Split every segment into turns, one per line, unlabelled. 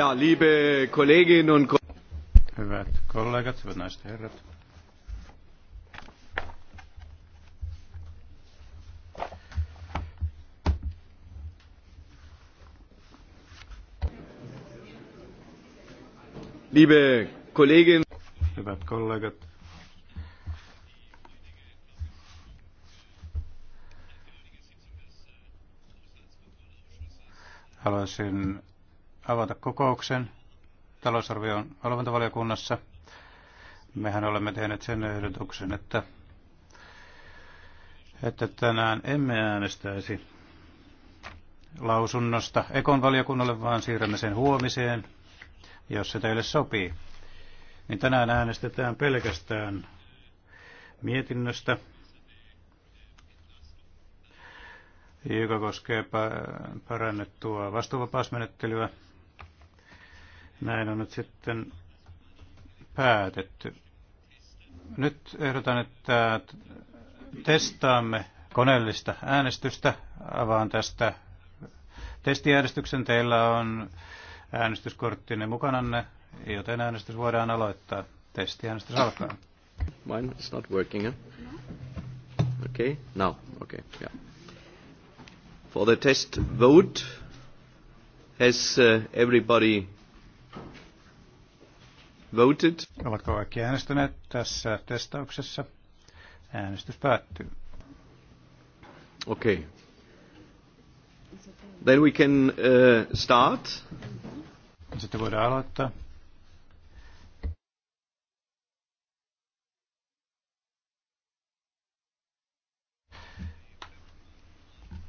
Ja, liebe Kolleginnen und
Hyvät kollegat, hyvät naiset herrat.
Liebe Kolleginnen. Hyvät kollegat.
Haluaisin avata kokouksen talousarvion valvontavaliokunnassa. Mehän olemme tehneet sen ehdotuksen, että, että tänään emme äänestäisi lausunnosta Ekon valiokunnalle, vaan siirrämme sen huomiseen, jos se teille sopii. Niin tänään äänestetään pelkästään mietinnöstä, joka koskee parannettua vastuuvapausmenettelyä. Näin on nyt sitten päätetty. Nyt ehdotan, että testaamme koneellista äänestystä. Avaan tästä testiäänestyksen. Teillä on äänestyskorttinne mukananne, joten äänestys voidaan aloittaa. Testiäänestys alkaa.
Mine is not working, eh? Okay, now, okay, yeah. For the test vote, has uh, everybody
voted? Ovatko kaikki äänestäneet tässä testauksessa? Äänestys päättyy. Okei. Okay.
Then we can uh, start. Sitten voidaan aloittaa.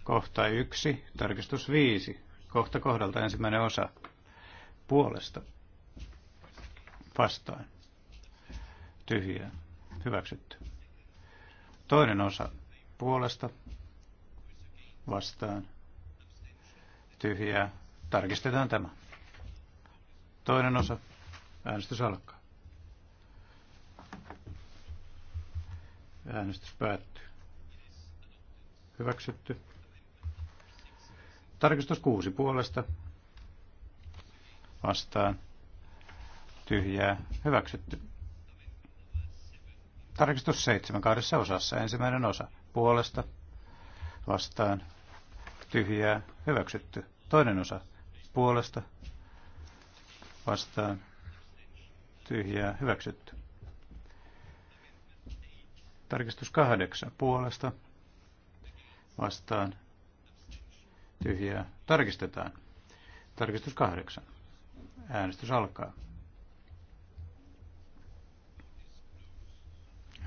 Kohta yksi, tarkistus viisi. Kohta kohdalta ensimmäinen osa. Puolesta vastaan. Tyhjää. Hyväksytty. Toinen osa puolesta vastaan. Tyhjää. Tarkistetaan tämä. Toinen osa. Äänestys alkaa. Äänestys päättyy. Hyväksytty. Tarkistus kuusi puolesta. Vastaan tyhjää hyväksytty. Tarkistus seitsemän kahdessa osassa. Ensimmäinen osa puolesta vastaan tyhjää hyväksytty. Toinen osa puolesta vastaan tyhjää hyväksytty. Tarkistus kahdeksan puolesta vastaan tyhjää tarkistetaan. Tarkistus kahdeksan. Äänestys alkaa.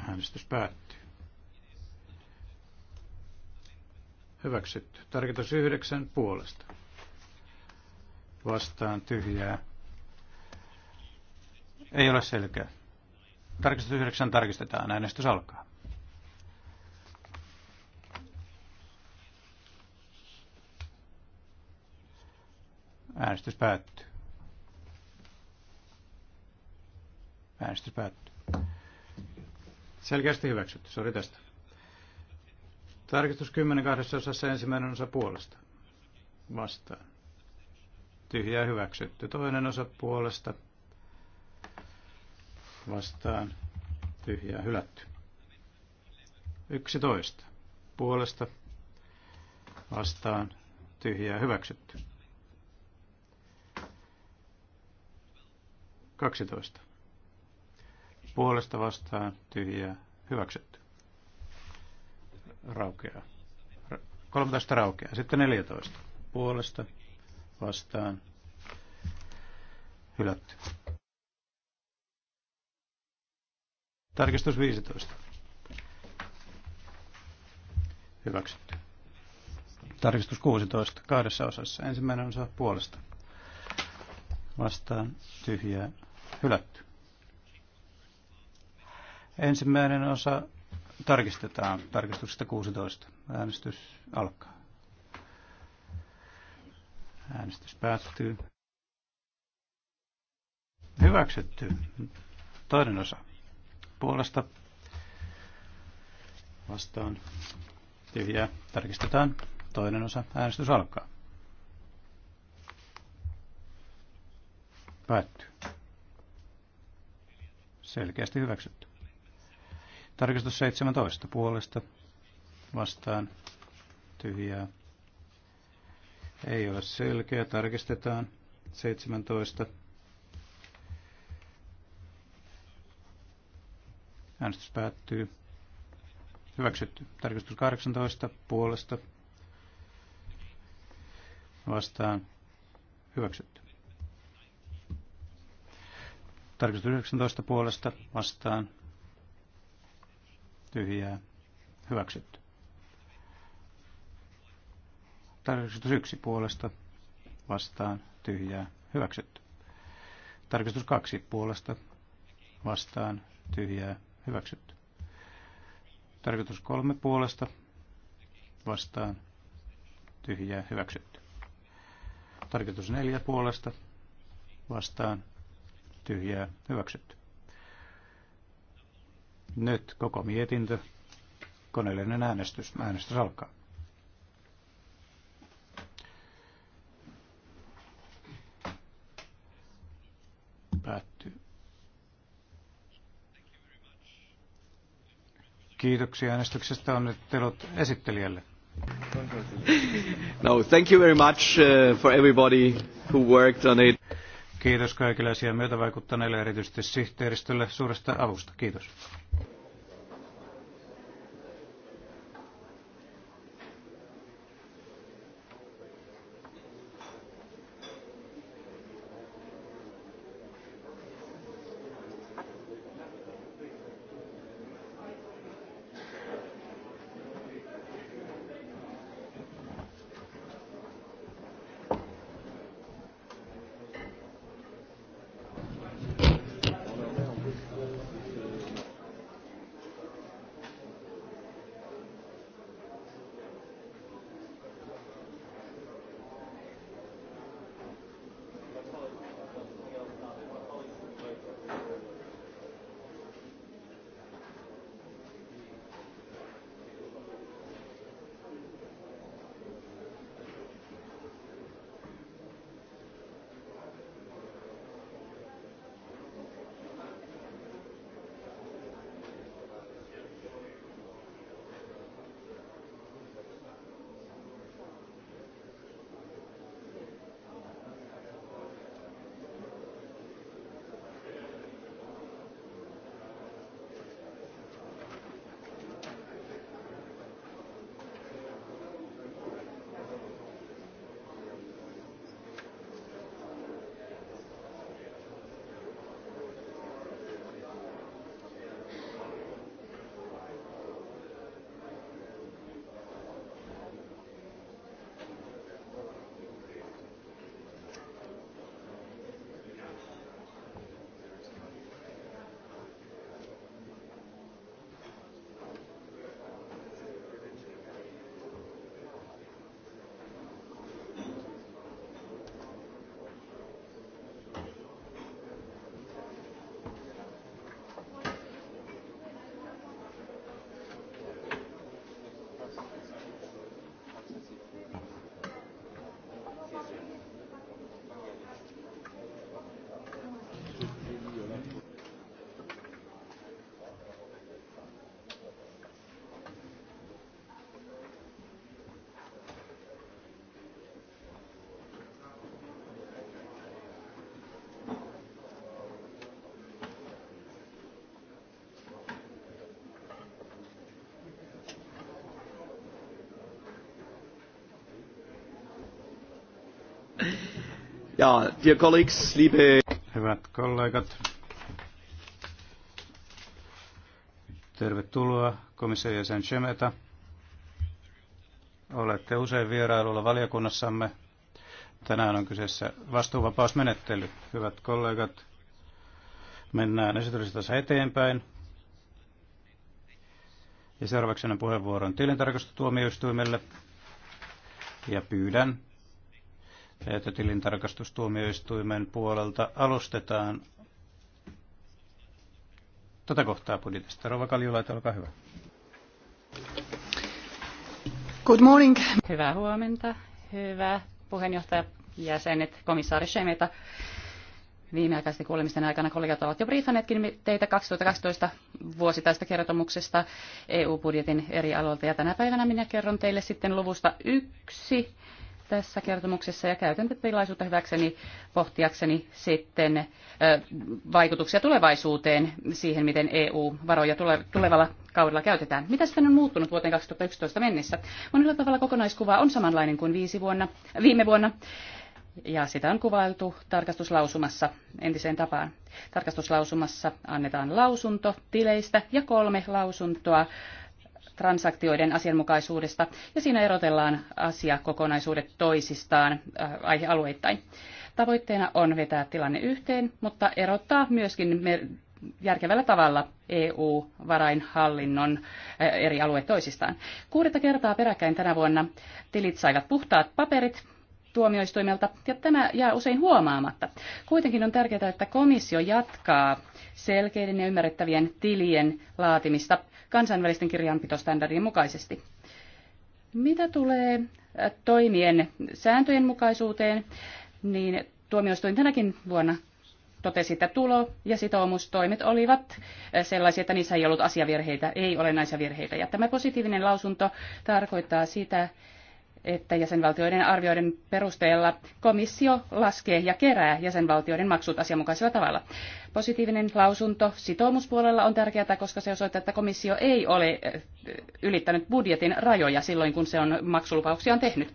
Äänestys päättyy. Hyväksytty. Tarkoitus yhdeksän puolesta. Vastaan tyhjää. Ei ole selkeä. Tarkistus yhdeksän tarkistetaan. Äänestys alkaa. Äänestys päättyy. Äänestys päättyy. Selkeästi hyväksytty, Sori tästä. Tarkistus 10 kahdessa osassa ensimmäinen osa puolesta. Vastaan. Tyhjää hyväksytty. Toinen osa puolesta. Vastaan. Tyhjää hylätty. 11. Puolesta. Vastaan. Tyhjää hyväksytty. 12 puolesta vastaan tyhjää hyväksytty. Raukeaa. 13 raukeaa. Sitten 14 puolesta vastaan hylätty. Tarkistus 15. Hyväksytty. Tarkistus 16. Kahdessa osassa. Ensimmäinen osa puolesta. Vastaan tyhjää hylätty. Ensimmäinen osa tarkistetaan. Tarkistuksesta 16. Äänestys alkaa. Äänestys päättyy. Hyväksytty. Toinen osa. Puolesta vastaan tyhjää. Tarkistetaan. Toinen osa. Äänestys alkaa. Päättyy. Selkeästi hyväksytty. Tarkistus 17 puolesta vastaan tyhjää. Ei ole selkeä. Tarkistetaan 17. Äänestys päättyy. Hyväksytty. Tarkistus 18 puolesta vastaan hyväksytty. Tarkistus 19 puolesta vastaan tyhjää hyväksytty. Tarkistus yksi puolesta vastaan tyhjää hyväksytty. Tarkistus kaksi puolesta vastaan tyhjää hyväksytty. Tarkistus kolme puolesta vastaan tyhjää hyväksytty. Tarkistus neljä puolesta vastaan tyhjää hyväksytty. Nyt koko mietintö. Koneellinen äänestys. Äänestys alkaa. Päättyy. Kiitoksia äänestyksestä. Onnittelut esittelijälle. No, thank you very much uh, for everybody who worked on it. Kiitos kaikille asiaan myötävaikuttaneille, erityisesti sihteeristölle suuresta avusta. Kiitos. Ja, dear colleagues, liebe... Hyvät kollegat, tervetuloa komission jäsen Shemeta. Olette usein vierailulla valiokunnassamme. Tänään on kyseessä vastuuvapausmenettely. Hyvät kollegat, mennään esityksestä eteenpäin. Ja seuraavaksi puheenvuoron tilintarkastustuomioistuimelle ja pyydän että tilintarkastustuomioistuimen puolelta alustetaan tätä kohtaa budjetista. Rova Kaljulaita, olkaa hyvä.
Good morning. Hyvää huomenta. Hyvä puheenjohtaja, jäsenet, komissaari Shemeta. Viimeaikaisten kuulemisten aikana kollegat ovat jo briefanneetkin teitä 2012 vuosittaista kertomuksesta EU-budjetin eri aloilta. Ja tänä päivänä minä kerron teille sitten luvusta yksi tässä kertomuksessa ja käytän tilaisuutta hyväkseni pohtiakseni sitten vaikutuksia tulevaisuuteen siihen, miten EU-varoja tulevalla kaudella käytetään. Mitä sitten on muuttunut vuoteen 2011 mennessä? Monella tavalla kokonaiskuva on samanlainen kuin viisi vuonna, viime vuonna. Ja sitä on kuvailtu tarkastuslausumassa entiseen tapaan. Tarkastuslausumassa annetaan lausunto tileistä ja kolme lausuntoa transaktioiden asianmukaisuudesta ja siinä erotellaan asiakokonaisuudet toisistaan äh, aihealueittain. Tavoitteena on vetää tilanne yhteen, mutta erottaa myöskin järkevällä tavalla EU-varainhallinnon äh, eri alueet toisistaan. Kuudetta kertaa peräkkäin tänä vuonna tilit saivat puhtaat paperit tuomioistuimelta, ja tämä jää usein huomaamatta. Kuitenkin on tärkeää, että komissio jatkaa selkeiden ja ymmärrettävien tilien laatimista kansainvälisten kirjanpitostandardien mukaisesti. Mitä tulee äh, toimien sääntöjen mukaisuuteen, niin tuomioistuin tänäkin vuonna totesi, että tulo- ja sitoumustoimet olivat äh, sellaisia, että niissä ei ollut asiavirheitä, ei olennaisia virheitä. Ja tämä positiivinen lausunto tarkoittaa sitä, että jäsenvaltioiden arvioiden perusteella komissio laskee ja kerää jäsenvaltioiden maksut asianmukaisella tavalla. Positiivinen lausunto sitoumuspuolella on tärkeää, koska se osoittaa, että komissio ei ole eh, ylittänyt budjetin rajoja silloin, kun se on maksulupauksiaan tehnyt.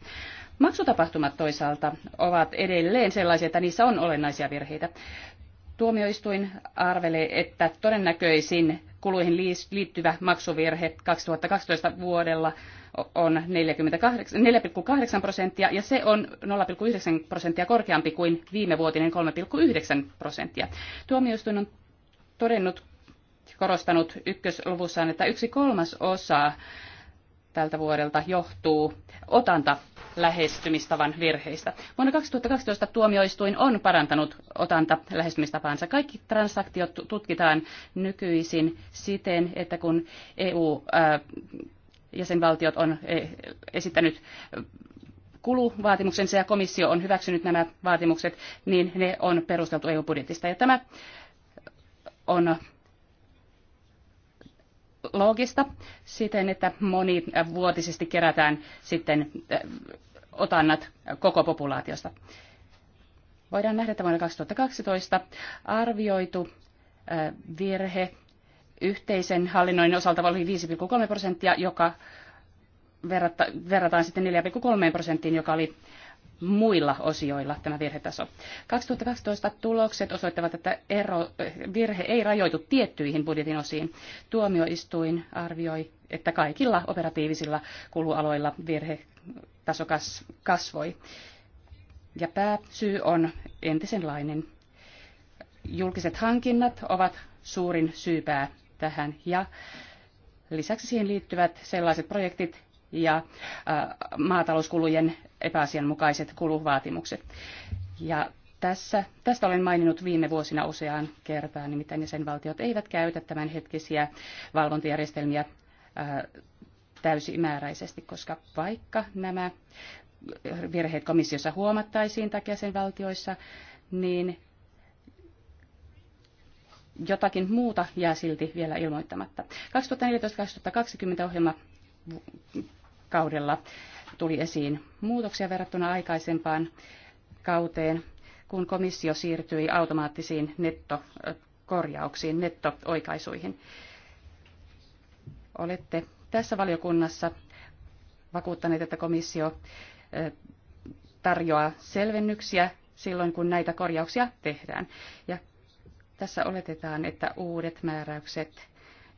Maksutapahtumat toisaalta ovat edelleen sellaisia, että niissä on olennaisia virheitä. Tuomioistuin arvelee, että todennäköisin kuluihin liittyvä maksuvirhe 2012 vuodella on 4,8 prosenttia ja se on 0,9 prosenttia korkeampi kuin viimevuotinen 3,9 prosenttia. Tuomioistuin on todennut korostanut ykkösluvussaan, että yksi kolmas osa tältä vuodelta johtuu otanta lähestymistavan virheistä. Vuonna 2012 tuomioistuin on parantanut otanta lähestymistapaansa. Kaikki transaktiot tutkitaan nykyisin siten, että kun EU äh, jäsenvaltiot on e, esittänyt kuluvaatimuksensa ja komissio on hyväksynyt nämä vaatimukset, niin ne on perusteltu EU-budjetista. Ja tämä on loogista siten, että monivuotisesti kerätään sitten e, otannat koko populaatiosta. Voidaan nähdä, että vuonna 2012 arvioitu e, virhe yhteisen hallinnoinnin osalta oli 5,3 prosenttia, joka verrata, verrataan sitten 4,3 prosenttiin, joka oli muilla osioilla tämä virhetaso. 2012 tulokset osoittavat, että ero, eh, virhe ei rajoitu tiettyihin budjetin osiin. Tuomioistuin arvioi, että kaikilla operatiivisilla kulualoilla virhetaso kasvoi. Ja pääsyy on entisenlainen. Julkiset hankinnat ovat suurin syypää tähän ja lisäksi siihen liittyvät sellaiset projektit ja maatalouskulujen epäasianmukaiset kuluvaatimukset. Ja tässä, tästä olen maininnut viime vuosina useaan kertaan, nimittäin jäsenvaltiot eivät käytä tämänhetkisiä valvontajärjestelmiä täysimääräisesti, koska vaikka nämä virheet komissiossa huomattaisiin tai jäsenvaltioissa, niin jotakin muuta jää silti vielä ilmoittamatta. 2014-2020 ohjelma kaudella tuli esiin muutoksia verrattuna aikaisempaan kauteen, kun komissio siirtyi automaattisiin nettokorjauksiin, nettooikaisuihin. Olette tässä valiokunnassa vakuuttaneet, että komissio tarjoaa selvennyksiä silloin, kun näitä korjauksia tehdään. Ja tässä oletetaan, että uudet määräykset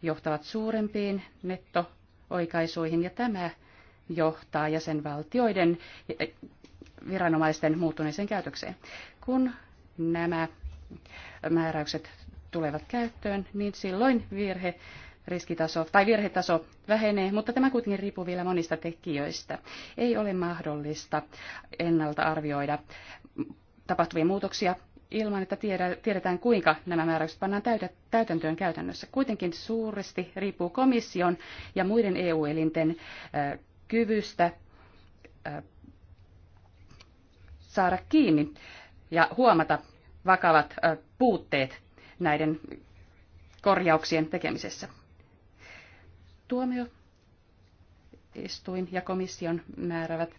johtavat suurempiin netto-oikaisuihin ja tämä johtaa jäsenvaltioiden viranomaisten muuttuneeseen käytökseen. Kun nämä määräykset tulevat käyttöön, niin silloin virhe riskitaso tai virhetaso vähenee, mutta tämä kuitenkin riippuu vielä monista tekijöistä. Ei ole mahdollista ennalta arvioida tapahtuvia muutoksia ilman, että tiedetään kuinka nämä määräykset pannaan täytäntöön käytännössä. Kuitenkin suuresti riippuu komission ja muiden EU-elinten kyvystä saada kiinni ja huomata vakavat puutteet näiden korjauksien tekemisessä. Tuomioistuin ja komission määrävät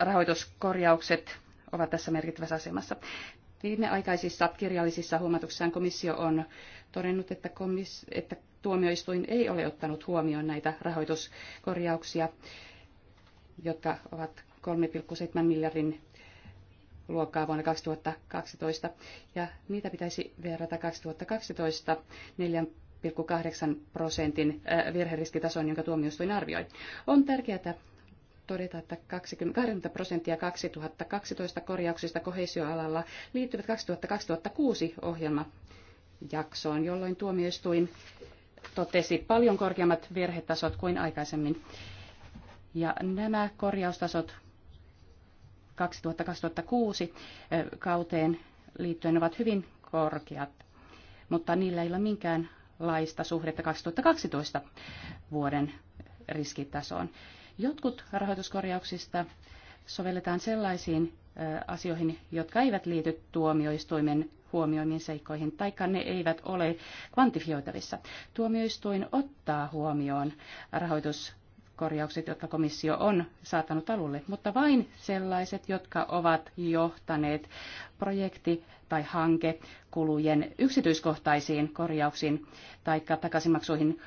rahoituskorjaukset ovat tässä merkittävässä asemassa. Viimeaikaisissa kirjallisissa huomatuksissaan komissio on todennut, että, komis, että tuomioistuin ei ole ottanut huomioon näitä rahoituskorjauksia, jotka ovat 3,7 miljardin luokkaa vuonna 2012, ja niitä pitäisi verrata 2012 4 prosentin äh, virheriskitason, jonka tuomioistuin arvioi. On tärkeää todeta, että 20, 20 prosenttia 2012 korjauksista kohesioalalla liittyvät 2000-2006 ohjelmajaksoon, jolloin tuomioistuin totesi paljon korkeammat virhetasot kuin aikaisemmin. Ja nämä korjaustasot 2000-2006 kauteen liittyen ovat hyvin korkeat, mutta niillä ei ole minkäänlaista suhdetta 2012 vuoden riskitasoon. Jotkut rahoituskorjauksista sovelletaan sellaisiin asioihin, jotka eivät liity tuomioistuimen huomioimiin seikkoihin, taikka ne eivät ole kvantifioitavissa. Tuomioistuin ottaa huomioon rahoituskorjaukset, jotka komissio on saattanut alulle, mutta vain sellaiset, jotka ovat johtaneet projekti- tai hankekulujen yksityiskohtaisiin korjauksiin tai takaisinmaksuihin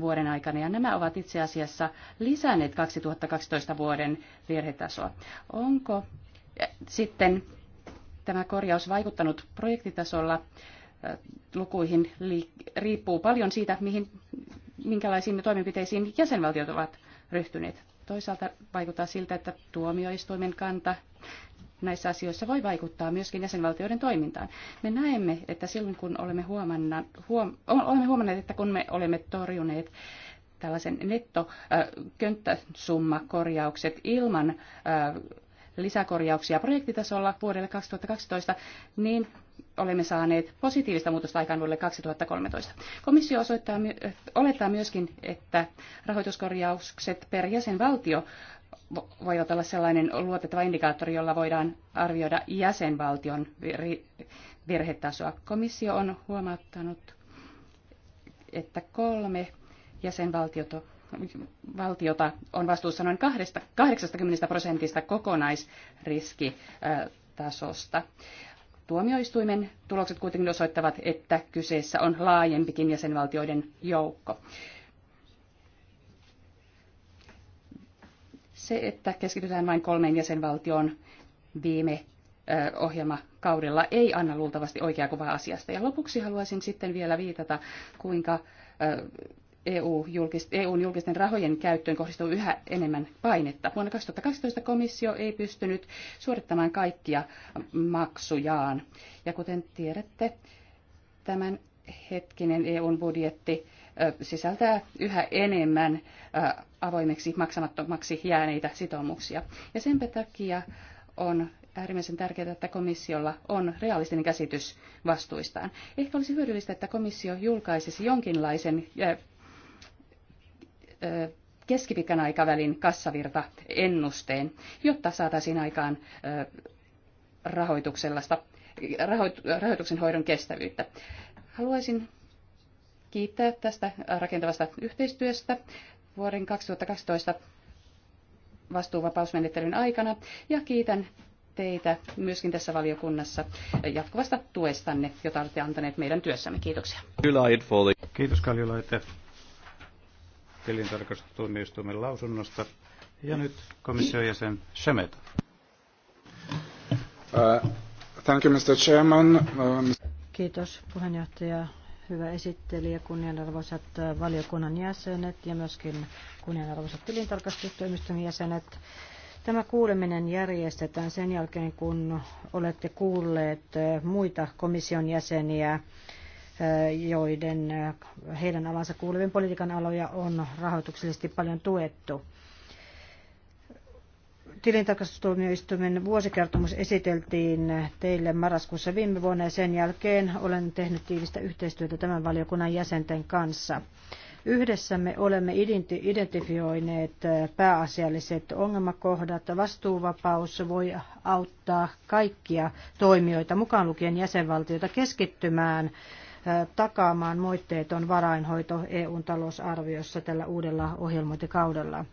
vuoden aikana, ja nämä ovat itse asiassa lisänneet 2012 vuoden virhetasoa. Onko eh, sitten tämä korjaus vaikuttanut projektitasolla eh, lukuihin riippuu paljon siitä, mihin, minkälaisiin toimenpiteisiin jäsenvaltiot ovat ryhtyneet. Toisaalta vaikuttaa siltä, että tuomioistuimen kanta näissä asioissa voi vaikuttaa myöskin jäsenvaltioiden toimintaan. Me näemme, että silloin kun olemme, huomanna, huom, olemme huomanneet, että kun me olemme torjuneet tällaisen nettokönttäsummakorjaukset äh, ilman äh, lisäkorjauksia projektitasolla vuodelle 2012, niin olemme saaneet positiivista muutosta aikaan vuodelle 2013. Komissio osoittaa, olettaa myöskin, että rahoituskorjaukset per jäsenvaltio voivat olla sellainen luotettava indikaattori, jolla voidaan arvioida jäsenvaltion virhetasoa. Komissio on huomauttanut, että kolme jäsenvaltiota valtiota on vastuussa noin 80 prosentista kokonaisriskitasosta. Tuomioistuimen tulokset kuitenkin osoittavat, että kyseessä on laajempikin jäsenvaltioiden joukko. se, että keskitytään vain kolmeen jäsenvaltioon viime ohjelmakaudella ei anna luultavasti oikeaa kuvaa asiasta. Ja lopuksi haluaisin sitten vielä viitata, kuinka eu julkisten rahojen käyttöön kohdistuu yhä enemmän painetta. Vuonna 2012 komissio ei pystynyt suorittamaan kaikkia maksujaan. Ja kuten tiedätte, tämän hetkinen EUn budjetti sisältää yhä enemmän avoimeksi maksamattomaksi jääneitä sitoumuksia. Ja sen takia on äärimmäisen tärkeää, että komissiolla on realistinen käsitys vastuistaan. Ehkä olisi hyödyllistä, että komissio julkaisisi jonkinlaisen keskipitkän aikavälin kassavirtaennusteen, jotta saataisiin aikaan rahoituksen hoidon kestävyyttä. Haluaisin kiittää tästä rakentavasta yhteistyöstä vuoden 2012 vastuuvapausmenettelyn aikana ja kiitän teitä myöskin tässä valiokunnassa jatkuvasta tuestanne, jota olette antaneet meidän työssämme. Kiitoksia.
Kiitos Kaljulaite tilintarkastustuomioistuimen lausunnosta. Ja nyt komission jäsen Shemeta. Uh, thank you, Mr. Chairman. Um...
Kiitos puheenjohtaja, hyvä esittelijä, kunnianarvoisat äh, valiokunnan jäsenet ja myöskin kunnianarvoisat tilintarkastustoimiston jäsenet. Tämä kuuleminen järjestetään sen jälkeen, kun olette kuulleet äh, muita komission jäseniä, äh, joiden heidän alansa kuuluvien politiikan aloja on rahoituksellisesti paljon tuettu. Tilintarkastustuomioistuimen vuosikertomus esiteltiin teille marraskuussa viime vuonna ja sen jälkeen olen tehnyt tiivistä yhteistyötä tämän valiokunnan jäsenten kanssa. Yhdessä me olemme identifioineet pääasialliset ongelmakohdat. Vastuuvapaus voi auttaa kaikkia toimijoita, mukaan lukien jäsenvaltioita, keskittymään takaamaan moitteeton varainhoito EUn talousarviossa tällä uudella ohjelmointikaudella.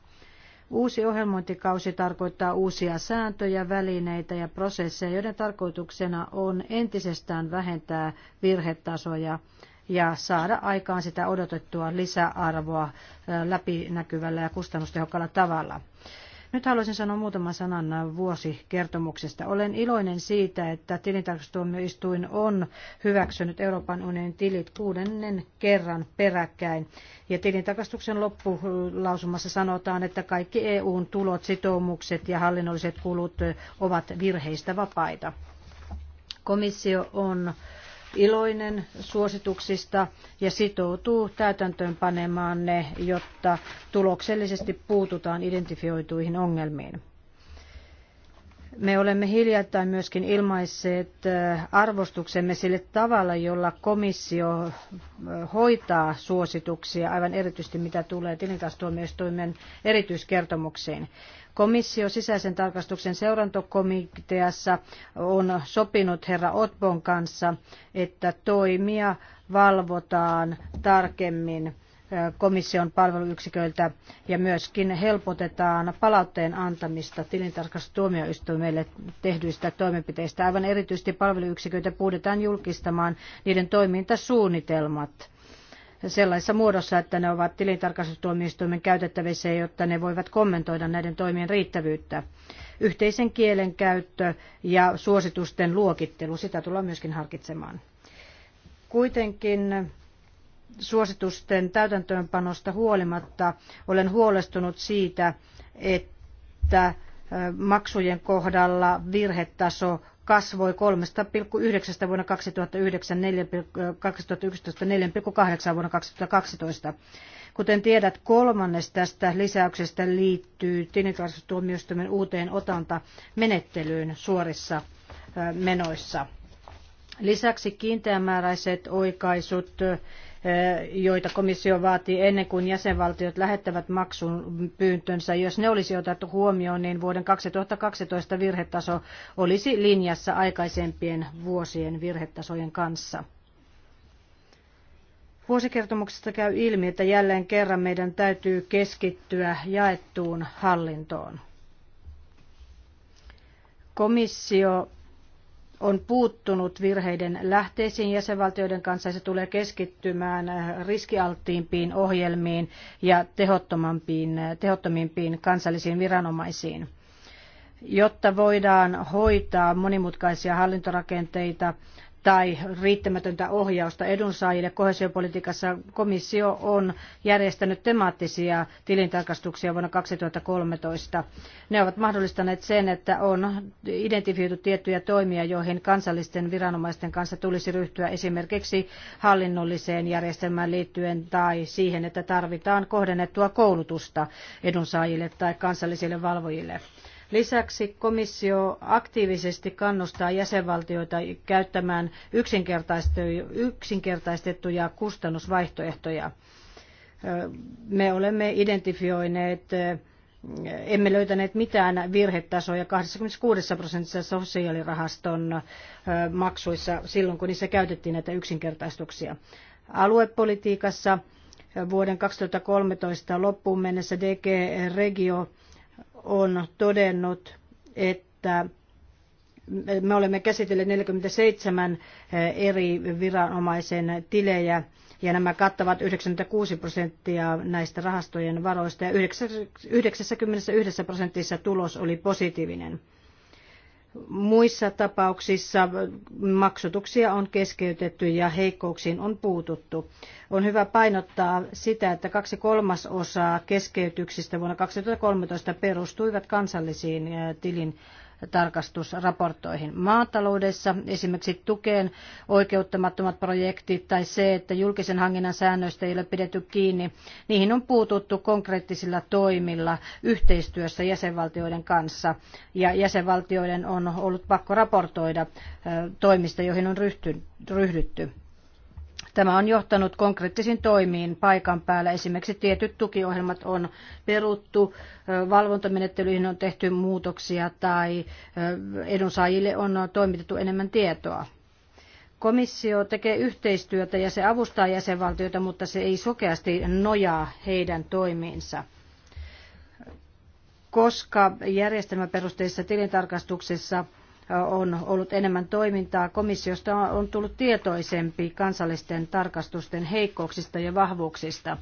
Uusi ohjelmointikausi tarkoittaa uusia sääntöjä, välineitä ja prosesseja, joiden tarkoituksena on entisestään vähentää virhetasoja ja saada aikaan sitä odotettua lisäarvoa läpinäkyvällä ja kustannustehokkaalla tavalla. Nyt haluaisin sanoa muutaman sanan vuosikertomuksesta. Olen iloinen siitä, että tilintarkastustuomioistuin on hyväksynyt Euroopan unionin tilit kuudennen kerran peräkkäin. Ja tilintarkastuksen loppulausumassa sanotaan, että kaikki EUn tulot, sitoumukset ja hallinnolliset kulut ovat virheistä vapaita. Komissio on iloinen suosituksista ja sitoutuu täytäntöönpanemaan ne, jotta tuloksellisesti puututaan identifioituihin ongelmiin. Me olemme hiljattain myöskin ilmaisseet arvostuksemme sille tavalla, jolla komissio hoitaa suosituksia, aivan erityisesti mitä tulee tilintastuomioistuimen erityiskertomuksiin. Komissio sisäisen tarkastuksen seurantokomiteassa on sopinut herra Otbon kanssa, että toimia valvotaan tarkemmin komission palveluyksiköiltä ja myöskin helpotetaan palautteen antamista tilintarkastustuomioistuimelle tehdyistä toimenpiteistä. Aivan erityisesti palveluyksiköitä puudetaan julkistamaan niiden toimintasuunnitelmat sellaisessa muodossa, että ne ovat tilintarkastustuomioistuimen käytettävissä, jotta ne voivat kommentoida näiden toimien riittävyyttä. Yhteisen kielen käyttö ja suositusten luokittelu, sitä tullaan myöskin harkitsemaan. Kuitenkin suositusten täytäntöönpanosta huolimatta olen huolestunut siitä, että maksujen kohdalla virhetaso kasvoi 3,9 vuonna 2009 4, 2011 4,8 vuonna 2012. Kuten tiedät, kolmannes tästä lisäyksestä liittyy tilintarkastustuomioistuimen uuteen otantamenettelyyn suorissa menoissa. Lisäksi kiinteämääräiset oikaisut Eh, joita komissio vaatii ennen kuin jäsenvaltiot lähettävät maksun pyyntönsä. Jos ne olisi otettu huomioon, niin vuoden 2012 virhetaso olisi linjassa aikaisempien vuosien virhetasojen kanssa. Vuosikertomuksesta käy ilmi, että jälleen kerran meidän täytyy keskittyä jaettuun hallintoon. Komissio on puuttunut virheiden lähteisiin jäsenvaltioiden kanssa ja se tulee keskittymään äh, riskialttiimpiin ohjelmiin ja tehottomampiin, äh, tehottomimpiin kansallisiin viranomaisiin. Jotta voidaan hoitaa monimutkaisia hallintorakenteita, tai riittämätöntä ohjausta edunsaajille. Kohesiopolitiikassa komissio on järjestänyt temaattisia tilintarkastuksia vuonna 2013. Ne ovat mahdollistaneet sen, että on identifioitu tiettyjä toimia, joihin kansallisten viranomaisten kanssa tulisi ryhtyä esimerkiksi hallinnolliseen järjestelmään liittyen tai siihen, että tarvitaan kohdennettua koulutusta edunsaajille tai kansallisille valvojille. Lisäksi komissio aktiivisesti kannustaa jäsenvaltioita käyttämään yksinkertaistettuja kustannusvaihtoehtoja. Me olemme identifioineet emme löytäneet mitään virhetasoja 26 prosentissa sosiaalirahaston maksuissa silloin, kun niissä käytettiin näitä yksinkertaistuksia. Aluepolitiikassa vuoden 2013 loppuun mennessä DG Regio on todennut, että me olemme käsitelleet 47 eh, eri viranomaisen tilejä ja nämä kattavat 96 prosenttia näistä rahastojen varoista ja 91 prosentissa tulos oli positiivinen. Muissa tapauksissa maksatuksia on keskeytetty ja heikkouksiin on puututtu. On hyvä painottaa sitä, että kaksi kolmasosaa keskeytyksistä vuonna 2013 perustuivat kansallisiin eh, tilin tarkastusraportoihin. Maataloudessa esimerkiksi tukeen oikeuttamattomat projektit tai se, että julkisen hankinnan säännöistä ei ole pidetty kiinni, niihin on puututtu konkreettisilla toimilla yhteistyössä jäsenvaltioiden kanssa ja jäsenvaltioiden on ollut pakko raportoida toimista, joihin on ryhty, ryhdytty. Tämä on johtanut konkreettisiin toimiin paikan päällä. Esimerkiksi tietyt tukiohjelmat on peruttu, valvontamenettelyihin on tehty muutoksia tai edunsaajille on toimitettu enemmän tietoa. Komissio tekee yhteistyötä ja se avustaa jäsenvaltioita, mutta se ei sokeasti nojaa heidän toimiinsa koska järjestelmäperusteisessa tilintarkastuksessa on ollut enemmän toimintaa. Komissiosta on tullut tietoisempi kansallisten tarkastusten heikkouksista ja vahvuuksista.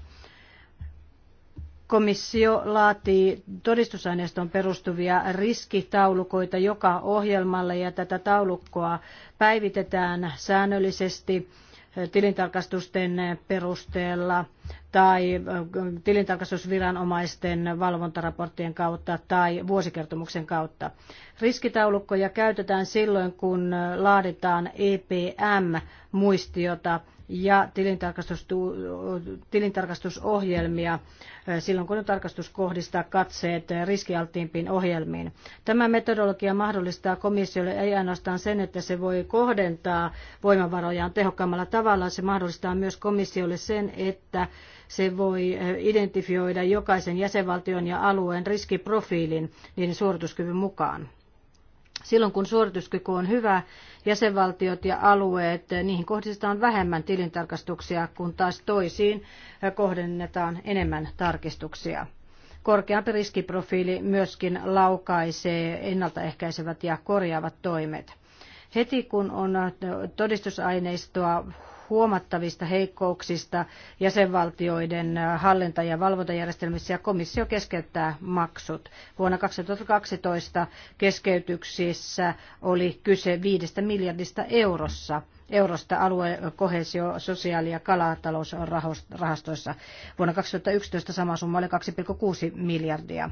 Komissio laatii todistusaineiston perustuvia riskitaulukoita joka ohjelmalle ja tätä taulukkoa päivitetään säännöllisesti tilintarkastusten perusteella – tai tilintarkastusviranomaisten valvontaraporttien kautta tai vuosikertomuksen kautta. Riskitaulukkoja käytetään silloin, kun laaditaan EPM-muistiota ja tilintarkastusohjelmia silloin, kun on tarkastus kohdistaa katseet riskialttiimpiin ohjelmiin. Tämä metodologia mahdollistaa komissiolle ei ainoastaan sen, että se voi kohdentaa voimavarojaan tehokkaammalla tavalla, se mahdollistaa myös komissiolle sen, että se voi identifioida jokaisen jäsenvaltion ja alueen riskiprofiilin niiden suorituskyvyn mukaan. Silloin kun suorituskyky on hyvä, jäsenvaltiot ja alueet, niihin kohdistetaan vähemmän tilintarkastuksia, kun taas toisiin kohdennetaan enemmän tarkistuksia. Korkeampi riskiprofiili myöskin laukaisee ennaltaehkäisevät ja korjaavat toimet. Heti kun on todistusaineistoa huomattavista heikkouksista jäsenvaltioiden hallinta- ja valvontajärjestelmissä ja komissio keskeyttää maksut. Vuonna 2012 keskeytyksissä oli kyse 5 miljardista eurossa eurosta alue-, kohesio-, sosiaali- ja kalatalousrahastoissa. Vuonna 2011 sama summa oli 2,6 miljardia.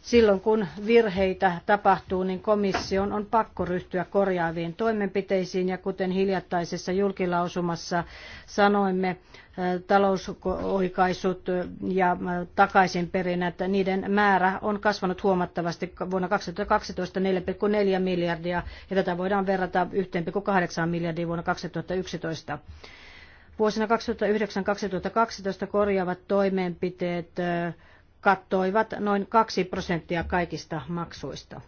Silloin kun virheitä tapahtuu, niin komission on pakko ryhtyä korjaaviin toimenpiteisiin ja kuten hiljattaisessa julkilausumassa sanoimme, äh, talousoikaisut ja äh, takaisinperinnät, niiden määrä on kasvanut huomattavasti vuonna 2012 4,4 miljardia ja tätä voidaan verrata 1,8 miljardia vuonna 2011. Vuosina 2009-2012 korjaavat toimenpiteet äh, kattoivat noin 2 prosenttia kaikista maksuista.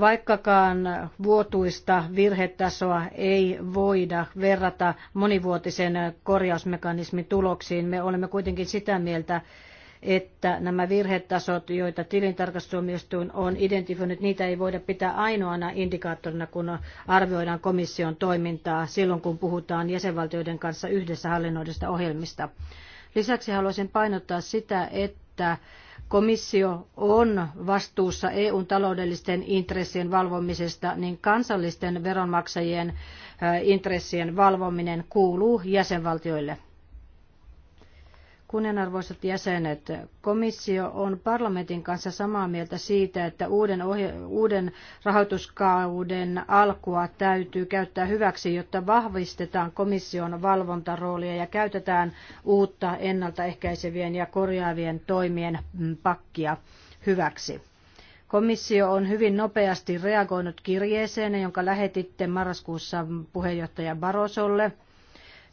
Vaikkakaan vuotuista virhetasoa ei voida verrata monivuotisen korjausmekanismin tuloksiin, me olemme kuitenkin sitä mieltä, että nämä virhetasot, joita tilintarkastustuomioistuin on identifioinut, niitä ei voida pitää ainoana indikaattorina, kun arvioidaan komission toimintaa silloin, kun puhutaan jäsenvaltioiden kanssa yhdessä hallinnoidusta ohjelmista. Lisäksi haluaisin painottaa sitä, että komissio on vastuussa EUn taloudellisten intressien valvomisesta, niin kansallisten veronmaksajien äh, intressien valvominen kuuluu jäsenvaltioille. Kunnianarvoisat jäsenet, komissio on parlamentin kanssa samaa mieltä siitä, että uuden, ohje- uuden rahoituskauden alkua täytyy käyttää hyväksi, jotta vahvistetaan komission valvontaroolia ja käytetään uutta ennaltaehkäisevien ja korjaavien toimien mm, pakkia hyväksi. Komissio on hyvin nopeasti reagoinut kirjeeseen, jonka lähetitte marraskuussa puheenjohtaja Barrosolle –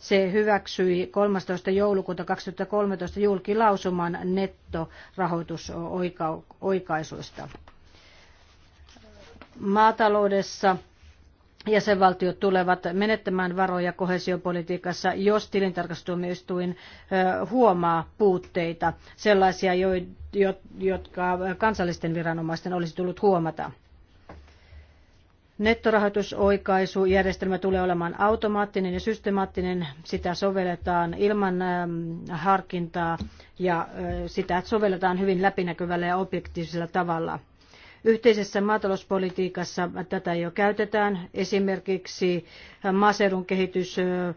se hyväksyi 13. joulukuuta 2013 julkilausuman nettorahoitusoikaisuista. Maataloudessa jäsenvaltiot tulevat menettämään varoja koheesiopolitiikassa, jos tilintarkastustuomioistuin huomaa puutteita, sellaisia, jotka kansallisten viranomaisten olisi tullut huomata. Nettorahoitusoikaisujärjestelmä tulee olemaan automaattinen ja systemaattinen. Sitä sovelletaan ilman ähm, harkintaa ja äh, sitä sovelletaan hyvin läpinäkyvällä ja objektiivisella tavalla. Yhteisessä maatalouspolitiikassa tätä jo käytetään. Esimerkiksi äh, maaseudun kehitys äh,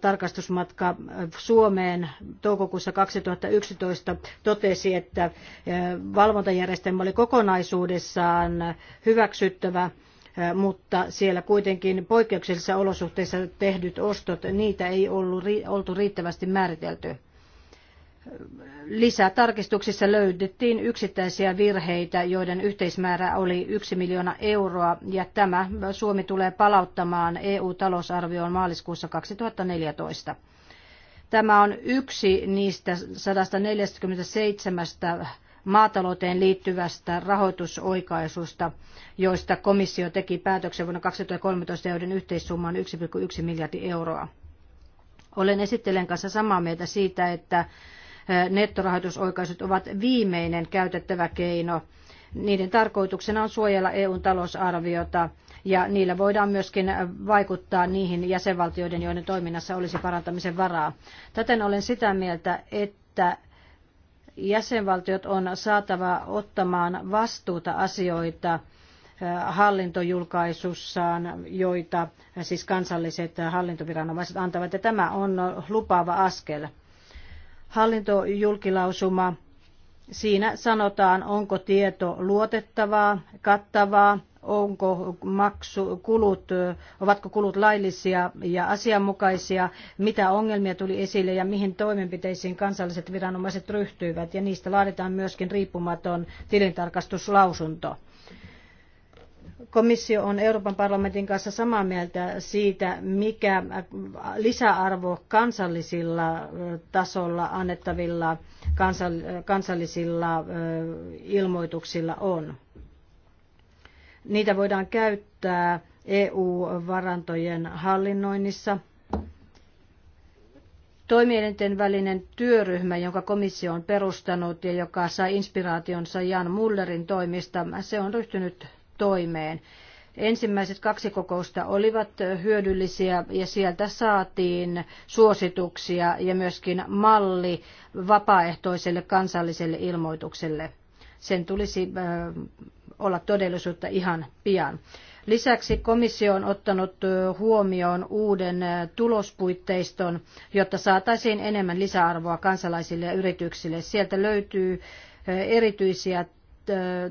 tarkastusmatka Suomeen toukokuussa 2011 totesi, että valvontajärjestelmä oli kokonaisuudessaan hyväksyttävä – mutta siellä kuitenkin poikkeuksellisissa olosuhteissa tehdyt ostot, niitä ei ollut, oltu riittävästi määritelty. Lisätarkistuksissa löydettiin yksittäisiä virheitä, joiden yhteismäärä oli 1 miljoona euroa, ja tämä Suomi tulee palauttamaan EU-talousarvioon maaliskuussa 2014. Tämä on yksi niistä 147 maatalouteen liittyvästä rahoitusoikaisusta, joista komissio teki päätöksen vuonna 2013, joiden yhteissumma on 1,1 miljardi euroa. Olen esittelen kanssa samaa mieltä siitä, että nettorahoitusoikaisut ovat viimeinen käytettävä keino. Niiden tarkoituksena on suojella EUn talousarviota ja niillä voidaan myöskin vaikuttaa niihin jäsenvaltioiden, joiden toiminnassa olisi parantamisen varaa. Täten olen sitä mieltä, että jäsenvaltiot on saatava ottamaan vastuuta asioita äh, hallintojulkaisussaan, joita siis kansalliset hallintoviranomaiset antavat. Ja tämä on lupaava askel. Hallintojulkilausuma, siinä sanotaan, onko tieto luotettavaa, kattavaa, onko maksu, kulut, ovatko kulut laillisia ja asianmukaisia, mitä ongelmia tuli esille ja mihin toimenpiteisiin kansalliset viranomaiset ryhtyivät. Ja niistä laaditaan myöskin riippumaton tilintarkastuslausunto komissio on Euroopan parlamentin kanssa samaa mieltä siitä, mikä lisäarvo kansallisilla tasolla annettavilla kansallisilla ilmoituksilla on. Niitä voidaan käyttää EU-varantojen hallinnoinnissa. Toimielinten välinen työryhmä, jonka komissio on perustanut ja joka sai inspiraationsa Jan Mullerin toimista, se on ryhtynyt toimeen. Ensimmäiset kaksi kokousta olivat hyödyllisiä ja sieltä saatiin suosituksia ja myöskin malli vapaaehtoiselle kansalliselle ilmoitukselle. Sen tulisi äh, olla todellisuutta ihan pian. Lisäksi komissio on ottanut huomioon uuden tulospuitteiston, jotta saataisiin enemmän lisäarvoa kansalaisille ja yrityksille. Sieltä löytyy erityisiä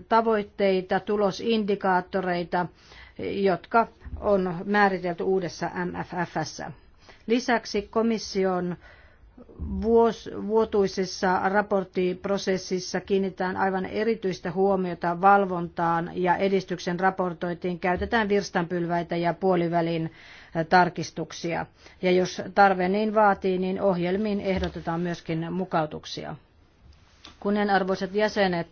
tavoitteita, tulosindikaattoreita, jotka on määritelty uudessa MFFssä. Lisäksi komission vuos, vuotuisessa raporttiprosessissa kiinnitetään aivan erityistä huomiota valvontaan ja edistyksen raportointiin. Käytetään virstanpylväitä ja puolivälin tarkistuksia. Ja jos tarve niin vaatii, niin ohjelmiin ehdotetaan myöskin mukautuksia. Kunnianarvoiset jäsenet,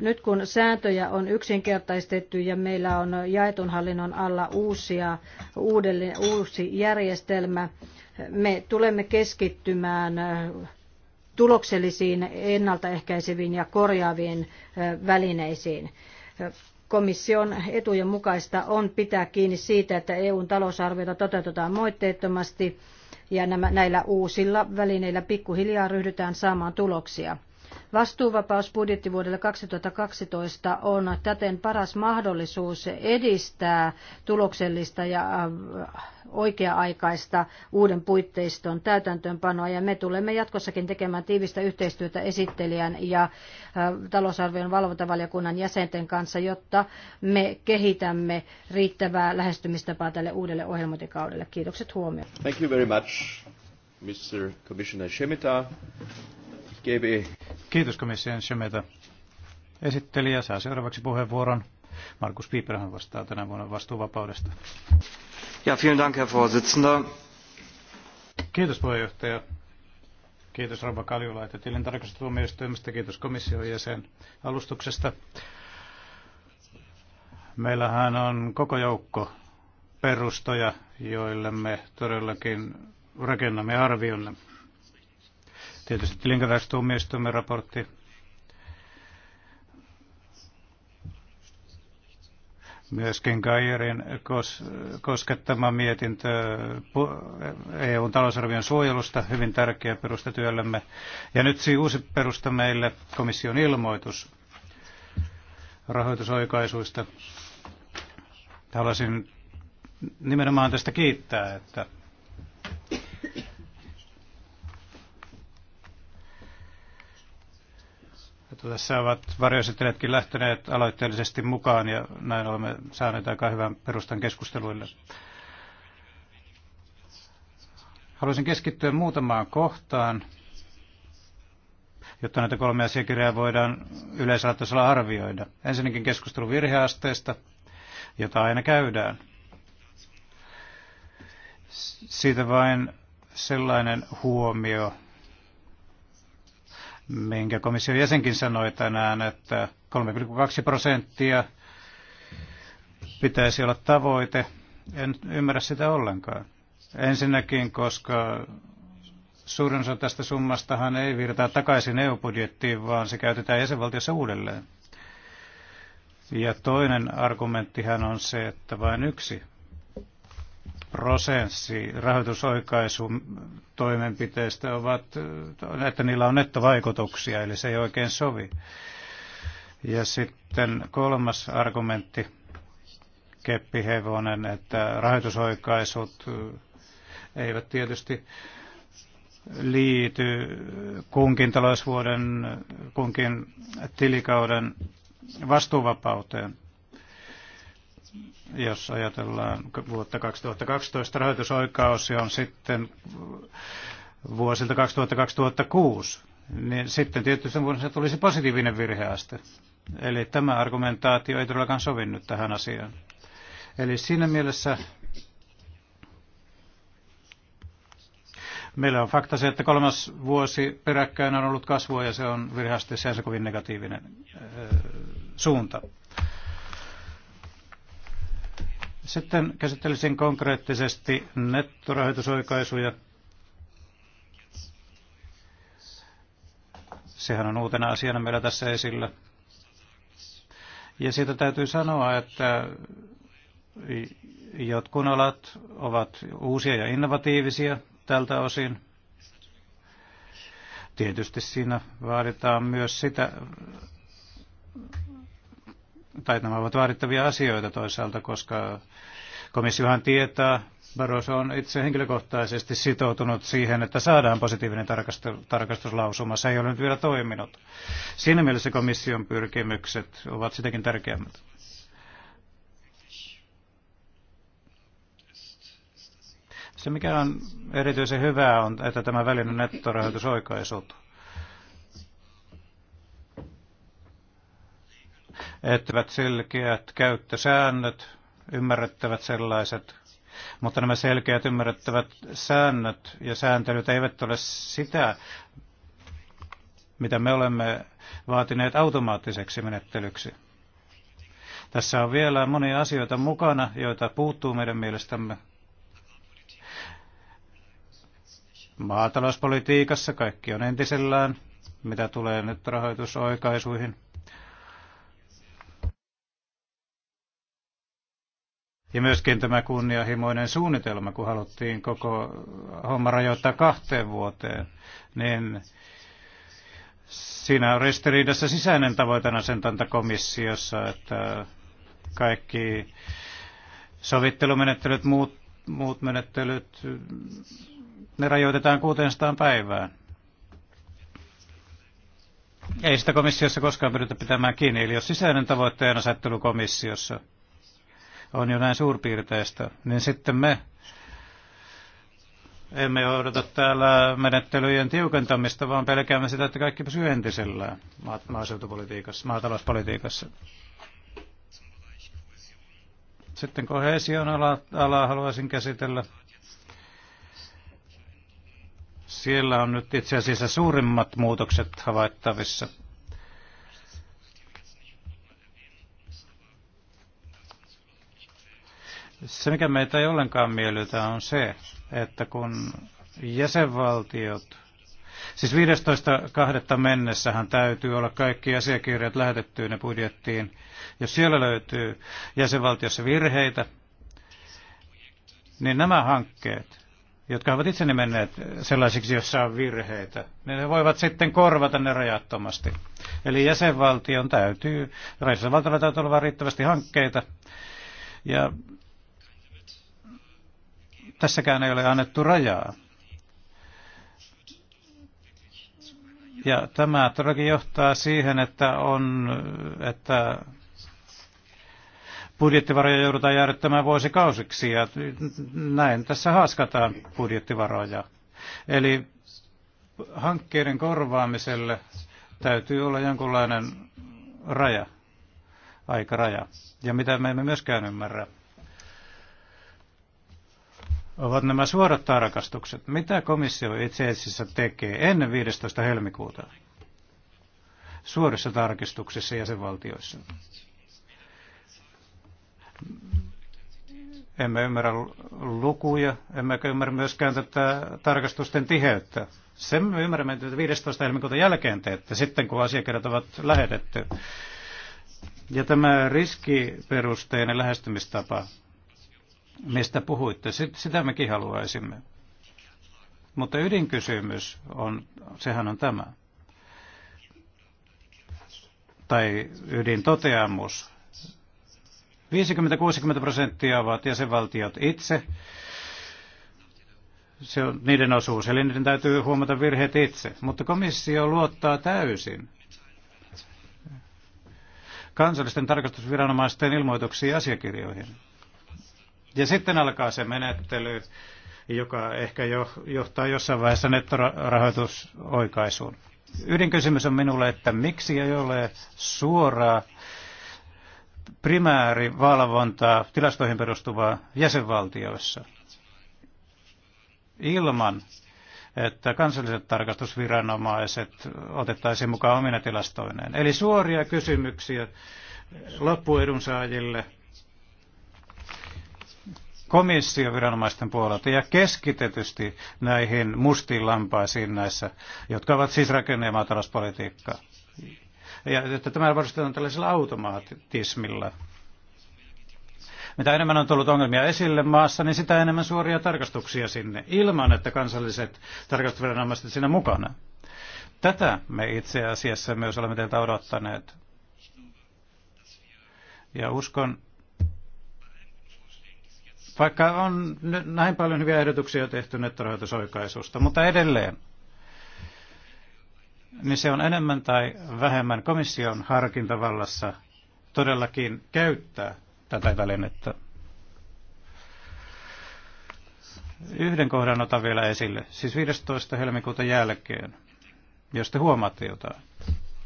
nyt kun sääntöjä on yksinkertaistettu ja meillä on jaetun hallinnon alla uusia, uudelleen, uusi järjestelmä, me tulemme keskittymään tuloksellisiin ennaltaehkäiseviin ja korjaaviin välineisiin. Komission etujen mukaista on pitää kiinni siitä, että EUn talousarviota toteutetaan moitteettomasti ja nämä, näillä uusilla välineillä pikkuhiljaa ryhdytään saamaan tuloksia. Vastuuvapausbudjetti vuodelle 2012 on täten paras mahdollisuus edistää tuloksellista ja äh, oikea-aikaista uuden puitteiston täytäntöönpanoa ja me tulemme jatkossakin tekemään tiivistä yhteistyötä esittelijän ja äh, talousarvion valvontavaliokunnan jäsenten kanssa, jotta me kehitämme riittävää lähestymistapaa tälle uudelle ohjelmointikaudelle.
Kiitokset huomioon.
Thank you very much, Mr. Commissioner Shemita.
Kiitos komission Schemeta. Esittelijä saa seuraavaksi puheenvuoron. Markus Piiperhän vastaa tänä vuonna vastuuvapaudesta. Ja, vielen Dank, Herr Vorsitzender. Kiitos puheenjohtaja. Kiitos Rauva Kaljulaita tilintarkastustuomioistuimesta, kiitos komission jäsen alustuksesta. Meillähän on koko joukko perustoja, joille me todellakin rakennamme arvionne. Tietysti tilinkäväistuomioistuimen raportti. Myöskin Gairin kos, koskettama mietintö EUn talousarvion suojelusta, hyvin tärkeä perusta työllemme. Ja nyt uusi perusta meille, komission ilmoitus rahoitusoikaisuista. Haluaisin nimenomaan tästä kiittää, että että tässä ovat varjoesittelijätkin lähteneet aloitteellisesti mukaan ja näin olemme saaneet aika hyvän perustan keskusteluille. Haluaisin keskittyä muutamaan kohtaan, jotta näitä kolme asiakirjaa voidaan yleisellä tasolla arvioida. Ensinnäkin keskustelu virheasteesta, jota aina käydään. Siitä vain sellainen huomio, minkä komission jäsenkin sanoi tänään, että 3,2 prosenttia pitäisi olla tavoite. En ymmärrä sitä ollenkaan. Ensinnäkin, koska suurin osa tästä summastahan ei virtaa takaisin EU-budjettiin, vaan se käytetään jäsenvaltiossa uudelleen. Ja toinen argumenttihan on se, että vain yksi prosessi rahoitusoikaisun toimenpiteistä ovat, että niillä on nettovaikutuksia, eli se ei oikein sovi. Ja sitten kolmas argumentti, keppihevonen, että rahoitusoikaisut eivät tietysti liity kunkin talousvuoden, kunkin tilikauden vastuuvapauteen jos ajatellaan vuotta 2012 rahoitusoikaus on sitten vuosilta 2000-2006, niin sitten tietysti vuonna tulisi positiivinen virheaste. Eli tämä argumentaatio ei todellakaan sovinnut tähän asiaan. Eli siinä mielessä meillä on fakta se, että kolmas vuosi peräkkäin on ollut kasvua ja se on virheasteessa se kovin negatiivinen suunta. Sitten käsittelisin konkreettisesti nettorahoitusoikaisuja. Sehän on uutena asiana meillä tässä esillä. Ja siitä täytyy sanoa, että jotkut alat ovat uusia ja innovatiivisia tältä osin. Tietysti siinä vaaditaan myös sitä, tai nämä ovat vaadittavia asioita toisaalta, koska Komissiohan tietää, Barroso on itse henkilökohtaisesti sitoutunut siihen, että saadaan positiivinen tarkastuslausuma. Se ei ole nyt vielä toiminut. Siinä mielessä komission pyrkimykset ovat sitäkin tärkeämmät. Se mikä on erityisen hyvää on, että tämä välinen nettorahoitus oikaisut. Etteivät selkeät käyttösäännöt, ymmärrettävät sellaiset, mutta nämä selkeät ymmärrettävät säännöt ja sääntelyt eivät ole sitä, mitä me olemme vaatineet automaattiseksi menettelyksi. Tässä on vielä monia asioita mukana, joita puuttuu meidän mielestämme. Maatalouspolitiikassa kaikki on entisellään, mitä tulee nyt rahoitusoikaisuihin. Ja myöskin tämä kunnianhimoinen suunnitelma, kun haluttiin koko homma rajoittaa kahteen vuoteen, niin siinä on ristiriidassa sisäinen tavoitena sen komissiossa, että kaikki sovittelumenettelyt, muut, muut menettelyt, ne rajoitetaan 600 päivään. Ei sitä komissiossa koskaan pyritä pitämään kiinni, eli jos sisäinen tavoitteen asettelu komissiossa – on jo näin suurpiirteistä, niin sitten me emme odota täällä menettelyjen tiukentamista, vaan pelkäämme sitä, että kaikki pysyy entisellään maaseutupolitiikassa, maatalouspolitiikassa. Sitten kohesion alaa, alaa haluaisin käsitellä. Siellä on nyt itse asiassa suurimmat muutokset havaittavissa – Se, mikä meitä ei ollenkaan miellytä, on se, että kun jäsenvaltiot, siis 15.2. mennessähän täytyy olla kaikki asiakirjat lähetettyinä budjettiin. Jos siellä löytyy jäsenvaltiossa virheitä, niin nämä hankkeet, jotka ovat itse menneet sellaisiksi, jossa on virheitä, niin ne voivat sitten korvata ne rajattomasti. Eli jäsenvaltion täytyy, jäsenvaltiolla täytyy olla riittävästi hankkeita, ja tässäkään ei ole annettu rajaa. Ja tämä todellakin johtaa siihen, että, on, että budjettivaroja joudutaan jäädyttämään vuosikausiksi ja näin tässä haaskataan budjettivaroja. Eli hankkeiden korvaamiselle täytyy olla jonkunlainen raja, aikaraja. Ja mitä me emme myöskään ymmärrä, ovat nämä suorat tarkastukset. Mitä komissio itse asiassa tekee ennen 15. helmikuuta suorissa tarkistuksissa jäsenvaltioissa? Emme ymmärrä lukuja, emmekä ymmärrä myöskään tätä tarkastusten tiheyttä. Sen me ymmärrämme, että 15. helmikuuta jälkeen teette, sitten kun asiakirjat ovat lähetetty. Ja tämä riskiperusteinen lähestymistapa, mistä puhuitte. Sitä mekin haluaisimme. Mutta ydinkysymys on, sehän on tämä. Tai ydin toteamus. 50-60 prosenttia ovat jäsenvaltiot itse. Se on niiden osuus, eli niiden täytyy huomata virheet itse. Mutta komissio luottaa täysin kansallisten tarkastusviranomaisten ilmoituksiin ja asiakirjoihin. Ja sitten alkaa se menettely, joka ehkä jo, johtaa jossain vaiheessa nettorahoitusoikaisuun. Ydinkysymys on minulle, että miksi ei ole suoraa primäärivalvontaa tilastoihin perustuvaa jäsenvaltioissa ilman, että kansalliset tarkastusviranomaiset otettaisiin mukaan omina tilastoineen. Eli suoria kysymyksiä loppuedunsaajille – komissioviranomaisten puolelta ja keskitetysti näihin mustiin lampaisiin näissä, jotka ovat siis rakenne- ja maatalouspolitiikkaa. Ja että tämä varustetaan tällaisella automaatismilla. Mitä enemmän on tullut ongelmia esille maassa, niin sitä enemmän suoria tarkastuksia sinne, ilman että kansalliset tarkastusviranomaiset siinä mukana. Tätä me itse asiassa myös olemme teiltä odottaneet. Ja uskon, vaikka on näin paljon hyviä ehdotuksia tehty nettorahoitusoikaisusta, mutta edelleen, niin se on enemmän tai vähemmän komission harkintavallassa todellakin käyttää tätä välinettä. Yhden kohdan otan vielä esille, siis 15. helmikuuta jälkeen, jos te huomaatte jotain,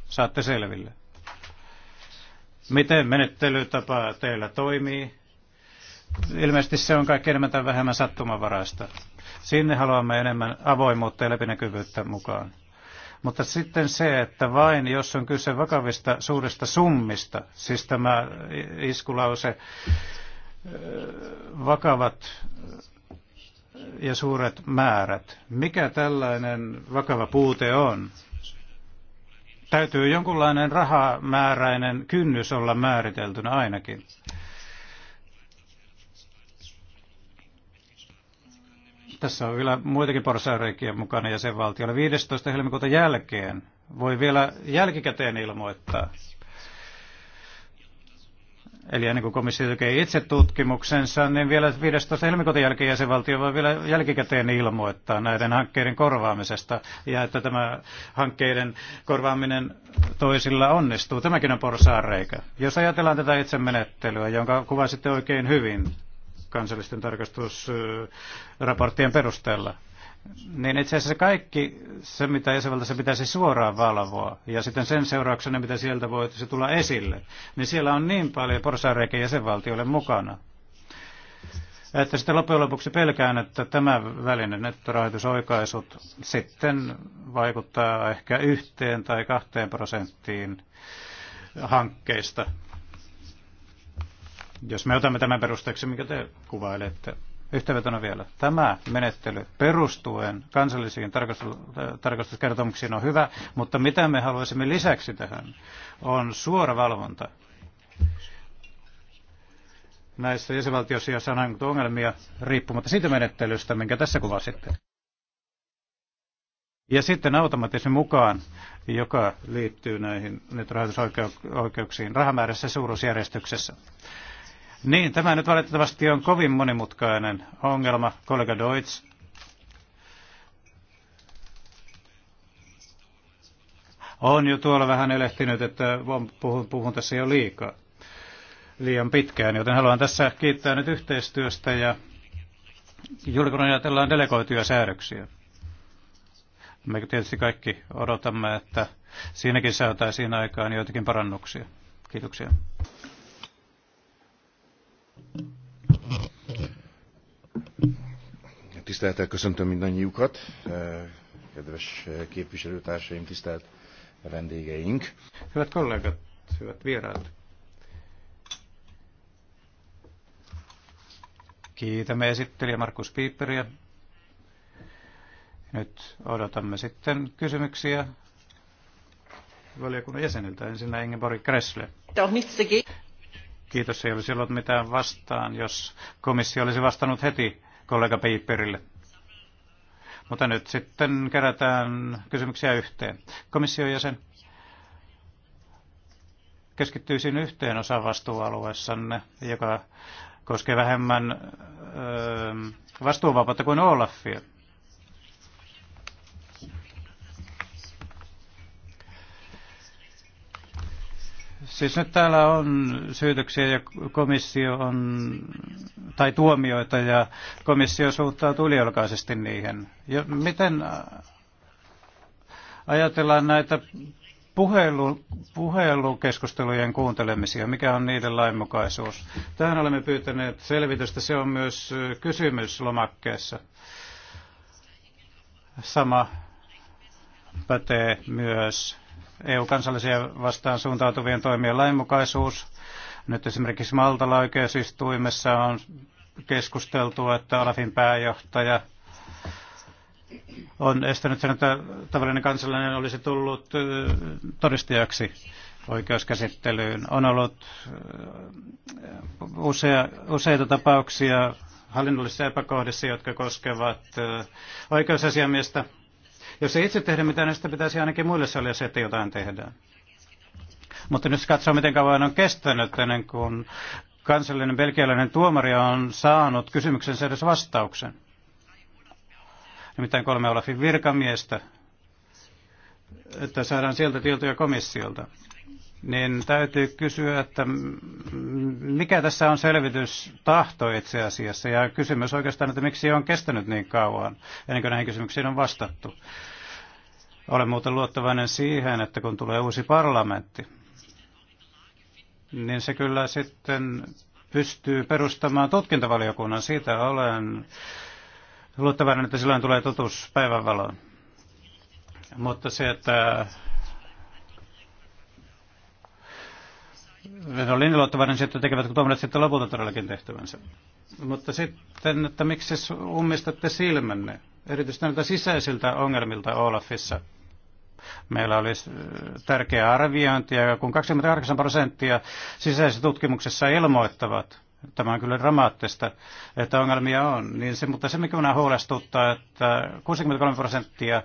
saatte selville. Miten menettelytapa teillä toimii, Ilmeisesti se on kaikki enemmän tai vähemmän sattumanvaraista. Sinne haluamme enemmän avoimuutta ja läpinäkyvyyttä mukaan. Mutta sitten se, että vain jos on kyse vakavista suurista summista, siis tämä iskulause, vakavat ja suuret määrät. Mikä tällainen vakava puute on? Täytyy jonkunlainen rahamääräinen kynnys olla määriteltynä ainakin. Tässä on vielä muitakin porsaareikiä mukana jäsenvaltioilla. 15. helmikuuta jälkeen voi vielä jälkikäteen ilmoittaa. Eli ennen kuin komissio tekee itse tutkimuksensa, niin vielä 15. helmikuuta jälkeen jäsenvaltio voi vielä jälkikäteen ilmoittaa näiden hankkeiden korvaamisesta ja että tämä hankkeiden korvaaminen toisilla onnistuu. Tämäkin on porsaareikä. Jos ajatellaan tätä menettelyä, jonka kuvasitte oikein hyvin, kansallisten tarkastusraporttien perusteella. Niin itse asiassa kaikki se, mitä se pitäisi suoraan valvoa, ja sitten sen seurauksena, mitä sieltä voi se tulla esille, niin siellä on niin paljon porsareikä jäsenvaltioille mukana. Että sitten loppujen lopuksi pelkään, että tämä väline, nettorahoitusoikaisut, sitten vaikuttaa ehkä yhteen tai kahteen prosenttiin hankkeista jos me otamme tämän perusteeksi, mikä te kuvailette, yhteenvetona vielä. Tämä menettely perustuen kansallisiin tarkastuskertomuksiin on hyvä, mutta mitä me haluaisimme lisäksi tähän on suora valvonta näissä jäsenvaltioissa, joissa on ongelmia, riippumatta siitä menettelystä, minkä tässä kuvasitte. Ja sitten automatismi mukaan, joka liittyy näihin nyt rahoitusoikeuksiin rahamäärässä suuruusjärjestyksessä. Niin, tämä nyt valitettavasti on kovin monimutkainen ongelma, kollega Deutsch. On jo tuolla vähän elehtinyt, että puhun, puhun tässä jo liikaa, liian pitkään, joten haluan tässä kiittää nyt yhteistyöstä ja julkona ajatellaan delegoituja säädöksiä. Me tietysti kaikki odotamme, että siinäkin saataisiin aikaan joitakin parannuksia. Kiitoksia.
tisztelettel köszöntöm mindannyiukat eh, kedves eh, képviselőtársaim tisztelt vendégeink
hyvät kollegat hyvät Vérát. kiitämme esittelijä Markus Piipperiä nyt odotamme sitten kysymyksiä valiokunnan jäseniltä ensinnä Ingeborg Kressle Kiitos, ei olisi ollut mitään vastaan, jos komissio olisi vastannut heti kollega Piipperille. Mutta nyt sitten kerätään kysymyksiä yhteen. Komission jäsen keskittyisin yhteen osaan vastuualueessanne, joka koskee vähemmän öö, vastuuvapautta kuin Olafia. Siis nyt täällä on syytöksiä ja komissio on, tai tuomioita ja komissio suuttaa tuliolkaisesti niihin. Ja miten äh, ajatellaan näitä puhelu, puhelukeskustelujen kuuntelemisia, mikä on niiden lainmukaisuus? Tähän olemme pyytäneet selvitystä, se on myös äh, kysymys lomakkeessa. Sama pätee myös EU-kansallisia vastaan suuntautuvien toimien lainmukaisuus. Nyt esimerkiksi Maltalla oikeusistuimessa on keskusteltu, että Olafin pääjohtaja on estänyt sen, että tavallinen kansalainen olisi tullut todistajaksi oikeuskäsittelyyn. On ollut usea, useita tapauksia hallinnollisissa epäkohdissa, jotka koskevat oikeusasiamiestä. Jos ei itse tehdä mitään, niin sitten pitäisi ainakin muille sallia se, että jotain tehdään. Mutta nyt katsoo, miten kauan on kestänyt ennen kuin kansallinen belgialainen tuomari on saanut kysymyksensä edes vastauksen. Nimittäin kolme Olafin virkamiestä, että saadaan sieltä tietoja komissiolta niin täytyy kysyä, että mikä tässä on selvitystahto itse asiassa. Ja kysymys oikeastaan, että miksi on kestänyt niin kauan, ennen kuin näihin kysymyksiin on vastattu. Olen muuten luottavainen siihen, että kun tulee uusi parlamentti, niin se kyllä sitten pystyy perustamaan tutkintavaliokunnan. Siitä olen luottavainen, että silloin tulee totuus päivänvaloon. Mutta se, että niin luottavainen sitten, tekevätkö tuomarit sitten lopulta todellakin tehtävänsä. Mutta sitten, että miksi ummistatte silmänne, erityisesti näiltä sisäisiltä ongelmilta Olafissa. Meillä oli äh, tärkeä arviointi, ja kun 28 prosenttia sisäisessä tutkimuksessa ilmoittavat, tämä on kyllä dramaattista, että ongelmia on, niin se, mutta se mikä minä huolestuttaa, että 63 prosenttia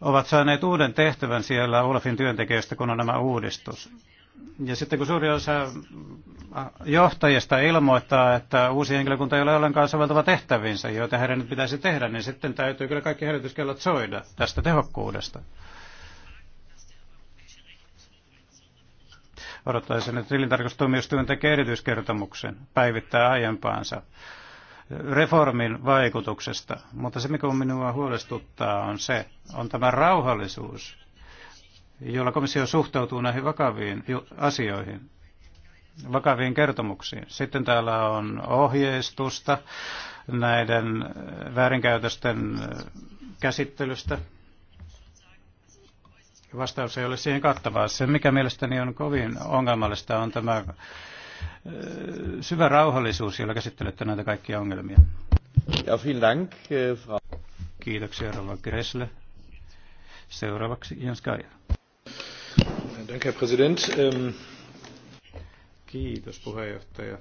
ovat saaneet uuden tehtävän siellä Olafin työntekijöistä, kun on nämä uudistus ja sitten kun suuri osa äh, johtajista ilmoittaa, että uusi henkilökunta ei ole ollenkaan soveltava tehtäviinsä, joita heidän nyt pitäisi tehdä, niin sitten täytyy kyllä kaikki herätyskellot soida tästä tehokkuudesta. Odottaisin, että tilintarkastustuomioistuin tekee erityiskertomuksen, päivittää aiempaansa reformin vaikutuksesta. Mutta se, mikä minua huolestuttaa, on se, on tämä rauhallisuus, jolla komissio suhtautuu näihin vakaviin asioihin, vakaviin kertomuksiin. Sitten täällä on ohjeistusta näiden väärinkäytösten käsittelystä. Vastaus ei ole siihen kattavaa. Se, mikä mielestäni on kovin ongelmallista, on tämä syvä rauhallisuus, jolla käsittelette näitä kaikkia ongelmia. Ja, Dank, äh, Kiitoksia, Rova Gressle. Seuraavaksi Jens Kaija. Danke, Präsident. Ähm, Kiitos puheenjohtaja.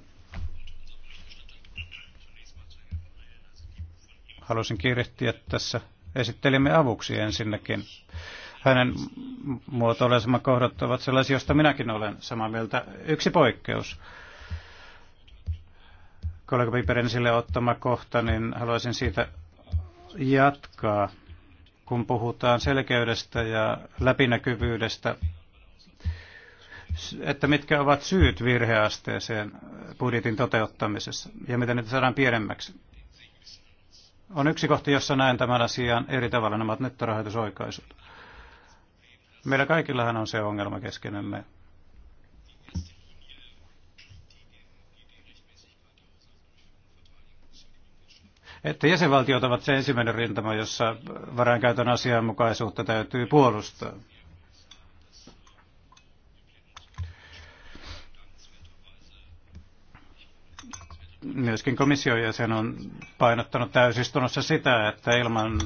Haluaisin kiirehtiä tässä esittelimme avuksi ensinnäkin. Hänen muotoilemansa kohdat ovat sellaisia, joista minäkin olen samaa mieltä. Yksi poikkeus. Kollega Piperin sille ottama kohta, niin haluaisin siitä jatkaa, kun puhutaan selkeydestä ja läpinäkyvyydestä että mitkä ovat syyt virheasteeseen budjetin toteuttamisessa ja miten niitä saadaan pienemmäksi. On yksi kohta, jossa näen tämän asian eri tavalla, nämä nettorahoitusoikaisut. Meillä kaikillahan on se ongelma keskenämme, että jäsenvaltiot ovat se ensimmäinen rintama, jossa varainkäytön asianmukaisuutta täytyy puolustaa. myöskin komission jäsen on painottanut täysistunnossa sitä, että ilman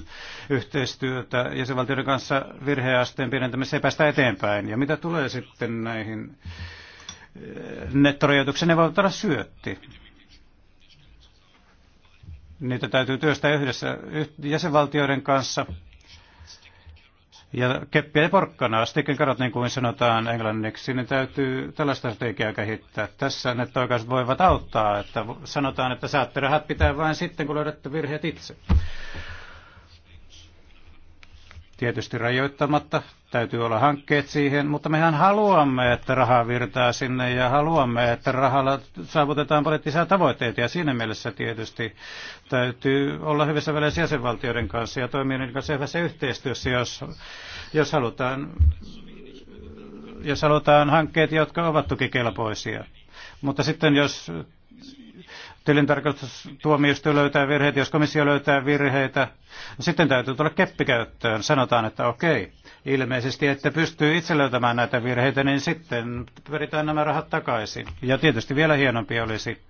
yhteistyötä jäsenvaltioiden kanssa virheasteen pienentämisessä ei päästä eteenpäin. Ja mitä tulee sitten näihin eh, nettorajoituksiin, ne voivat olla syötti. Niitä täytyy työstää yhdessä jäsenvaltioiden kanssa ja keppiä ja porkkanaa, stick karot niin kuin sanotaan englanniksi, niin täytyy tällaista strategiaa kehittää. Tässä ne oikeastaan voivat auttaa, että sanotaan, että saatte rahat pitää vain sitten, kun löydätte virheet itse. Tietysti rajoittamatta Täytyy olla hankkeet siihen, mutta mehän haluamme, että rahaa virtaa sinne ja haluamme, että rahalla saavutetaan poliittisia tavoitteita. Ja siinä mielessä tietysti täytyy olla hyvissä välissä jäsenvaltioiden kanssa ja niiden kanssa hyvässä yhteistyössä, jos, jos halutaan jos halutaan hankkeet, jotka ovat tukikelpoisia. Mutta sitten jos tilintarkastustuomioistuin löytää virheitä, jos komissio löytää virheitä, sitten täytyy tulla keppikäyttöön. Sanotaan, että okei, ilmeisesti että pystyy itse löytämään näitä virheitä, niin sitten peritään nämä rahat takaisin. Ja tietysti vielä hienompi olisi,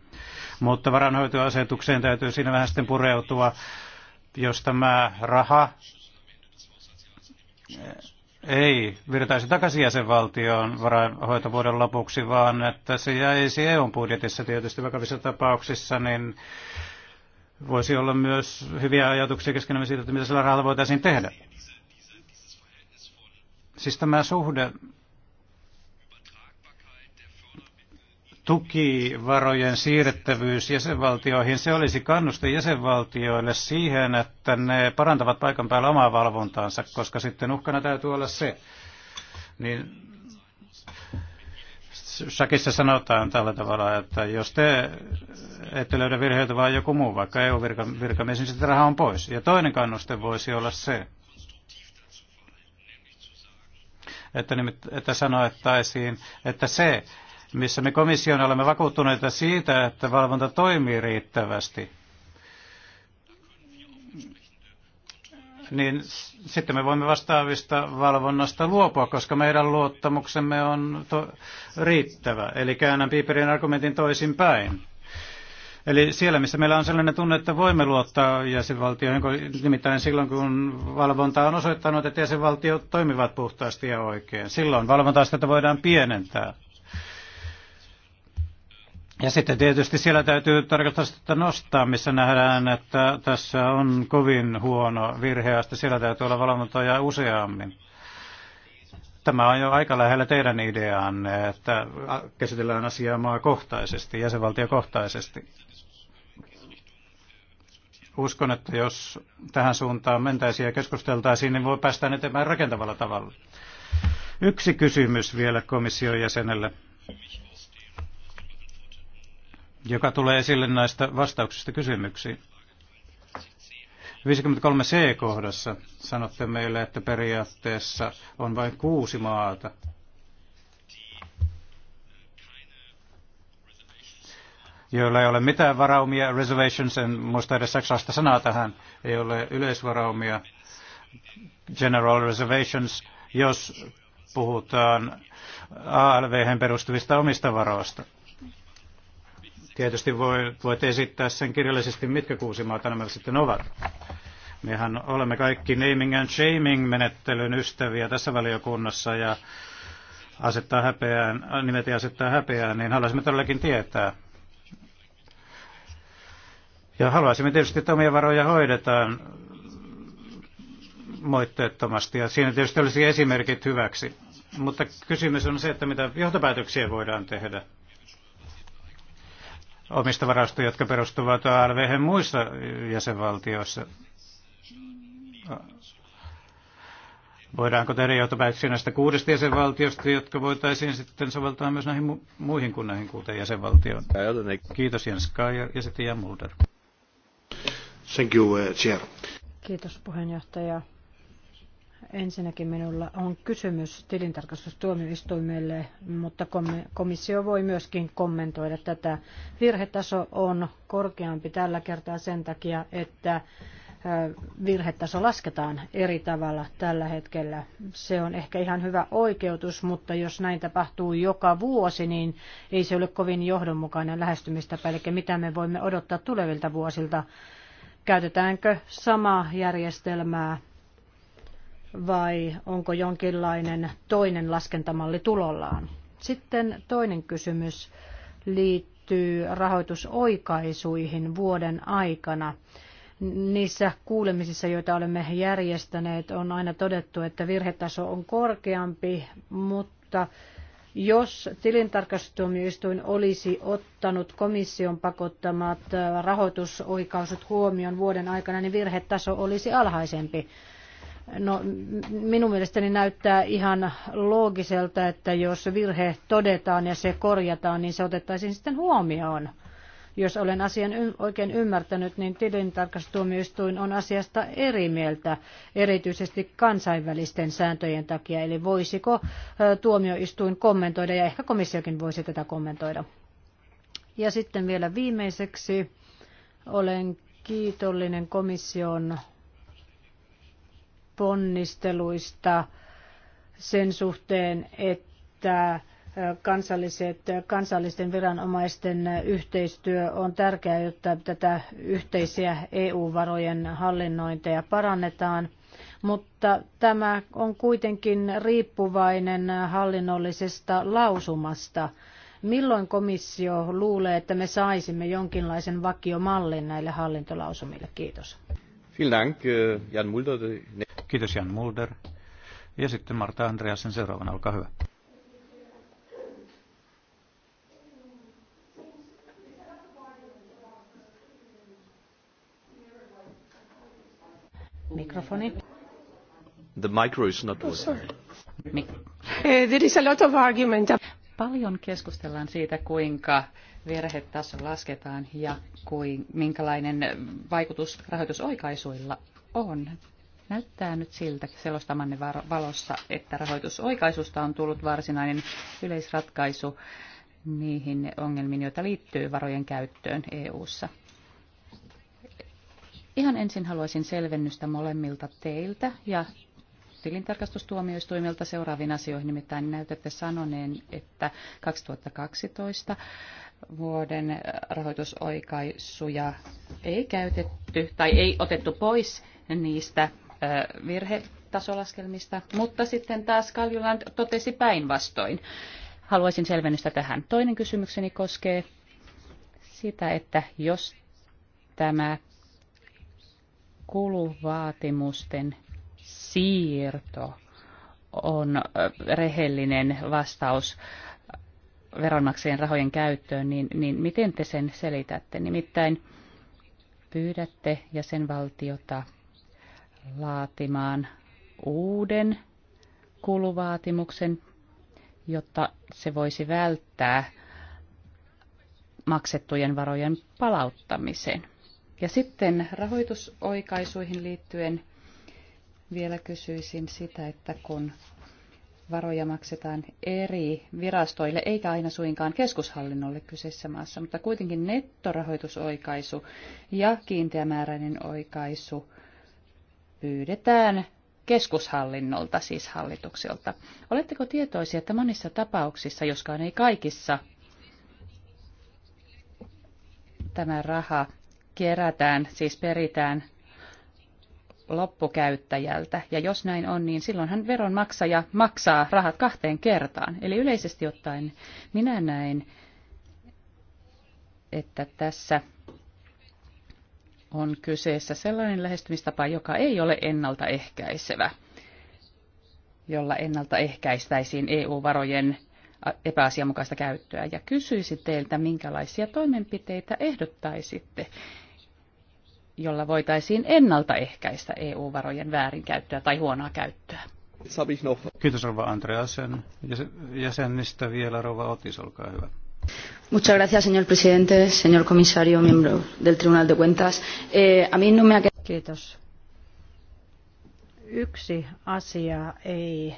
mutta varanhoitoasetukseen täytyy siinä vähän sitten pureutua, jos tämä raha ei virtaisi takaisin jäsenvaltioon varainhoitovuoden lopuksi, vaan että se jäisi eu budjetissa tietysti vakavissa tapauksissa, niin voisi olla myös hyviä ajatuksia keskenämme siitä, että mitä sillä rahalla voitaisiin tehdä. Siis tämä suhde tukivarojen siirrettävyys jäsenvaltioihin, se olisi kannuste jäsenvaltioille siihen, että ne parantavat paikan päällä omaa valvontaansa, koska sitten uhkana täytyy olla se. Niin Shakissa sanotaan tällä tavalla, että jos te ette löydä virheitä, vaan joku muu, vaikka EU-virkamies, niin sitten raha on pois. Ja toinen kannuste voisi olla se, että, nimet, että sanoettaisiin, että se, missä me komission olemme vakuuttuneita siitä, että valvonta toimii riittävästi, niin sitten me voimme vastaavista valvonnasta luopua, koska meidän luottamuksemme on to- riittävä. Eli käännän piiperin argumentin toisinpäin. Eli siellä, missä meillä on sellainen tunne, että voimme luottaa jäsenvaltioihin, nimittäin silloin kun valvonta on osoittanut, että jäsenvaltiot toimivat puhtaasti ja oikein. Silloin valvontaa sitä voidaan pienentää. Ja sitten tietysti siellä täytyy tarkastusta nostaa, missä nähdään, että tässä on kovin huono virhe, ja Siellä täytyy olla valvontoja useammin. Tämä on jo aika lähellä teidän ideaanne, että käsitellään asiaa maakohtaisesti, jäsenvaltiokohtaisesti. Uskon, että jos tähän suuntaan mentäisiin ja keskusteltaisiin, niin voi päästä eteenpäin rakentavalla tavalla. Yksi kysymys vielä komission jäsenelle joka tulee esille näistä vastauksista kysymyksiin. 53c-kohdassa sanotte meille, että periaatteessa on vain kuusi maata, joilla ei ole mitään varaumia, reservations, en muista edes saksalaista sanaa tähän, ei ole yleisvaraumia, general reservations, jos puhutaan alv hän perustuvista omista varoista. Tietysti voi, voit esittää sen kirjallisesti, mitkä kuusi maata nämä sitten ovat. Mehän olemme kaikki naming and shaming-menettelyn ystäviä tässä valiokunnassa ja asettaa häpeään, nimet ja asettaa häpeään, niin haluaisimme todellakin tietää. Ja haluaisimme tietysti, että omia varoja hoidetaan moitteettomasti ja siinä tietysti olisi esimerkit hyväksi. Mutta kysymys on se, että mitä johtopäätöksiä voidaan tehdä omistavarausta, jotka perustuvat ALV muissa jäsenvaltioissa. Voidaanko tehdä johtopäätöksiä näistä kuudesta jäsenvaltiosta, jotka voitaisiin sitten soveltaa myös näihin mu- muihin kuin näihin kuuteen jäsenvaltioon? Kiitos Jens Kaja ja sitten Jan Mulder. Thank you, uh, Chair.
Kiitos puheenjohtaja. Ensinnäkin minulla on kysymys tilintarkastustuomioistuimelle, mutta komissio voi myöskin kommentoida tätä. Virhetaso on korkeampi tällä kertaa sen takia, että virhetaso lasketaan eri tavalla tällä hetkellä. Se on ehkä ihan hyvä oikeutus, mutta jos näin tapahtuu joka vuosi, niin ei se ole kovin johdonmukainen lähestymistapa. Eli mitä me voimme odottaa tulevilta vuosilta? Käytetäänkö samaa järjestelmää vai onko jonkinlainen toinen laskentamalli tulollaan? Sitten toinen kysymys liittyy rahoitusoikaisuihin vuoden aikana. Niissä kuulemisissa, joita olemme järjestäneet, on aina todettu, että virhetaso on korkeampi, mutta jos tilintarkastustuomioistuin olisi ottanut komission pakottamat rahoitusoikaisut huomioon vuoden aikana, niin virhetaso olisi alhaisempi. No, minun mielestäni näyttää ihan loogiselta, että jos virhe todetaan ja se korjataan, niin se otettaisiin sitten huomioon. Jos olen asian oikein ymmärtänyt, niin tilintarkastustuomioistuin on asiasta eri mieltä, erityisesti kansainvälisten sääntöjen takia. Eli voisiko tuomioistuin kommentoida, ja ehkä komissiokin voisi tätä kommentoida. Ja sitten vielä viimeiseksi olen kiitollinen komission ponnisteluista sen suhteen, että kansalliset, kansallisten viranomaisten yhteistyö on tärkeää, jotta tätä yhteisiä EU-varojen hallinnointeja parannetaan. Mutta tämä on kuitenkin riippuvainen hallinnollisesta lausumasta. Milloin komissio luulee, että me saisimme jonkinlaisen vakiomallin näille hallintolausumille? Kiitos.
Vielen äh, Jan Mulder. Kiitos Jan Mulder. Ja sitten Marta Andreasen seuraavana, olkaa hyvä.
Mikrofoni.
The micro is not working. Mik-
eh, There is a lot of argument. Paljon keskustellaan siitä, kuinka virhetaso lasketaan ja kuin, minkälainen vaikutus rahoitusoikaisuilla on. Näyttää nyt siltä selostamanne valossa, että rahoitusoikaisusta on tullut varsinainen yleisratkaisu niihin ongelmiin, joita liittyy varojen käyttöön EU:ssa. Ihan ensin haluaisin selvennystä molemmilta teiltä ja tilintarkastustuomioistuimilta seuraaviin asioihin. Nimittäin näytätte sanoneen, että 2012 vuoden rahoitusoikaisuja ei käytetty tai ei otettu pois niistä virhetasolaskelmista, mutta sitten taas Kaljuland totesi päinvastoin. Haluaisin selvennystä tähän. Toinen kysymykseni koskee sitä, että jos tämä kuluvaatimusten siirto on rehellinen vastaus veronmaksajien rahojen käyttöön, niin, niin miten te sen selitätte? Nimittäin pyydätte jäsenvaltiota laatimaan uuden kuluvaatimuksen, jotta se voisi välttää maksettujen varojen palauttamisen. Ja sitten rahoitusoikaisuihin liittyen vielä kysyisin sitä, että kun varoja maksetaan eri virastoille, eikä aina suinkaan keskushallinnolle kyseessä maassa, mutta kuitenkin nettorahoitusoikaisu ja kiinteämääräinen oikaisu pyydetään keskushallinnolta, siis hallitukselta. Oletteko tietoisia, että monissa tapauksissa, joskaan ei kaikissa, tämä raha kerätään, siis peritään loppukäyttäjältä. Ja jos näin on, niin silloinhan veronmaksaja maksaa rahat kahteen kertaan. Eli yleisesti ottaen minä näen, että tässä on kyseessä sellainen lähestymistapa, joka ei ole ennaltaehkäisevä, jolla ennaltaehkäistäisiin EU-varojen epäasianmukaista käyttöä. Ja kysyisin teiltä, minkälaisia toimenpiteitä ehdottaisitte, jolla voitaisiin ennaltaehkäistä EU-varojen väärinkäyttöä tai huonoa käyttöä.
Kiitos Rova Andreasen jäsenistä vielä Rova Otis, olkaa hyvä.
Muchas gracias, señor presidente, señor comisario, miembro del Tribunal de Cuentas. Eh, a mí no me ha... Kiitos. Yksi asia ei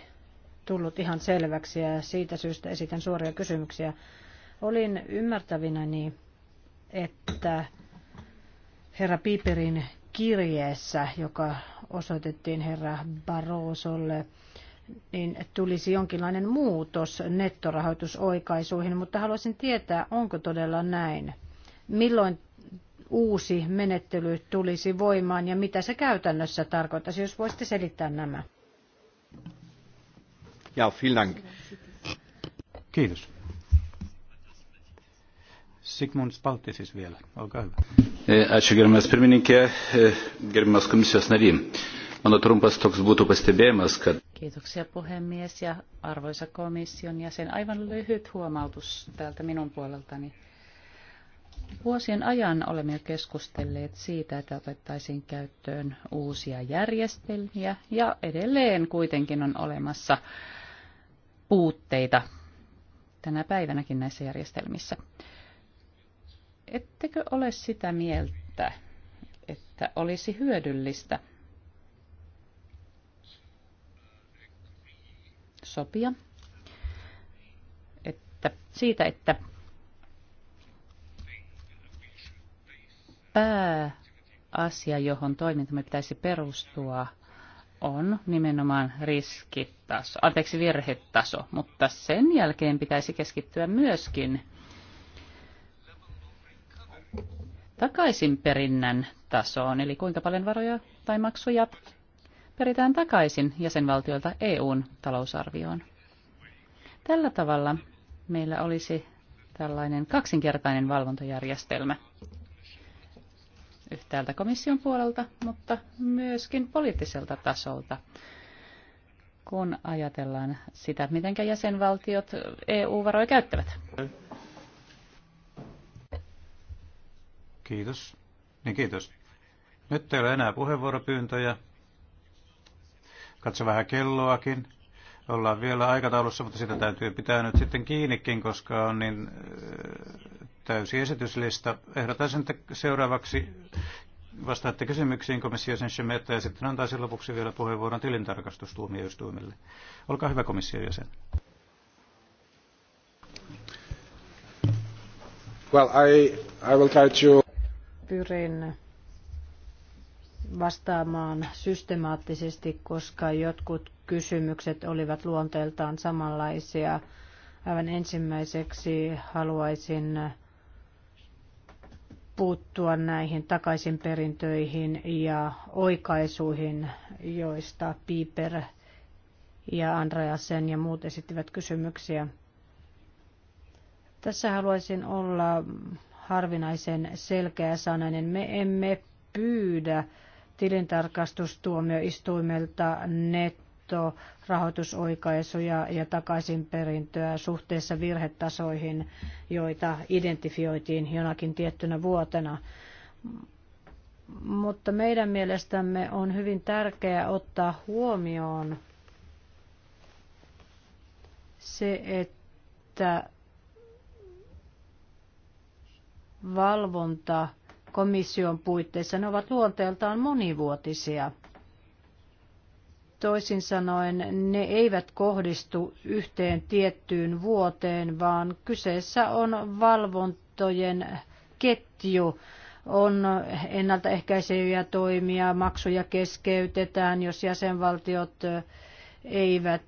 tullut ihan selväksi ja siitä syystä esitän suoria kysymyksiä. Olin ymmärtävinäni, että herra Piperin kirjeessä, joka osoitettiin herra Barrosolle, niin tulisi jonkinlainen muutos nettorahoitusoikaisuihin, mutta haluaisin tietää, onko todella näin. Milloin uusi menettely tulisi voimaan ja mitä se käytännössä tarkoittaisi, jos voisitte selittää nämä?
Ja,
Dank. Kiitos. Sigmund Spalti siis vielä, olkaa hyvä. E, ačiū gerbiamas pirmininkė, e, gerbiamas
komisijos nary. Mano trumpas toks būtų pastebėjimas, kad
Kiitoksia puhemies ja arvoisa komission jäsen. Aivan lyhyt huomautus täältä minun puoleltani. Vuosien ajan olemme jo keskustelleet siitä, että otettaisiin käyttöön uusia järjestelmiä ja edelleen kuitenkin on olemassa puutteita tänä päivänäkin näissä järjestelmissä. Ettekö ole sitä mieltä, että olisi hyödyllistä – sopia että siitä, että pääasia, johon toimintamme pitäisi perustua, on nimenomaan riskitaso, anteeksi virhetaso, mutta sen jälkeen pitäisi keskittyä myöskin takaisinperinnän tasoon, eli kuinka paljon varoja tai maksuja peritään takaisin jäsenvaltioilta EUn talousarvioon. Tällä tavalla meillä olisi tällainen kaksinkertainen valvontajärjestelmä yhtäältä komission puolelta, mutta myöskin poliittiselta tasolta, kun ajatellaan sitä, miten jäsenvaltiot EU-varoja käyttävät.
Kiitos. Niin kiitos. Nyt ei ole enää puheenvuoropyyntöjä. Katso vähän kelloakin. Ollaan vielä aikataulussa, mutta sitä täytyy pitää nyt sitten kiinnikin, koska on niin äh, täysi esityslista. Ehdotan sen, että seuraavaksi vastaatte kysymyksiin komissio sen ja sitten antaisin lopuksi vielä puheenvuoron tilintarkastustuomioistuimille. Olkaa hyvä komissio jäsen. Well, I, I will try to...
Pyrin vastaamaan systemaattisesti, koska jotkut kysymykset olivat luonteeltaan samanlaisia. Aivan ensimmäiseksi haluaisin puuttua näihin takaisinperintöihin ja oikaisuihin, joista Piper ja sen ja muut esittivät kysymyksiä. Tässä haluaisin olla harvinaisen selkeä sanainen. Me emme pyydä tilintarkastustuomioistuimelta netto rahoitusoikaisuja ja takaisinperintöä suhteessa virhetasoihin, joita identifioitiin jonakin tiettynä vuotena mutta meidän mielestämme on hyvin tärkeää ottaa huomioon se, että valvonta komission puitteissa. Ne ovat luonteeltaan monivuotisia. Toisin sanoen ne eivät kohdistu yhteen tiettyyn vuoteen, vaan kyseessä on valvontojen ketju, on ennaltaehkäiseviä toimia, maksuja keskeytetään, jos jäsenvaltiot eivät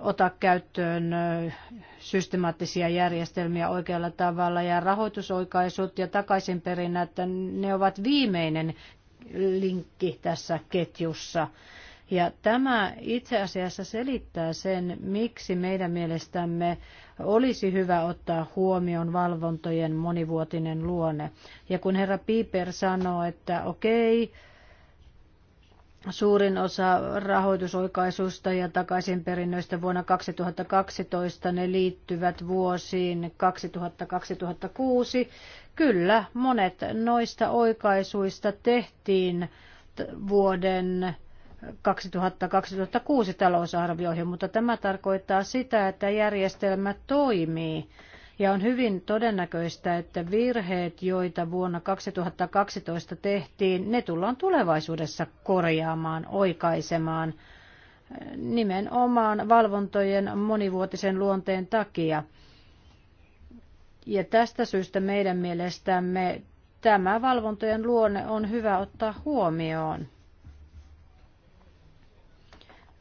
ota käyttöön systemaattisia järjestelmiä oikealla tavalla ja rahoitusoikaisut ja takaisinperinnät, ne ovat viimeinen linkki tässä ketjussa. Ja tämä itse asiassa selittää sen, miksi meidän mielestämme olisi hyvä ottaa huomioon valvontojen monivuotinen luonne. Ja kun herra Piper sanoo, että okei, okay, Suurin osa rahoitusoikaisuista ja takaisinperinnöistä vuonna 2012 ne liittyvät vuosiin 2000-2006. Kyllä, monet noista oikaisuista tehtiin vuoden 2000-2006 talousarvioihin, mutta tämä tarkoittaa sitä, että järjestelmä toimii ja on hyvin todennäköistä, että virheet, joita vuonna 2012 tehtiin, ne tullaan tulevaisuudessa korjaamaan, oikaisemaan nimenomaan valvontojen monivuotisen luonteen takia. Ja tästä syystä meidän mielestämme tämä valvontojen luonne on hyvä ottaa huomioon.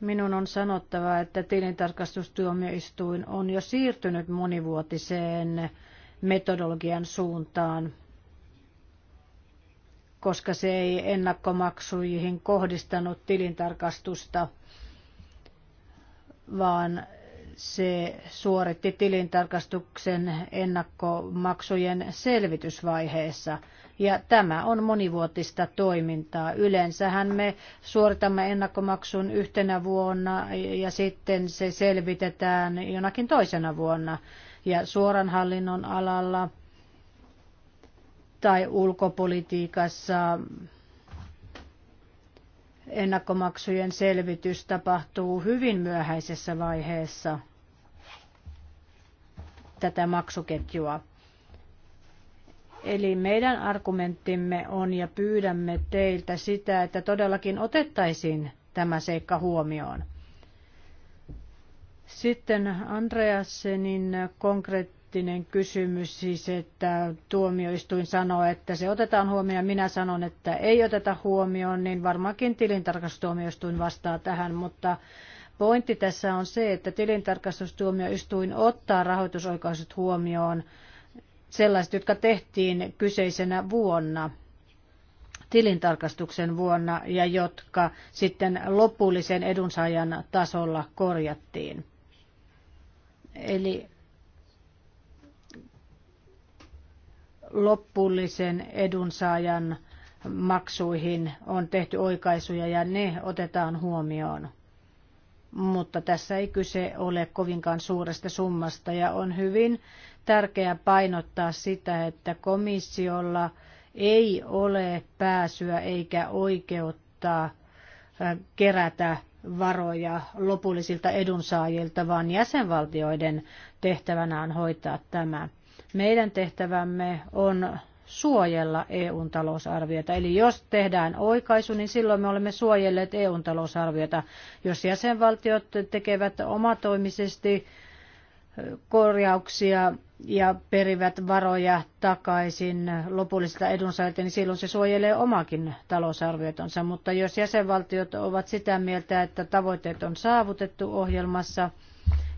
Minun on sanottava, että tilintarkastustuomioistuin on jo siirtynyt monivuotiseen metodologian suuntaan, koska se ei ennakkomaksuihin kohdistanut tilintarkastusta, vaan se suoritti tilintarkastuksen ennakkomaksujen selvitysvaiheessa – ja tämä on monivuotista toimintaa. Yleensähän me suoritamme ennakkomaksun yhtenä vuonna ja sitten se selvitetään jonakin toisena vuonna. Ja suoran hallinnon alalla tai ulkopolitiikassa ennakkomaksujen selvitys tapahtuu hyvin myöhäisessä vaiheessa tätä maksuketjua. Eli meidän argumenttimme on ja pyydämme teiltä sitä, että todellakin otettaisiin tämä seikka huomioon. Sitten Andreasenin konkreettinen kysymys siis, että tuomioistuin sanoo, että se otetaan huomioon. Minä sanon, että ei oteta huomioon, niin varmaankin tilintarkastustuomioistuin vastaa tähän, mutta pointti tässä on se, että tilintarkastustuomioistuin ottaa rahoitusoikaiset huomioon – sellaiset, jotka tehtiin kyseisenä vuonna tilintarkastuksen vuonna ja jotka sitten lopullisen edunsaajan tasolla korjattiin. Eli lopullisen edunsaajan maksuihin on tehty oikaisuja ja ne otetaan huomioon. Mutta tässä ei kyse ole kovinkaan suuresta summasta ja on hyvin tärkeää painottaa sitä, että komissiolla ei ole pääsyä eikä oikeutta kerätä varoja lopullisilta edunsaajilta, vaan jäsenvaltioiden tehtävänä on hoitaa tämä. Meidän tehtävämme on suojella EUn talousarviota. Eli jos tehdään oikaisu, niin silloin me olemme suojelleet EUn talousarviota. Jos jäsenvaltiot tekevät omatoimisesti korjauksia ja perivät varoja takaisin lopullisilta edunsaajilta, niin silloin se suojelee omakin talousarviotonsa. Mutta jos jäsenvaltiot ovat sitä mieltä, että tavoitteet on saavutettu ohjelmassa,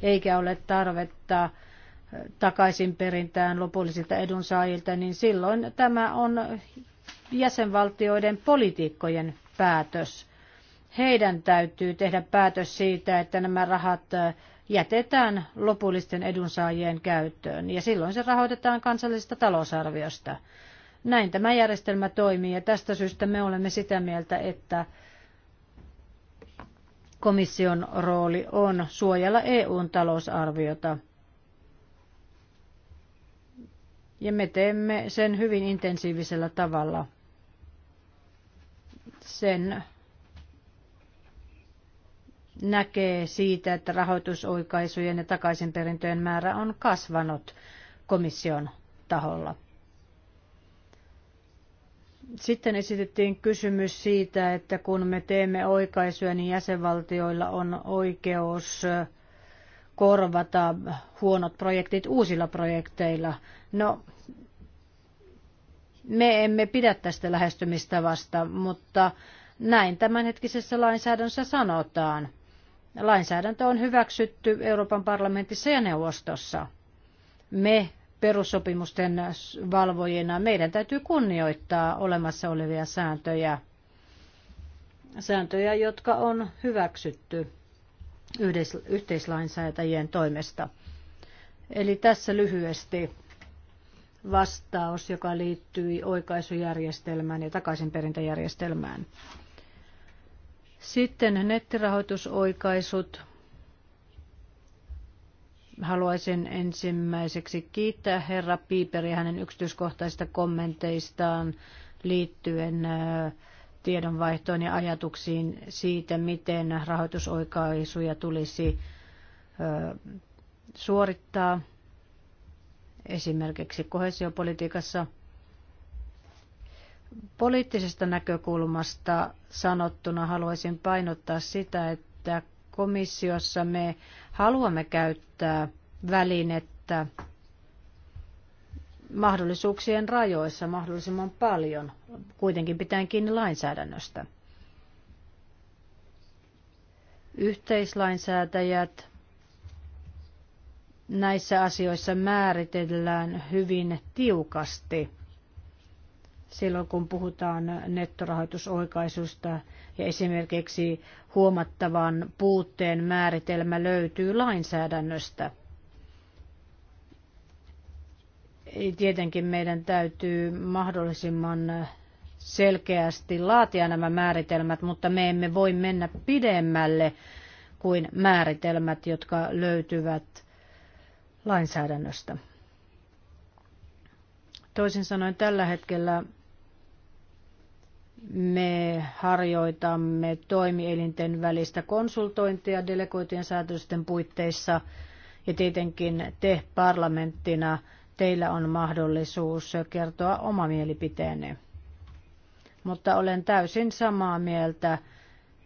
eikä ole tarvetta takaisin perintään lopullisilta edunsaajilta, niin silloin tämä on jäsenvaltioiden politiikkojen päätös. Heidän täytyy tehdä päätös siitä, että nämä rahat jätetään lopullisten edunsaajien käyttöön ja silloin se rahoitetaan kansallisesta talousarviosta. Näin tämä järjestelmä toimii ja tästä syystä me olemme sitä mieltä, että komission rooli on suojella EUn talousarviota. Ja me teemme sen hyvin intensiivisellä tavalla. Sen näkee siitä, että rahoitusoikaisujen ja takaisinperintöjen määrä on kasvanut komission taholla. Sitten esitettiin kysymys siitä, että kun me teemme oikaisuja, niin jäsenvaltioilla on oikeus korvata huonot projektit uusilla projekteilla. No, me emme pidä tästä lähestymistavasta, mutta näin tämänhetkisessä lainsäädännössä sanotaan. Lainsäädäntö on hyväksytty Euroopan parlamentissa ja neuvostossa. Me perussopimusten valvojina meidän täytyy kunnioittaa olemassa olevia sääntöjä, sääntöjä jotka on hyväksytty yhteislainsäätäjien toimesta. Eli tässä lyhyesti vastaus, joka liittyi oikaisujärjestelmään ja takaisinperintäjärjestelmään. Sitten nettirahoitusoikaisut. Haluaisin ensimmäiseksi kiittää herra Piiperi hänen yksityiskohtaisista kommenteistaan liittyen äh, tiedonvaihtoon ja ajatuksiin siitä, miten rahoitusoikaisuja tulisi suorittaa esimerkiksi kohesiopolitiikassa – Poliittisesta näkökulmasta sanottuna haluaisin painottaa sitä, että komissiossa me haluamme käyttää välinettä mahdollisuuksien rajoissa mahdollisimman paljon, kuitenkin pitäen kiinni lainsäädännöstä. Yhteislainsäätäjät näissä asioissa määritellään hyvin tiukasti – silloin, kun puhutaan nettorahoitusoikaisusta ja esimerkiksi huomattavan puutteen määritelmä löytyy lainsäädännöstä. Tietenkin meidän täytyy mahdollisimman selkeästi laatia nämä määritelmät, mutta me emme voi mennä pidemmälle kuin määritelmät, jotka löytyvät lainsäädännöstä. Toisin sanoen tällä hetkellä me harjoitamme toimielinten välistä konsultointia delegoitujen säätösten puitteissa ja tietenkin te parlamenttina teillä on mahdollisuus kertoa oma mielipiteenne. Mutta olen täysin samaa mieltä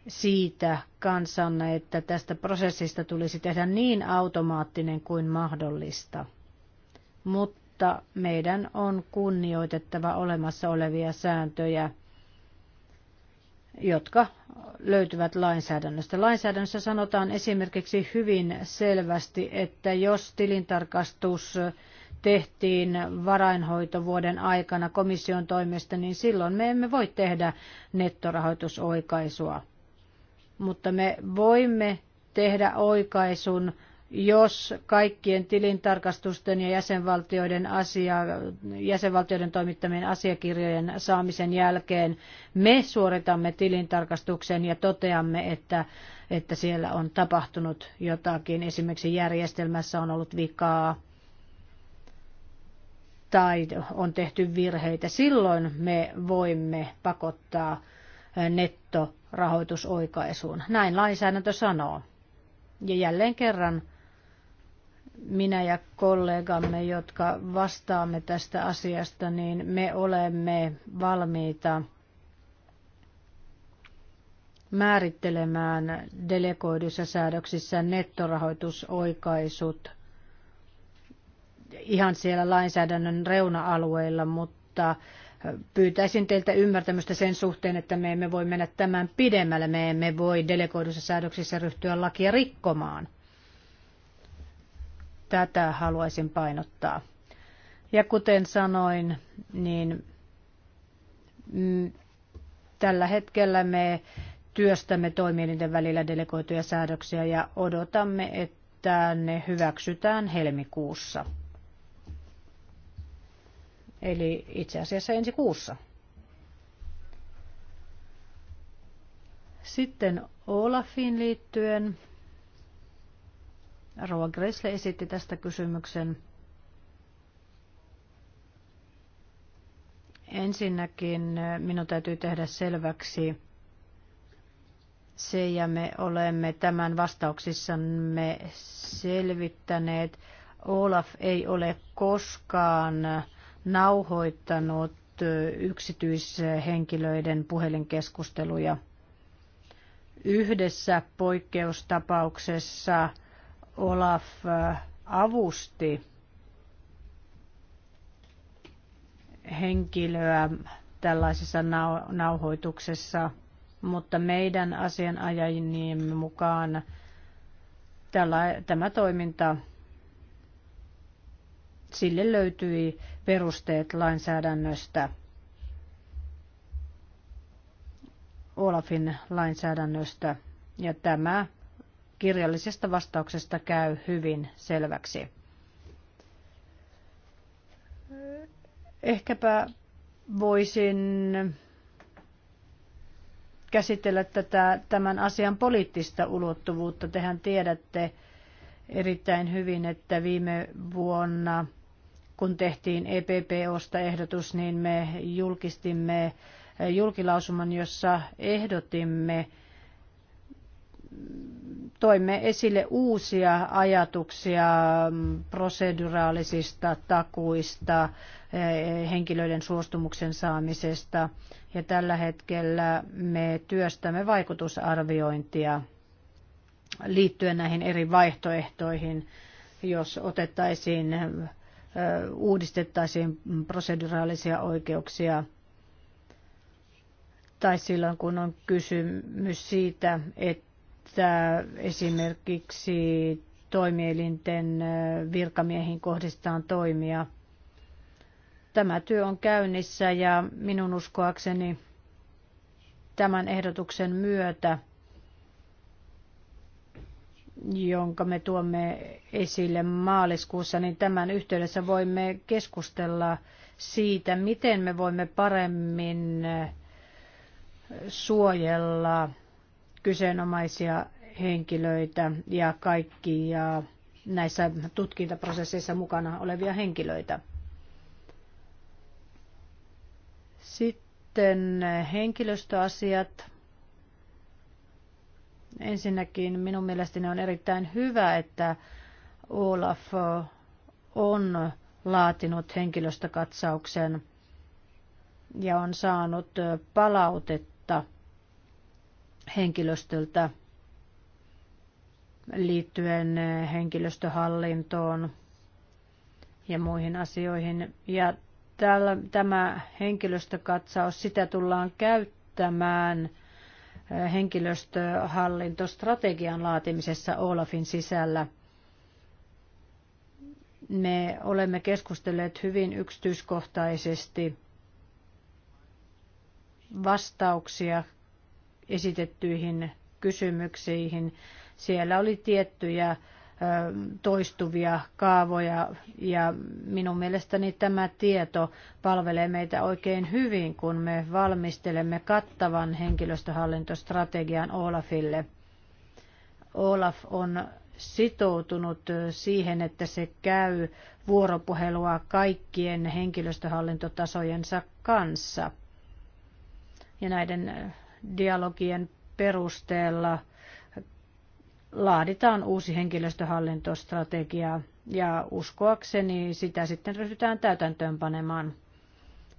siitä kansanne, että tästä prosessista tulisi tehdä niin automaattinen kuin mahdollista. Mutta meidän on kunnioitettava olemassa olevia sääntöjä – jotka löytyvät lainsäädännöstä. Lainsäädännössä sanotaan esimerkiksi hyvin selvästi, että jos tilintarkastus tehtiin varainhoitovuoden aikana komission toimesta, niin silloin me emme voi tehdä nettorahoitusoikaisua. Mutta me voimme tehdä oikaisun jos kaikkien tilintarkastusten ja jäsenvaltioiden, asia, jäsenvaltioiden toimittamien asiakirjojen saamisen jälkeen me suoritamme tilintarkastuksen ja toteamme, että, että siellä on tapahtunut jotakin. Esimerkiksi järjestelmässä on ollut vikaa tai on tehty virheitä. Silloin me voimme pakottaa nettorahoitusoikaisuun. Näin lainsäädäntö sanoo. Ja jälleen kerran minä ja kollegamme, jotka vastaamme tästä asiasta, niin me olemme valmiita määrittelemään delegoidussa säädöksissä nettorahoitusoikaisut ihan siellä lainsäädännön reuna-alueilla, mutta pyytäisin teiltä ymmärtämystä sen suhteen, että me emme voi mennä tämän pidemmälle, me emme voi delegoidussa säädöksissä ryhtyä lakia rikkomaan tätä haluaisin painottaa. Ja kuten sanoin, niin mm, tällä hetkellä me työstämme toimielinten välillä delegoituja säädöksiä ja odotamme, että ne hyväksytään helmikuussa. Eli itse asiassa ensi kuussa. Sitten Olafin liittyen Rova Gressle esitti tästä kysymyksen. Ensinnäkin eh, minun täytyy tehdä selväksi se, ja me olemme tämän vastauksissamme selvittäneet. Olaf ei ole koskaan nauhoittanut eh, yksityishenkilöiden puhelinkeskusteluja. Yhdessä poikkeustapauksessa Olaf äh, avusti henkilöä tällaisessa nauhoituksessa, mutta meidän asianajajimme mukaan tämä toiminta sille löytyi perusteet lainsäädännöstä, Olafin lainsäädännöstä, ja tämä kirjallisesta vastauksesta käy hyvin selväksi. Ehkäpä voisin käsitellä tätä, tämän asian poliittista ulottuvuutta. Tehän tiedätte erittäin hyvin, että viime vuonna, kun tehtiin EPPOsta ehdotus, niin me julkistimme julkilausuman, jossa ehdotimme toimme esille uusia ajatuksia mm, proseduraalisista takuista, eh, henkilöiden suostumuksen saamisesta ja tällä hetkellä me työstämme vaikutusarviointia liittyen näihin eri vaihtoehtoihin, jos otettaisiin, eh, uudistettaisiin proseduraalisia oikeuksia tai silloin kun on kysymys siitä, että että esimerkiksi toimielinten virkamiehiin kohdistaan toimia. Tämä työ on käynnissä ja minun uskoakseni tämän ehdotuksen myötä, jonka me tuomme esille maaliskuussa, niin tämän yhteydessä voimme keskustella siitä, miten me voimme paremmin suojella kyseenomaisia henkilöitä ja kaikki ja näissä tutkintaprosesseissa mukana olevia henkilöitä. Sitten henkilöstöasiat. Ensinnäkin minun mielestäni on erittäin hyvä, että Olaf on laatinut henkilöstökatsauksen ja on saanut palautetta henkilöstöltä liittyen henkilöstöhallintoon ja muihin asioihin. Ja tämä henkilöstökatsaus, sitä tullaan käyttämään henkilöstöhallintostrategian laatimisessa Olafin sisällä. Me olemme keskustelleet hyvin yksityiskohtaisesti vastauksia esitettyihin kysymyksiin. Siellä oli tiettyjä toistuvia kaavoja ja minun mielestäni tämä tieto palvelee meitä oikein hyvin, kun me valmistelemme kattavan henkilöstöhallintostrategian Olafille. Olaf on sitoutunut siihen, että se käy vuoropuhelua kaikkien henkilöstöhallintotasojensa kanssa. Ja näiden dialogien perusteella laaditaan uusi henkilöstöhallintostrategia ja uskoakseni sitä sitten ryhdytään täytäntöönpanemaan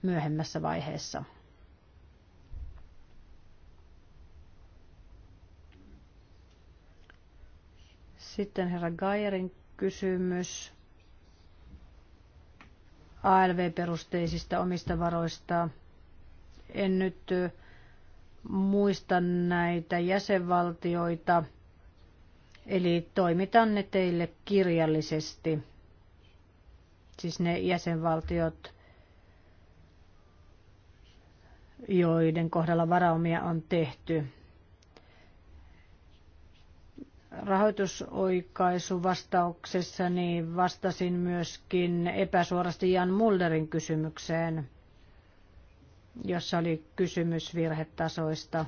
myöhemmässä vaiheessa. Sitten herra Gaierin kysymys ALV-perusteisista omista varoista. En nyt muista näitä jäsenvaltioita, eli toimitan ne teille kirjallisesti. Siis ne jäsenvaltiot, joiden kohdalla varaumia on tehty. vastauksessani vastasin myöskin epäsuorasti Jan Mulderin kysymykseen – jossa oli kysymys virhetasoista.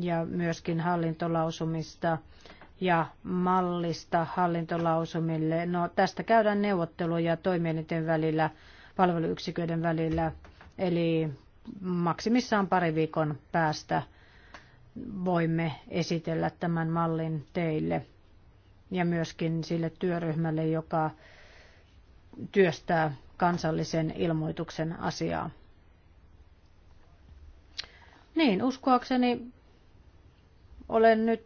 ja myöskin hallintolausumista ja mallista hallintolausumille. No, tästä käydään neuvotteluja toimielinten välillä, palveluyksiköiden välillä, eli maksimissaan pari viikon päästä voimme esitellä tämän mallin teille ja myöskin sille työryhmälle, joka työstää kansallisen ilmoituksen asiaa. Niin, uskoakseni olen nyt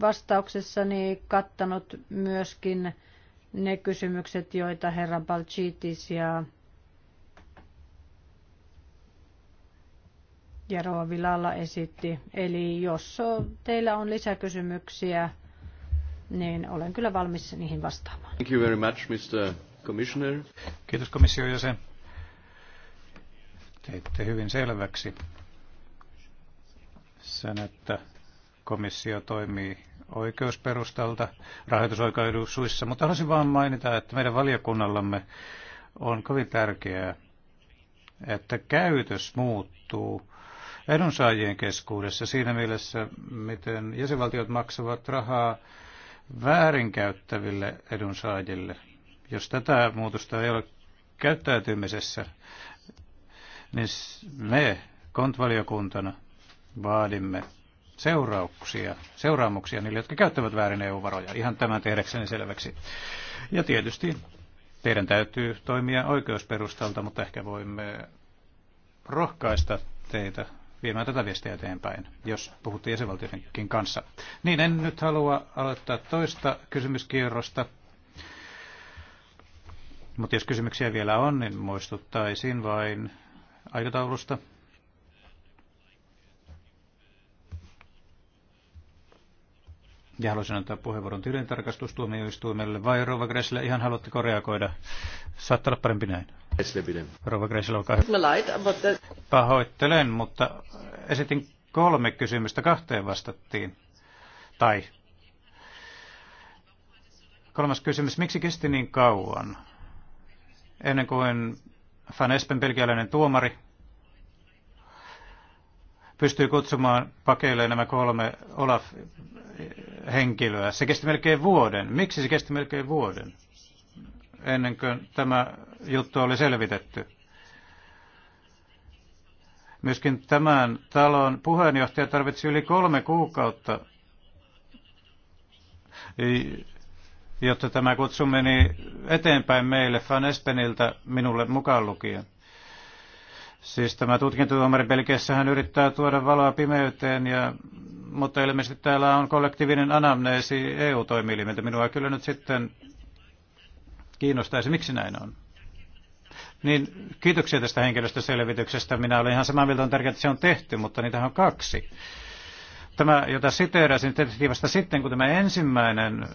vastauksessani kattanut myöskin ne kysymykset, joita herra Balchitis ja Jaroa Vilalla esitti. Eli jos teillä on lisäkysymyksiä, niin olen kyllä valmis niihin vastaamaan.
Thank you very much, Mr. Commissioner. Kiitos
komission jäsen. Teitte hyvin selväksi sen, että komissio toimii oikeusperustalta rahoitusoikeudusuissa, mutta haluaisin vain mainita, että meidän valiokunnallamme on kovin tärkeää, että käytös muuttuu edunsaajien keskuudessa siinä mielessä, miten jäsenvaltiot maksavat rahaa väärinkäyttäville edunsaajille. Jos tätä muutosta ei ole käyttäytymisessä, niin me kontvaliokuntana vaadimme seurauksia, seuraamuksia niille, jotka käyttävät väärin EU-varoja. Ihan tämän tehdäkseni selväksi. Ja tietysti teidän täytyy toimia oikeusperustalta, mutta ehkä voimme rohkaista teitä viemään tätä viestiä eteenpäin, jos puhutte jäsenvaltioidenkin kanssa. Niin, en nyt halua aloittaa toista kysymyskierrosta, mutta jos kysymyksiä vielä on, niin muistuttaisin vain aikataulusta. Ja haluaisin antaa puheenvuoron tilintarkastustuomioistuimelle. Vai Rova Gressille. ihan haluatte reagoida? Saattaa olla parempi näin. Rova olkaa hyvä. Pahoittelen, mutta esitin kolme kysymystä, kahteen vastattiin. Tai kolmas kysymys, miksi kesti niin kauan? Ennen kuin Van Espen belgialainen tuomari pystyy kutsumaan pakeille nämä kolme Olaf-henkilöä. Se kesti melkein vuoden. Miksi se kesti melkein vuoden? ennen kuin tämä juttu oli selvitetty. Myöskin tämän talon puheenjohtaja tarvitsi yli kolme kuukautta, jotta tämä kutsu meni eteenpäin meille Van Espeniltä minulle mukaan lukien. Siis tämä tutkintotuomari Belgiassa hän yrittää tuoda valoa pimeyteen, ja, mutta ilmeisesti täällä on kollektiivinen anamneesi eu toimielimeltä Minua kyllä nyt sitten kiinnostaisi, miksi näin on. Niin, kiitoksia tästä henkilöstöselvityksestä. Minä olen ihan samaa mieltä, on tärkeää, että se on tehty, mutta niitä on kaksi. Tämä, jota siteerasin tehtiin vasta sitten, kun tämä ensimmäinen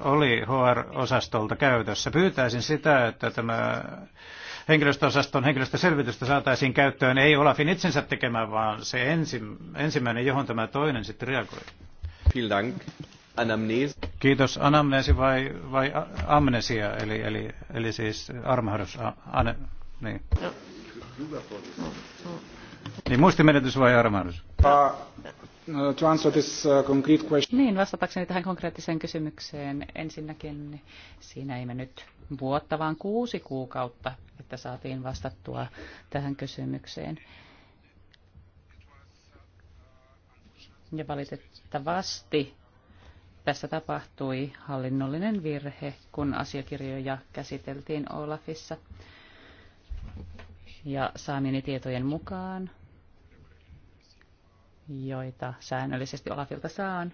oli HR-osastolta käytössä. Pyytäisin sitä, että tämä henkilöstöosaston henkilöstöselvitystä saataisiin käyttöön, ei Olafin itsensä tekemään, vaan se ensimmäinen, johon tämä toinen sitten reagoi. Vielen Dank anamnesi. Kiitos. Anamnesi vai, vai amnesia, eli, eli, eli siis armahdus. An, niin. Niin muistimenetys vai armahdus? Uh, uh, to answer this uh, concrete question.
Niin, vastatakseni tähän konkreettiseen kysymykseen ensinnäkin, niin siinä ei mennyt vuotta, vaan kuusi kuukautta, että saatiin vastattua tähän kysymykseen. Ja valitettavasti tässä tapahtui hallinnollinen virhe, kun asiakirjoja käsiteltiin Olafissa. Ja saamieni tietojen mukaan, joita säännöllisesti Olafilta saan,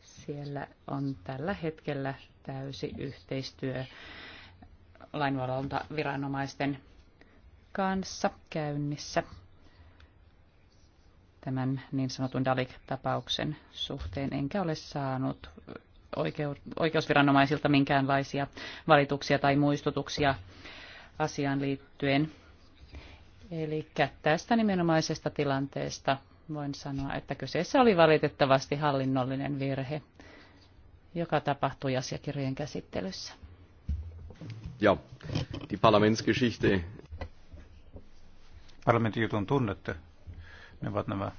siellä on tällä hetkellä täysi yhteistyö lainvalvontaviranomaisten kanssa käynnissä tämän niin sanotun Dalik-tapauksen suhteen, enkä ole saanut oikeusviranomaisilta minkäänlaisia valituksia tai muistutuksia asiaan liittyen. Eli tästä nimenomaisesta tilanteesta voin sanoa, että kyseessä oli valitettavasti hallinnollinen virhe, joka tapahtui asiakirjojen käsittelyssä.
Ja, die Parlamentsgeschichte. Parlamentin jutun tunnette ne ovat nämä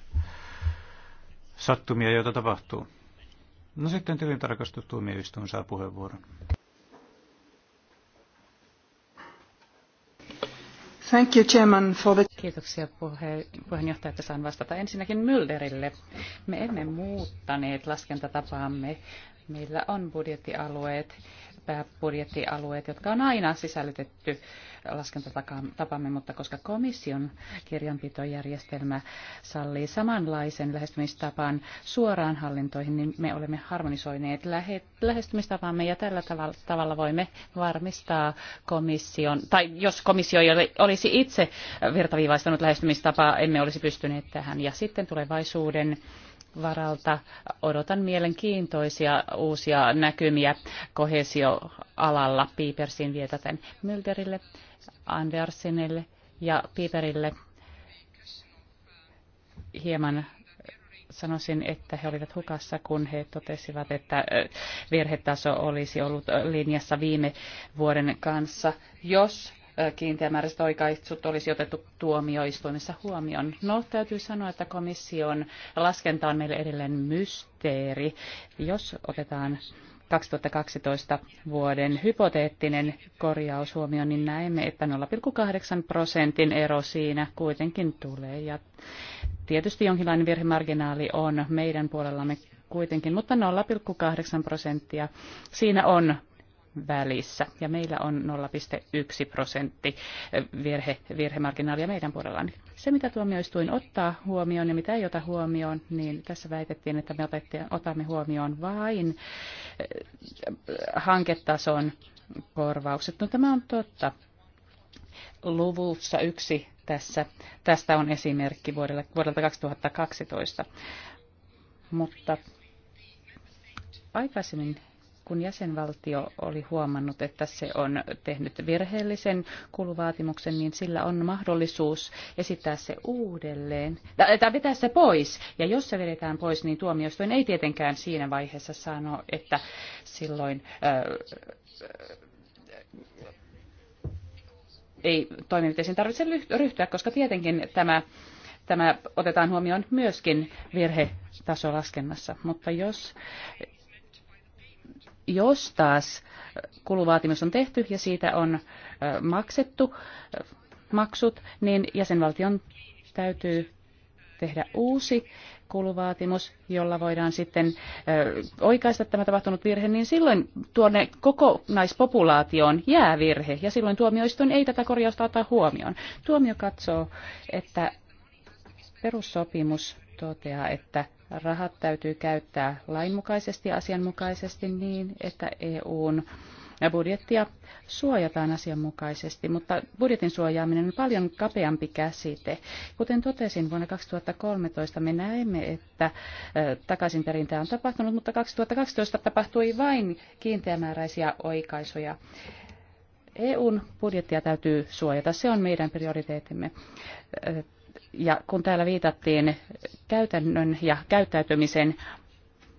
sattumia, joita tapahtuu. No sitten tilintarkastustuomioistuin saa puheenvuoron. Thank you, Chairman, for the... Kiitoksia puhe,
puheenjohtaja, että saan vastata ensinnäkin Mylderille. Me emme muuttaneet laskentatapaamme. Meillä on budjettialueet pääbudjettialueet, jotka on aina sisällytetty laskentatapamme, mutta koska komission kirjanpitojärjestelmä sallii samanlaisen lähestymistapan suoraan hallintoihin, niin me olemme harmonisoineet lähestymistapamme ja tällä tavalla voimme varmistaa komission, tai jos komissio ei olisi itse virtaviivaistanut lähestymistapaa, emme olisi pystyneet tähän. Ja sitten tulevaisuuden varalta odotan mielenkiintoisia uusia näkymiä kohesioalalla Piipersiin vietäten Mylderille, Andersenille ja Piiperille hieman sanoisin, että he olivat hukassa, kun he totesivat, että virhetaso olisi ollut linjassa viime vuoden kanssa, jos kiinteämääräiset oikaisut olisi otettu tuomioistuimessa huomioon. No, täytyy sanoa, että komission laskenta on meille edelleen mysteeri. Jos otetaan 2012 vuoden hypoteettinen korjaus huomioon, niin näemme, että 0,8 prosentin ero siinä kuitenkin tulee. Ja tietysti jonkinlainen virhemarginaali on meidän puolellamme kuitenkin, mutta 0,8 prosenttia siinä on välissä. Ja meillä on 0,1 prosentti virhe, virhemarginaalia meidän puolellamme. Se, mitä tuomioistuin ottaa huomioon ja mitä ei ota huomioon, niin tässä väitettiin, että me otamme huomioon vain hanketason korvaukset. No tämä on totta. Luvussa yksi tässä, tästä on esimerkki vuodelta, vuodelta 2012. Mutta aikaisemmin kun jäsenvaltio oli huomannut, että se on tehnyt virheellisen kuluvaatimuksen, niin sillä on mahdollisuus esittää se uudelleen, äh, tai vetää se pois. Ja jos se vedetään pois, niin tuomioistuin ei tietenkään siinä vaiheessa sano, että silloin äh, ei toimenpiteisiin tarvitse ryhtyä, koska tietenkin tämä tämä otetaan huomioon myöskin virhetaso laskennassa. Mutta jos jos taas kuluvaatimus on tehty ja siitä on maksettu maksut, niin jäsenvaltion täytyy tehdä uusi kuluvaatimus, jolla voidaan sitten oikaista tämä tapahtunut virhe, niin silloin tuonne kokonaispopulaatioon jää virhe, ja silloin tuomioistuin ei tätä korjausta ota huomioon. Tuomio katsoo, että perussopimus toteaa, että rahat täytyy käyttää lainmukaisesti ja asianmukaisesti niin, että EUn budjettia suojataan asianmukaisesti, mutta budjetin suojaaminen on paljon kapeampi käsite. Kuten totesin, vuonna 2013 me näemme, että takaisinperintää on tapahtunut, mutta 2012 tapahtui vain kiinteämääräisiä oikaisuja. EUn budjettia täytyy suojata, se on meidän prioriteetimme. Ja kun täällä viitattiin käytännön ja käyttäytymisen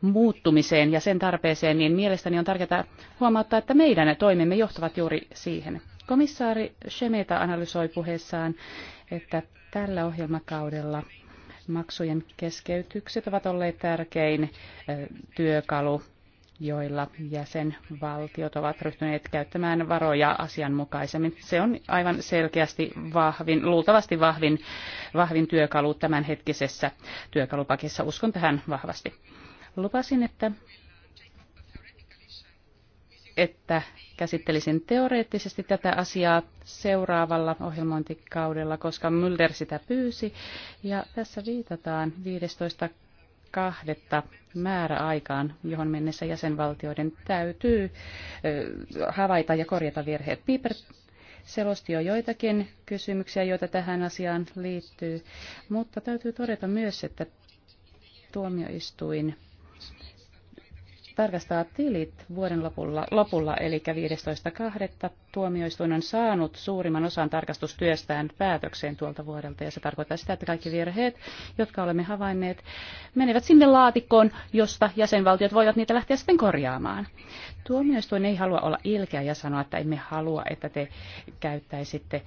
muuttumiseen ja sen tarpeeseen, niin mielestäni on tärkeää huomauttaa, että meidän toimemme johtavat juuri siihen. Komissaari Shemeta analysoi puheessaan, että tällä ohjelmakaudella maksujen keskeytykset ovat olleet tärkein työkalu joilla jäsenvaltiot ovat ryhtyneet käyttämään varoja asianmukaisemmin. Se on aivan selkeästi vahvin, luultavasti vahvin, vahvin työkalu tämänhetkisessä työkalupakissa. Uskon tähän vahvasti. Lupasin, että, että käsittelisin teoreettisesti tätä asiaa seuraavalla ohjelmointikaudella, koska Mulder sitä pyysi. Ja tässä viitataan 15 kahdetta määräaikaan, johon mennessä jäsenvaltioiden täytyy havaita ja korjata virheet. Piper selosti jo joitakin kysymyksiä, joita tähän asiaan liittyy, mutta täytyy todeta myös, että tuomioistuin tarkastaa tilit vuoden lopulla, lopulla eli 15.2. tuomioistuin on saanut suurimman osan tarkastustyöstään päätökseen tuolta vuodelta ja se tarkoittaa sitä, että kaikki virheet, jotka olemme havainneet, menevät sinne laatikkoon, josta jäsenvaltiot voivat niitä lähteä sitten korjaamaan. Tuomioistuin ei halua olla ilkeä ja sanoa, että emme halua, että te käyttäisitte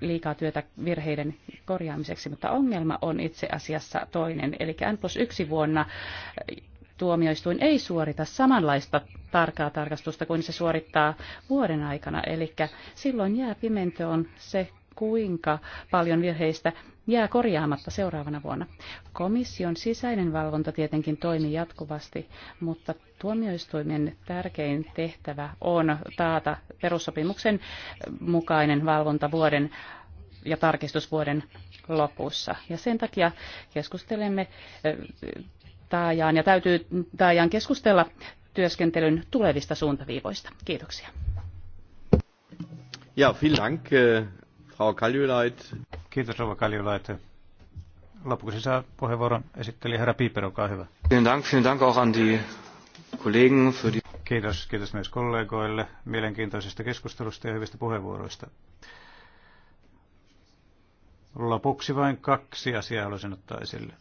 liikaa työtä virheiden korjaamiseksi, mutta ongelma on itse asiassa toinen. Eli N plus yksi vuonna tuomioistuin ei suorita samanlaista tarkaa tarkastusta kuin se suorittaa vuoden aikana. Eli silloin jää pimentoon se, kuinka paljon virheistä jää korjaamatta seuraavana vuonna. Komission sisäinen valvonta tietenkin toimii jatkuvasti, mutta tuomioistuimen tärkein tehtävä on taata perussopimuksen mukainen valvonta vuoden ja tarkistusvuoden lopussa. Ja sen takia keskustelemme taajaan ja täytyy taajaan keskustella työskentelyn tulevista suuntaviivoista. Kiitoksia.
Ja, vielen Dank, äh, Frau Kaljulait. Kiitos, Rova Kaljulait.
Lopuksi saa puheenvuoron esitteli herra Piiper, olkaa hyvä. Vielen Dank, vielen Dank auch an die Kollegen für die... Kiitos, kiitos myös kollegoille mielenkiintoisesta keskustelusta ja hyvistä puheenvuoroista. Lopuksi vain kaksi asiaa haluaisin ottaa esille.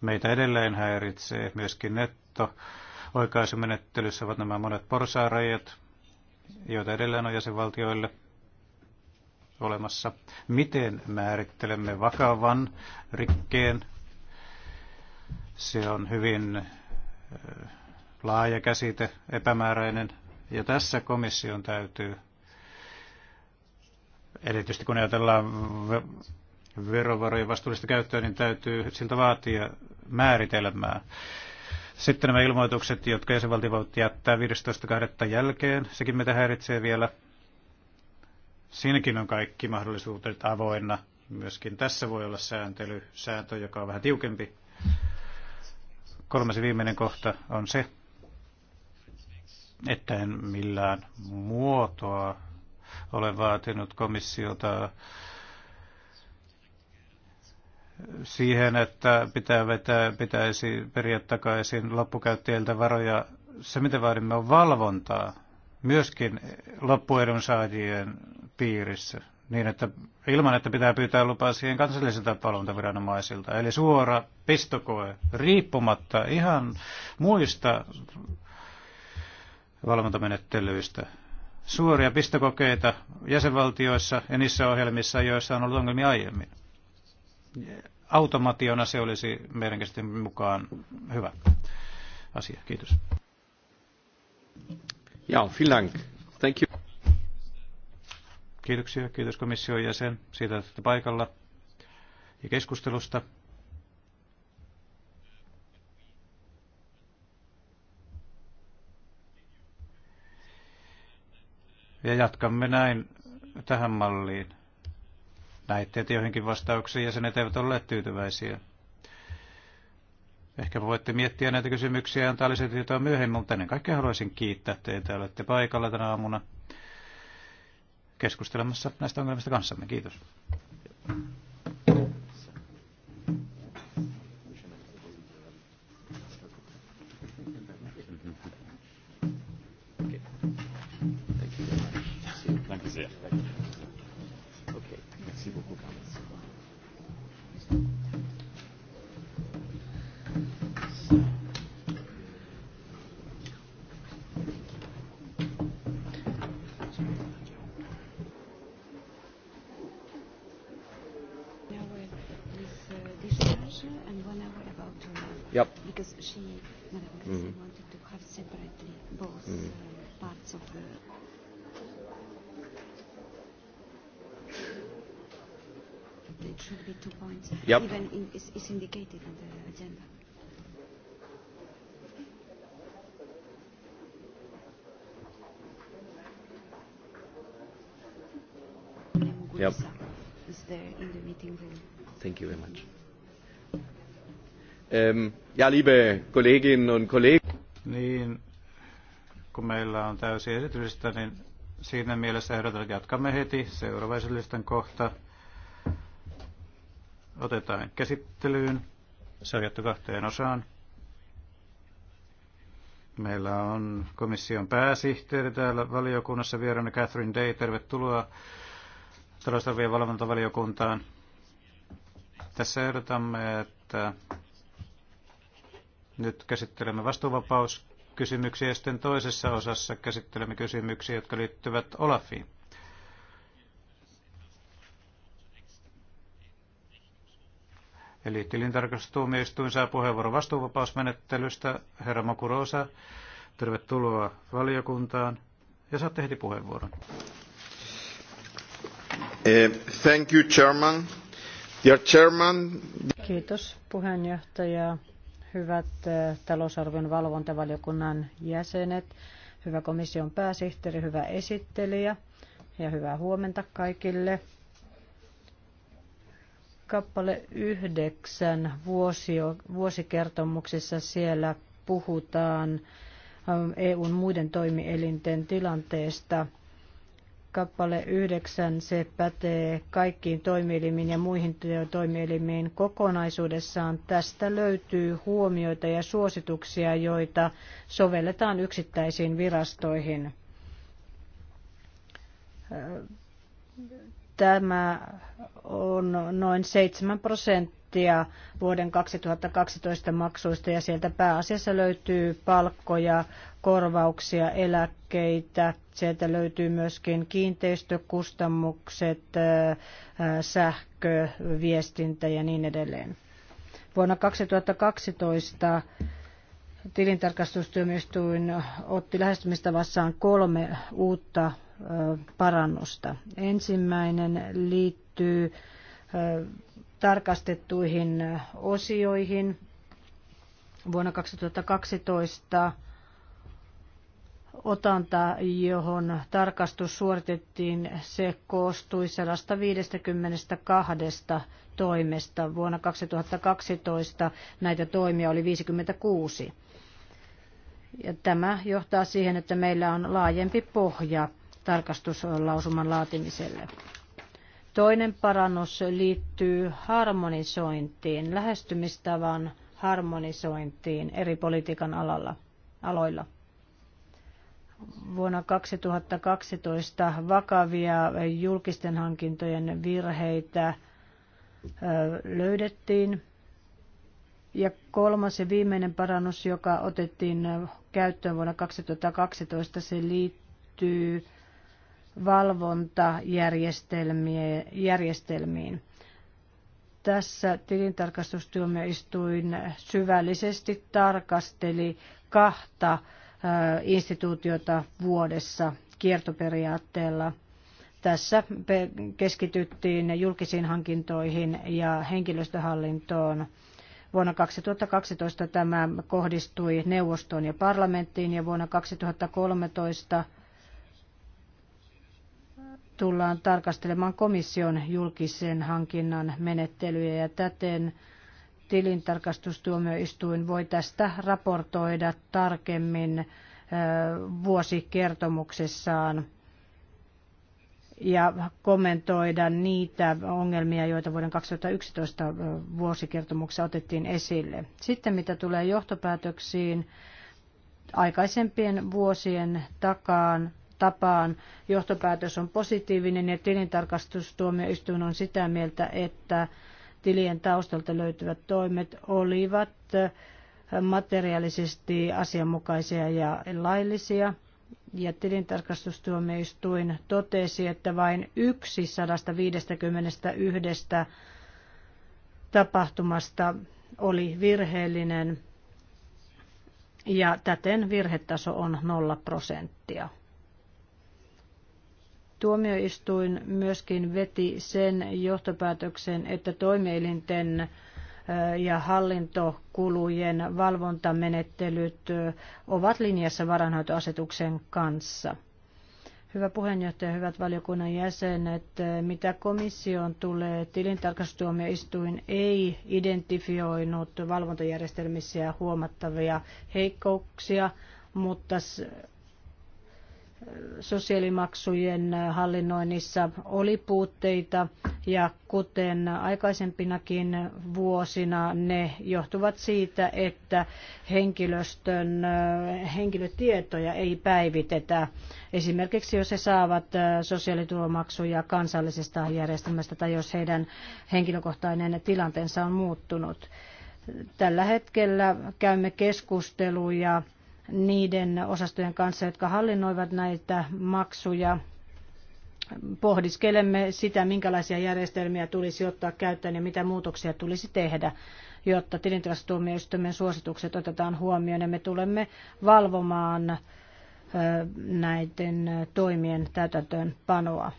Meitä edelleen häiritsee myöskin netto. Oikaisumenettelyssä ovat nämä monet porsaarajat, joita edelleen on jäsenvaltioille olemassa. Miten määrittelemme vakavan rikkeen? Se on hyvin äh, laaja käsite, epämääräinen, ja tässä komission täytyy, erityisesti kun ajatellaan verovarojen vastuullista käyttöä, niin täytyy siltä vaatia määritelmää. Sitten nämä ilmoitukset, jotka jäsenvaltio jättää 15.2. jälkeen, sekin meitä häiritsee vielä. Siinäkin on kaikki mahdollisuudet avoinna. Myöskin tässä voi olla sääntely, sääntö, joka on vähän tiukempi. Kolmas viimeinen kohta on se, että en millään muotoa ole vaatinut komissiota siihen, että pitää vetää, pitäisi periä takaisin loppukäyttäjiltä varoja. Se, mitä vaadimme, on valvontaa myöskin loppuedunsaajien piirissä, niin että ilman, että pitää pyytää lupaa siihen kansallisilta valvontaviranomaisilta. Eli suora pistokoe, riippumatta ihan muista valvontamenettelyistä. Suoria pistokokeita jäsenvaltioissa ja niissä ohjelmissa, joissa on ollut ongelmia aiemmin automationa se olisi meidän käsityksen mukaan hyvä asia. Kiitos. Ja, vielen Thank you. Kiitoksia. Kiitos komission jäsen siitä, että paikalla ja keskustelusta. Ja jatkamme näin tähän malliin. Näitte, joihinkin vastauksiin jäsenet eivät olleet tyytyväisiä. Ehkä voitte miettiä näitä kysymyksiä ja antaa lisätietoa myöhemmin, mutta ennen kaikkea haluaisin kiittää teitä. Olette paikalla tänä aamuna keskustelemassa näistä ongelmista kanssamme. Kiitos.
is indicated in the agenda.
Yep. Is there in the meeting room. Thank you very much. Ähm, ja, liebe Kolleginnen
und Kollegen. Niin, kun meillä on täysi esitystä, niin siinä mielessä ehdotan, että jatkamme heti seuraavaisen listan kohta otetaan käsittelyyn. Se on jätty kahteen osaan. Meillä on komission pääsihteeri täällä valiokunnassa vieraana Catherine Day. Tervetuloa talousarvien valvontavaliokuntaan. Tässä ehdotamme, että nyt käsittelemme vastuuvapauskysymyksiä ja sitten toisessa osassa käsittelemme kysymyksiä, jotka liittyvät Olafiin. Eli tilintarkastustuomioistuin saa puheenvuoron vastuuvapausmenettelystä. Herra Makurosa, tervetuloa valiokuntaan ja saatte heti puheenvuoron.
Eh, thank you, Chairman. Chairman.
Kiitos puheenjohtaja. Hyvät eh, talousarvion valvontavaliokunnan jäsenet, hyvä komission pääsihteeri, hyvä esittelijä ja hyvää huomenta kaikille kappale yhdeksän vuosio, vuosikertomuksessa siellä puhutaan ähm, EUn muiden toimielinten tilanteesta. Kappale yhdeksän se pätee kaikkiin toimielimiin ja muihin toimielimiin kokonaisuudessaan. Tästä löytyy huomioita ja suosituksia, joita sovelletaan yksittäisiin virastoihin äh, Tämä on noin 7 prosenttia vuoden 2012 maksuista ja sieltä pääasiassa löytyy palkkoja, korvauksia, eläkkeitä. Sieltä löytyy myöskin kiinteistökustannukset, äh, sähkö, viestintä ja niin edelleen. Vuonna 2012 tilintarkastustyömistuin otti lähestymistavassaan kolme uutta parannusta. Ensimmäinen liittyy tarkastettuihin osioihin. Vuonna 2012 otanta, johon tarkastus suoritettiin, se koostui 152 toimesta. Vuonna 2012 näitä toimia oli 56. Ja tämä johtaa siihen, että meillä on laajempi pohja tarkastuslausuman laatimiselle. Toinen parannus liittyy harmonisointiin, lähestymistavan harmonisointiin eri politiikan alalla, aloilla. Vuonna 2012 vakavia julkisten hankintojen virheitä löydettiin. Ja kolmas ja viimeinen parannus, joka otettiin käyttöön vuonna 2012, se liittyy valvontajärjestelmiin. Tässä tilintarkastustuomioistuin syvällisesti tarkasteli kahta instituutiota vuodessa kiertoperiaatteella. Tässä keskityttiin julkisiin hankintoihin ja henkilöstöhallintoon. Vuonna 2012 tämä kohdistui neuvostoon ja parlamenttiin ja vuonna 2013 tullaan tarkastelemaan komission julkisen hankinnan menettelyjä ja täten tilintarkastustuomioistuin voi tästä raportoida tarkemmin vuosikertomuksessaan ja kommentoida niitä ongelmia, joita vuoden 2011 vuosikertomuksessa otettiin esille. Sitten mitä tulee johtopäätöksiin, aikaisempien vuosien takaan tapaan johtopäätös on positiivinen ja tilintarkastustuomioistuin on sitä mieltä, että tilien taustalta löytyvät toimet olivat materiaalisesti asianmukaisia ja laillisia. Ja tilintarkastustuomioistuin totesi, että vain yksi 151 tapahtumasta oli virheellinen ja täten virhetaso on nolla prosenttia. Tuomioistuin myöskin veti sen johtopäätöksen, että toimielinten ja hallintokulujen valvontamenettelyt ovat linjassa varanhoitoasetuksen kanssa. Hyvä puheenjohtaja, hyvät valiokunnan jäsenet, mitä komission tulee, tilintarkastustuomioistuin ei identifioinut valvontajärjestelmissä huomattavia heikkouksia, mutta sosiaalimaksujen hallinnoinnissa oli puutteita ja kuten aikaisempinakin vuosina ne johtuvat siitä, että henkilöstön henkilötietoja ei päivitetä. Esimerkiksi jos he saavat sosiaaliturvamaksuja kansallisesta järjestelmästä tai jos heidän henkilökohtainen tilanteensa on muuttunut. Tällä hetkellä käymme keskusteluja niiden osastojen kanssa, jotka hallinnoivat näitä maksuja. Pohdiskelemme sitä, minkälaisia järjestelmiä tulisi ottaa käyttöön ja mitä muutoksia tulisi tehdä, jotta tilintilastuomioistuimen suositukset otetaan huomioon ja me tulemme valvomaan näiden toimien täytäntöönpanoa. panoa.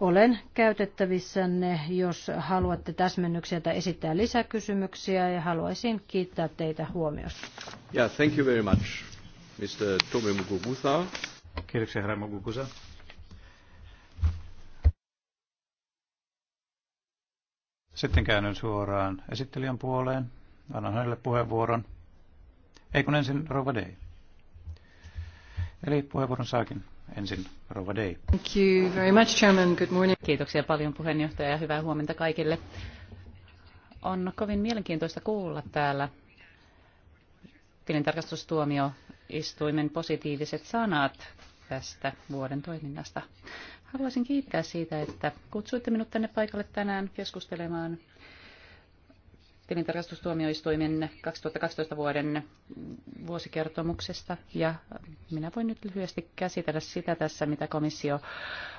Olen käytettävissänne, jos haluatte täsmennyksiä tai esittää lisäkysymyksiä ja haluaisin kiittää teitä huomiosta.
Yeah, thank you very much, Mr. Tome Mugugusa.
Kiitoksia, herra Mugugusa. Sitten käännyn suoraan esittelijän puoleen. Annan hänelle puheenvuoron. Ei kun ensin Rova Day. Eli puheenvuoron saakin. Ensin Rova Day.
Thank you very much, Chairman. Good morning. Kiitoksia paljon puheenjohtaja ja hyvää huomenta kaikille. On kovin mielenkiintoista kuulla täällä tilintarkastustuomioistuimen positiiviset sanat tästä vuoden toiminnasta. Haluaisin kiittää siitä, että kutsuitte minut tänne paikalle tänään keskustelemaan tilintarkastustuomioistuimen 2012 vuoden vuosikertomuksesta. Ja minä voin nyt lyhyesti käsitellä sitä tässä, mitä komissio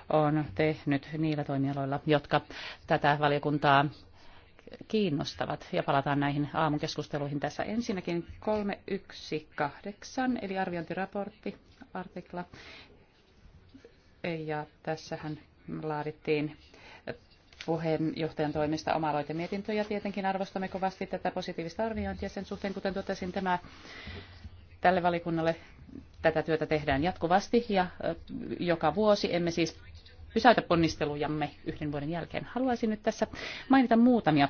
on tehnyt niillä toimialoilla, jotka tätä valiokuntaa kiinnostavat. Ja palataan näihin aamukeskusteluihin tässä. Ensinnäkin 318, eli arviointiraportti, artikla. Ja tässähän laadittiin puheenjohtajan toimista oma aloitemietintö ja tietenkin arvostamme kovasti tätä positiivista arviointia sen suhteen, kuten totesin, tämä tälle valikunnalle tätä työtä tehdään jatkuvasti ja joka vuosi emme siis pysäytä ponnistelujamme yhden vuoden jälkeen. Haluaisin nyt tässä mainita muutamia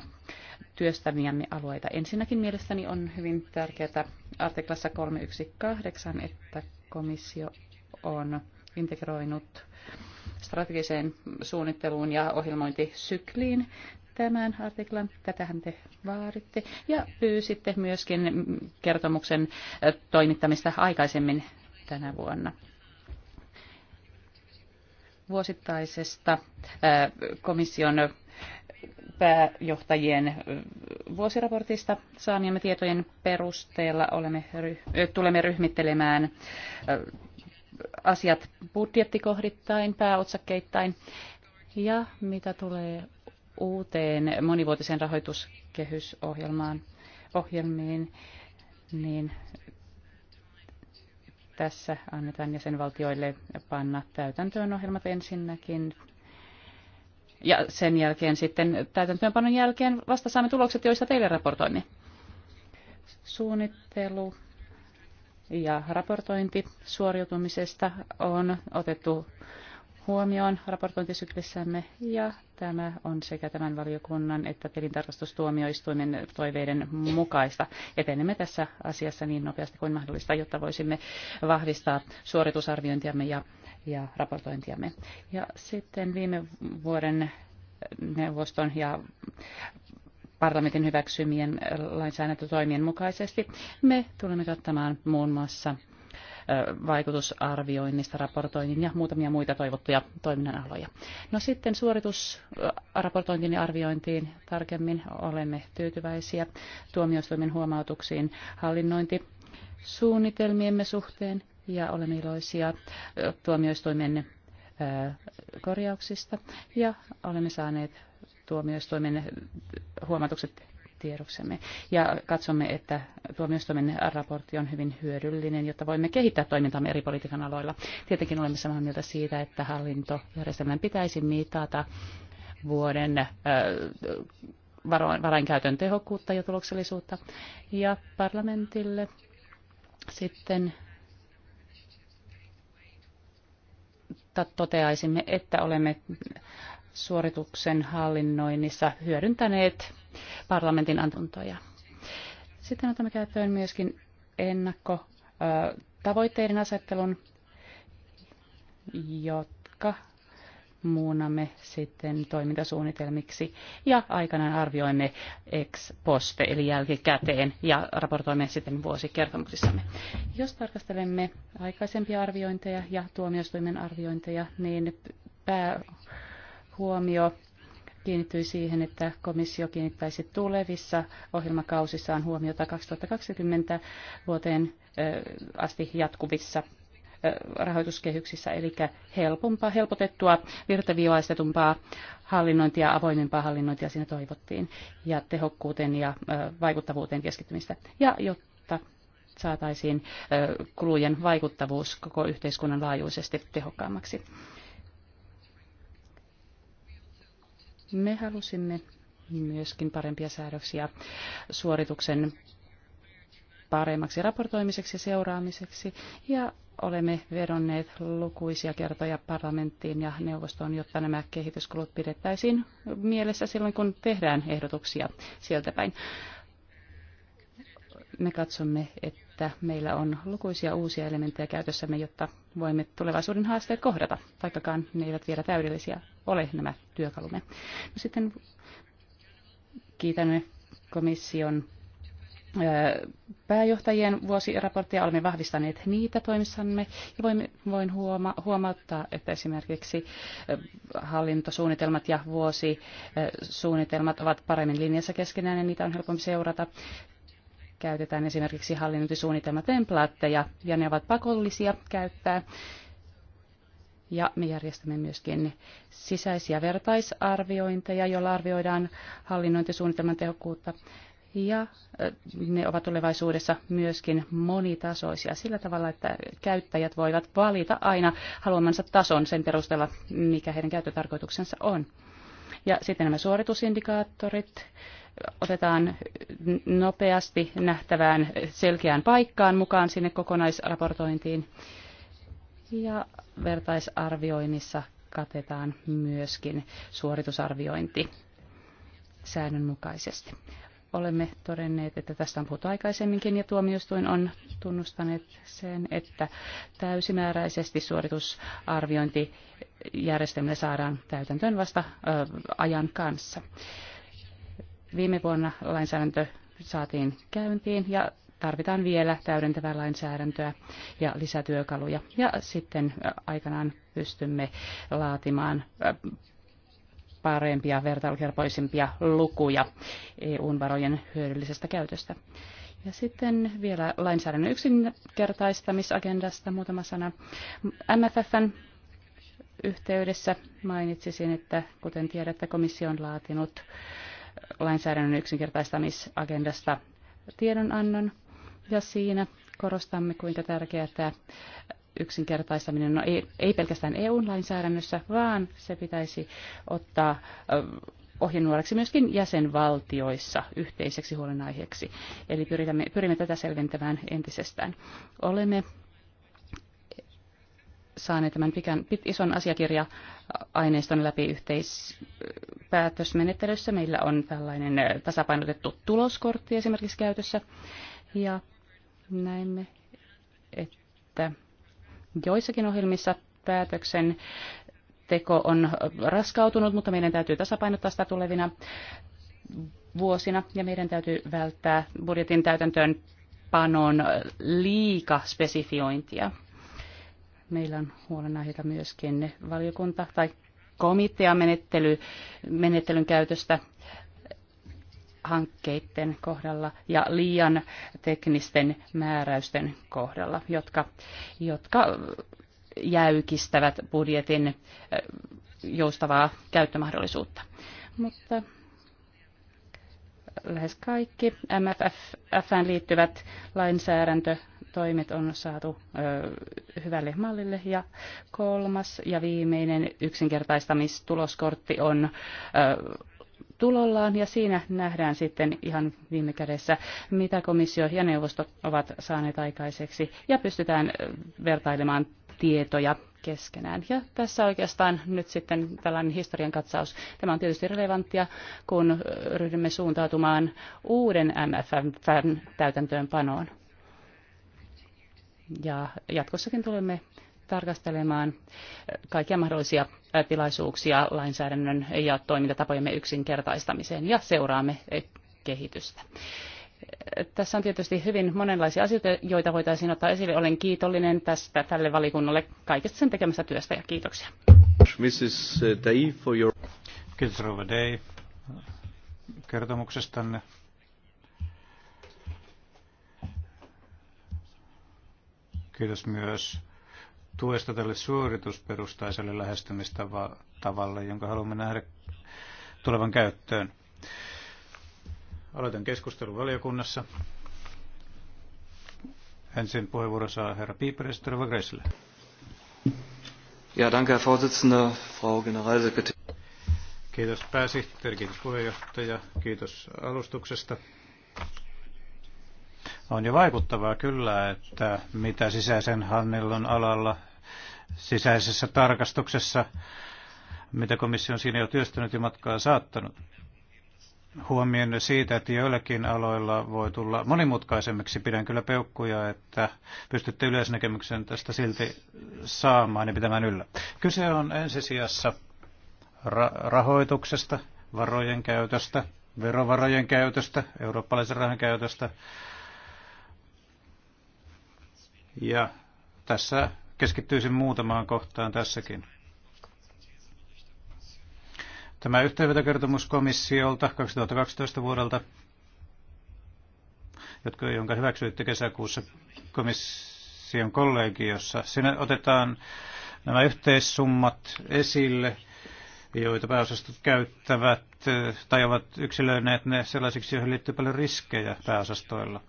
työstämiämme alueita. Ensinnäkin mielestäni on hyvin tärkeää artiklassa 318, että komissio on integroinut strategiseen suunnitteluun ja ohjelmointisykliin tämän artiklan. Tätähän te vaaditte. Ja pyysitte myöskin kertomuksen toimittamista aikaisemmin tänä vuonna vuosittaisesta komission pääjohtajien vuosiraportista saamiemme tietojen perusteella olemme, tulemme ryhmittelemään asiat budjettikohdittain, pääotsakkeittain. Ja mitä tulee uuteen monivuotiseen rahoituskehysohjelmaan, ohjelmiin, niin tässä annetaan jäsenvaltioille panna täytäntöön ohjelmat ensinnäkin. Ja sen jälkeen sitten täytäntöönpanon jälkeen vasta saamme tulokset, joista teille raportoimme. Suunnittelu ja raportointi suoriutumisesta on otettu huomioon raportointisyklissämme ja tämä on sekä tämän valiokunnan että tilintarkastustuomioistuimen toiveiden mukaista. Etenemme tässä asiassa niin nopeasti kuin mahdollista, jotta voisimme vahvistaa suoritusarviointiamme ja, ja raportointiamme. Ja sitten viime vuoden neuvoston ja parlamentin hyväksymien äh, lainsäädäntötoimien mukaisesti me tulemme kattamaan muun muassa äh, vaikutusarvioinnista, raportoinnin ja muutamia muita toivottuja toiminnan aloja. No sitten suoritusraportointiin äh, ja arviointiin tarkemmin olemme tyytyväisiä tuomioistuimen huomautuksiin hallinnointi suunnitelmiemme suhteen ja olemme iloisia tuomioistuimen korjauksista ja olemme saaneet tuomioistuimen huomatukset tiedoksemme. Ja katsomme, että tuomioistuimen raportti on hyvin hyödyllinen, jotta voimme kehittää toimintamme eri politiikan aloilla. Tietenkin olemme samaa mieltä siitä, että hallintojärjestelmän pitäisi mitata vuoden äh, varainkäytön tehokkuutta ja tuloksellisuutta. Ja parlamentille sitten toteaisimme, että olemme suorituksen hallinnoinnissa hyödyntäneet parlamentin antuntoja. Sitten otamme käyttöön myöskin ennakko tavoitteiden asettelun, jotka muunamme sitten toimintasuunnitelmiksi ja aikanaan arvioimme ex poste eli jälkikäteen ja raportoimme sitten vuosikertomuksissamme. Jos tarkastelemme aikaisempia arviointeja ja tuomioistuimen arviointeja, niin pää huomio kiinnittyi siihen, että komissio kiinnittäisi tulevissa ohjelmakausissaan huomiota 2020 vuoteen asti jatkuvissa rahoituskehyksissä, eli helpompaa, helpotettua, virtaviivaistetumpaa hallinnointia, avoimempaa hallinnointia siinä toivottiin, ja tehokkuuteen ja vaikuttavuuteen keskittymistä. Ja jotta saataisiin kulujen vaikuttavuus koko yhteiskunnan laajuisesti tehokkaammaksi. Me halusimme myöskin parempia säädöksiä suorituksen paremmaksi raportoimiseksi ja seuraamiseksi ja olemme vedonneet lukuisia kertoja parlamenttiin ja neuvostoon, jotta nämä kehityskulut pidettäisiin mielessä silloin, kun tehdään ehdotuksia sieltä päin me katsomme, että meillä on lukuisia uusia elementtejä käytössämme, jotta voimme tulevaisuuden haasteet kohdata, vaikkakaan ne eivät vielä täydellisiä ole nämä työkalumme. No sitten kiitämme komission pääjohtajien vuosiraporttia olemme vahvistaneet niitä toimissamme ja voin, voin huoma, huomauttaa, että esimerkiksi hallintosuunnitelmat ja vuosisuunnitelmat ovat paremmin linjassa keskenään ja niitä on helpompi seurata käytetään esimerkiksi hallinnointisuunnitelmatemplaatteja, ja ne ovat pakollisia käyttää. Ja me järjestämme myöskin sisäisiä vertaisarviointeja, joilla arvioidaan hallinnointisuunnitelman tehokkuutta. Ja ne ovat tulevaisuudessa myöskin monitasoisia sillä tavalla, että käyttäjät voivat valita aina haluamansa tason sen perusteella, mikä heidän käyttötarkoituksensa on. Ja sitten nämä suoritusindikaattorit, otetaan nopeasti nähtävään selkeään paikkaan mukaan sinne kokonaisraportointiin. Ja vertaisarvioinnissa katetaan myöskin suoritusarviointi säännönmukaisesti. Olemme todenneet, että tästä on puhuttu aikaisemminkin ja tuomioistuin on tunnustanut sen, että täysimääräisesti suoritusarviointijärjestelmä saadaan täytäntöön vasta ö, ajan kanssa. Viime vuonna lainsäädäntö saatiin käyntiin ja tarvitaan vielä täydentävää lainsäädäntöä ja lisätyökaluja. Ja sitten aikanaan pystymme laatimaan parempia, vertailukelpoisimpia lukuja eu varojen hyödyllisestä käytöstä. Ja sitten vielä lainsäädännön yksinkertaistamisagendasta muutama sana. MFFn yhteydessä mainitsisin, että kuten tiedätte, komissio on laatinut lainsäädännön yksinkertaistamisagendasta tiedonannon. Ja siinä korostamme, kuinka tärkeää tämä yksinkertaistaminen no, ei, ei pelkästään EU-lainsäädännössä, vaan se pitäisi ottaa ohjenuoreksi myöskin jäsenvaltioissa yhteiseksi huolenaiheeksi. Eli pyrimme, pyrimme tätä selventämään entisestään. Olemme saaneet tämän pikän, pit, ison asiakirja-aineiston läpi yhteispäätösmenettelyssä. Meillä on tällainen tasapainotettu tuloskortti esimerkiksi käytössä. Ja näemme, että joissakin ohjelmissa päätöksen teko on raskautunut, mutta meidän täytyy tasapainottaa sitä tulevina vuosina ja meidän täytyy välttää budjetin täytäntöön panon liika spesifiointia meillä on huolenaiheita myöskin valiokunta tai komiteamenettely, menettelyn käytöstä hankkeiden kohdalla ja liian teknisten määräysten kohdalla, jotka, jotka jäykistävät budjetin joustavaa käyttömahdollisuutta. Mutta lähes kaikki MFF:n liittyvät lainsäädäntö toimet on saatu ö, hyvälle mallille. Ja kolmas ja viimeinen yksinkertaistamistuloskortti on ö, tulollaan ja siinä nähdään sitten ihan viime kädessä, mitä komissio ja neuvosto ovat saaneet aikaiseksi ja pystytään vertailemaan tietoja keskenään. Ja tässä oikeastaan nyt sitten tällainen historian katsaus. Tämä on tietysti relevanttia, kun ryhdymme suuntautumaan uuden MFFn täytäntöönpanoon ja jatkossakin tulemme tarkastelemaan kaikkia mahdollisia tilaisuuksia lainsäädännön ja toimintatapojemme yksinkertaistamiseen ja seuraamme kehitystä. Tässä on tietysti hyvin monenlaisia asioita, joita voitaisiin ottaa esille. Olen kiitollinen tästä tälle valikunnalle kaikesta sen tekemästä työstä ja kiitoksia.
Mrs. Day for your... Kiitos Rova Day kertomuksestanne. Kiitos myös tuesta tälle suoritusperustaiselle lähestymistavalle, jonka haluamme nähdä tulevan käyttöön. Aloitan keskustelun valiokunnassa. Ensin puheenvuoro saa herra Pieper ja sitten Gressle.
Ja, danke, Herr Vorsitzender, Frau Generalsekretär.
Kiitos pääsihteeri, kiitos puheenjohtaja, kiitos alustuksesta. On jo vaikuttavaa kyllä, että mitä sisäisen hannillon alalla sisäisessä tarkastuksessa, mitä komissio on siinä jo työstänyt ja matkaa saattanut. Huomioon siitä, että joillakin aloilla voi tulla monimutkaisemmiksi. Pidän kyllä peukkuja, että pystytte yleisnäkemyksen tästä silti saamaan ja pitämään yllä. Kyse on ensisijassa ra- rahoituksesta, varojen käytöstä, verovarojen käytöstä, eurooppalaisen rahan käytöstä, ja tässä keskittyisin muutamaan kohtaan tässäkin. Tämä yhteenvetokertomus komissiolta 2012 vuodelta, jotka, jonka hyväksyitte kesäkuussa komission kollegiossa. Siinä otetaan nämä yhteissummat esille, joita pääosastot käyttävät eh, tai ovat yksilöineet ne sellaisiksi, joihin liittyy paljon riskejä pääosastoilla.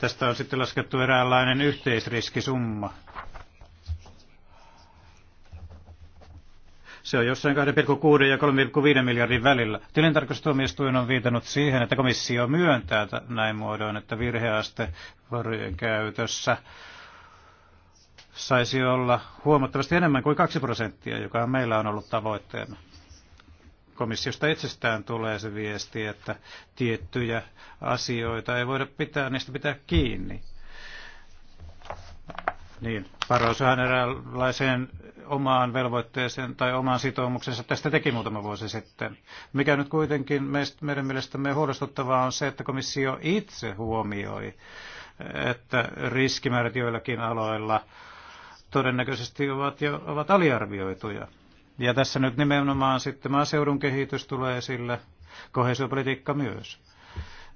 Tästä on sitten laskettu eräänlainen yhteisriskisumma. Se on jossain 2,6 ja 3,5 miljardin välillä. Tilintarkastustuomioistuin on viitannut siihen, että komissio myöntää näin muodoin, että virheaste varojen käytössä saisi olla huomattavasti enemmän kuin 2 prosenttia, joka meillä on ollut tavoitteena komissiosta itsestään tulee se viesti, että tiettyjä asioita ei voida pitää, niistä pitää kiinni. Niin, Parosahan eräänlaiseen omaan velvoitteeseen tai omaan sitoumuksensa tästä teki muutama vuosi sitten. Mikä nyt kuitenkin meistä, meidän mielestämme huolestuttavaa on se, että komissio itse huomioi, että riskimäärät joillakin aloilla todennäköisesti ovat, jo, ovat aliarvioituja. Ja tässä nyt nimenomaan sitten maaseudun kehitys tulee esille, kohesiopolitiikka myös.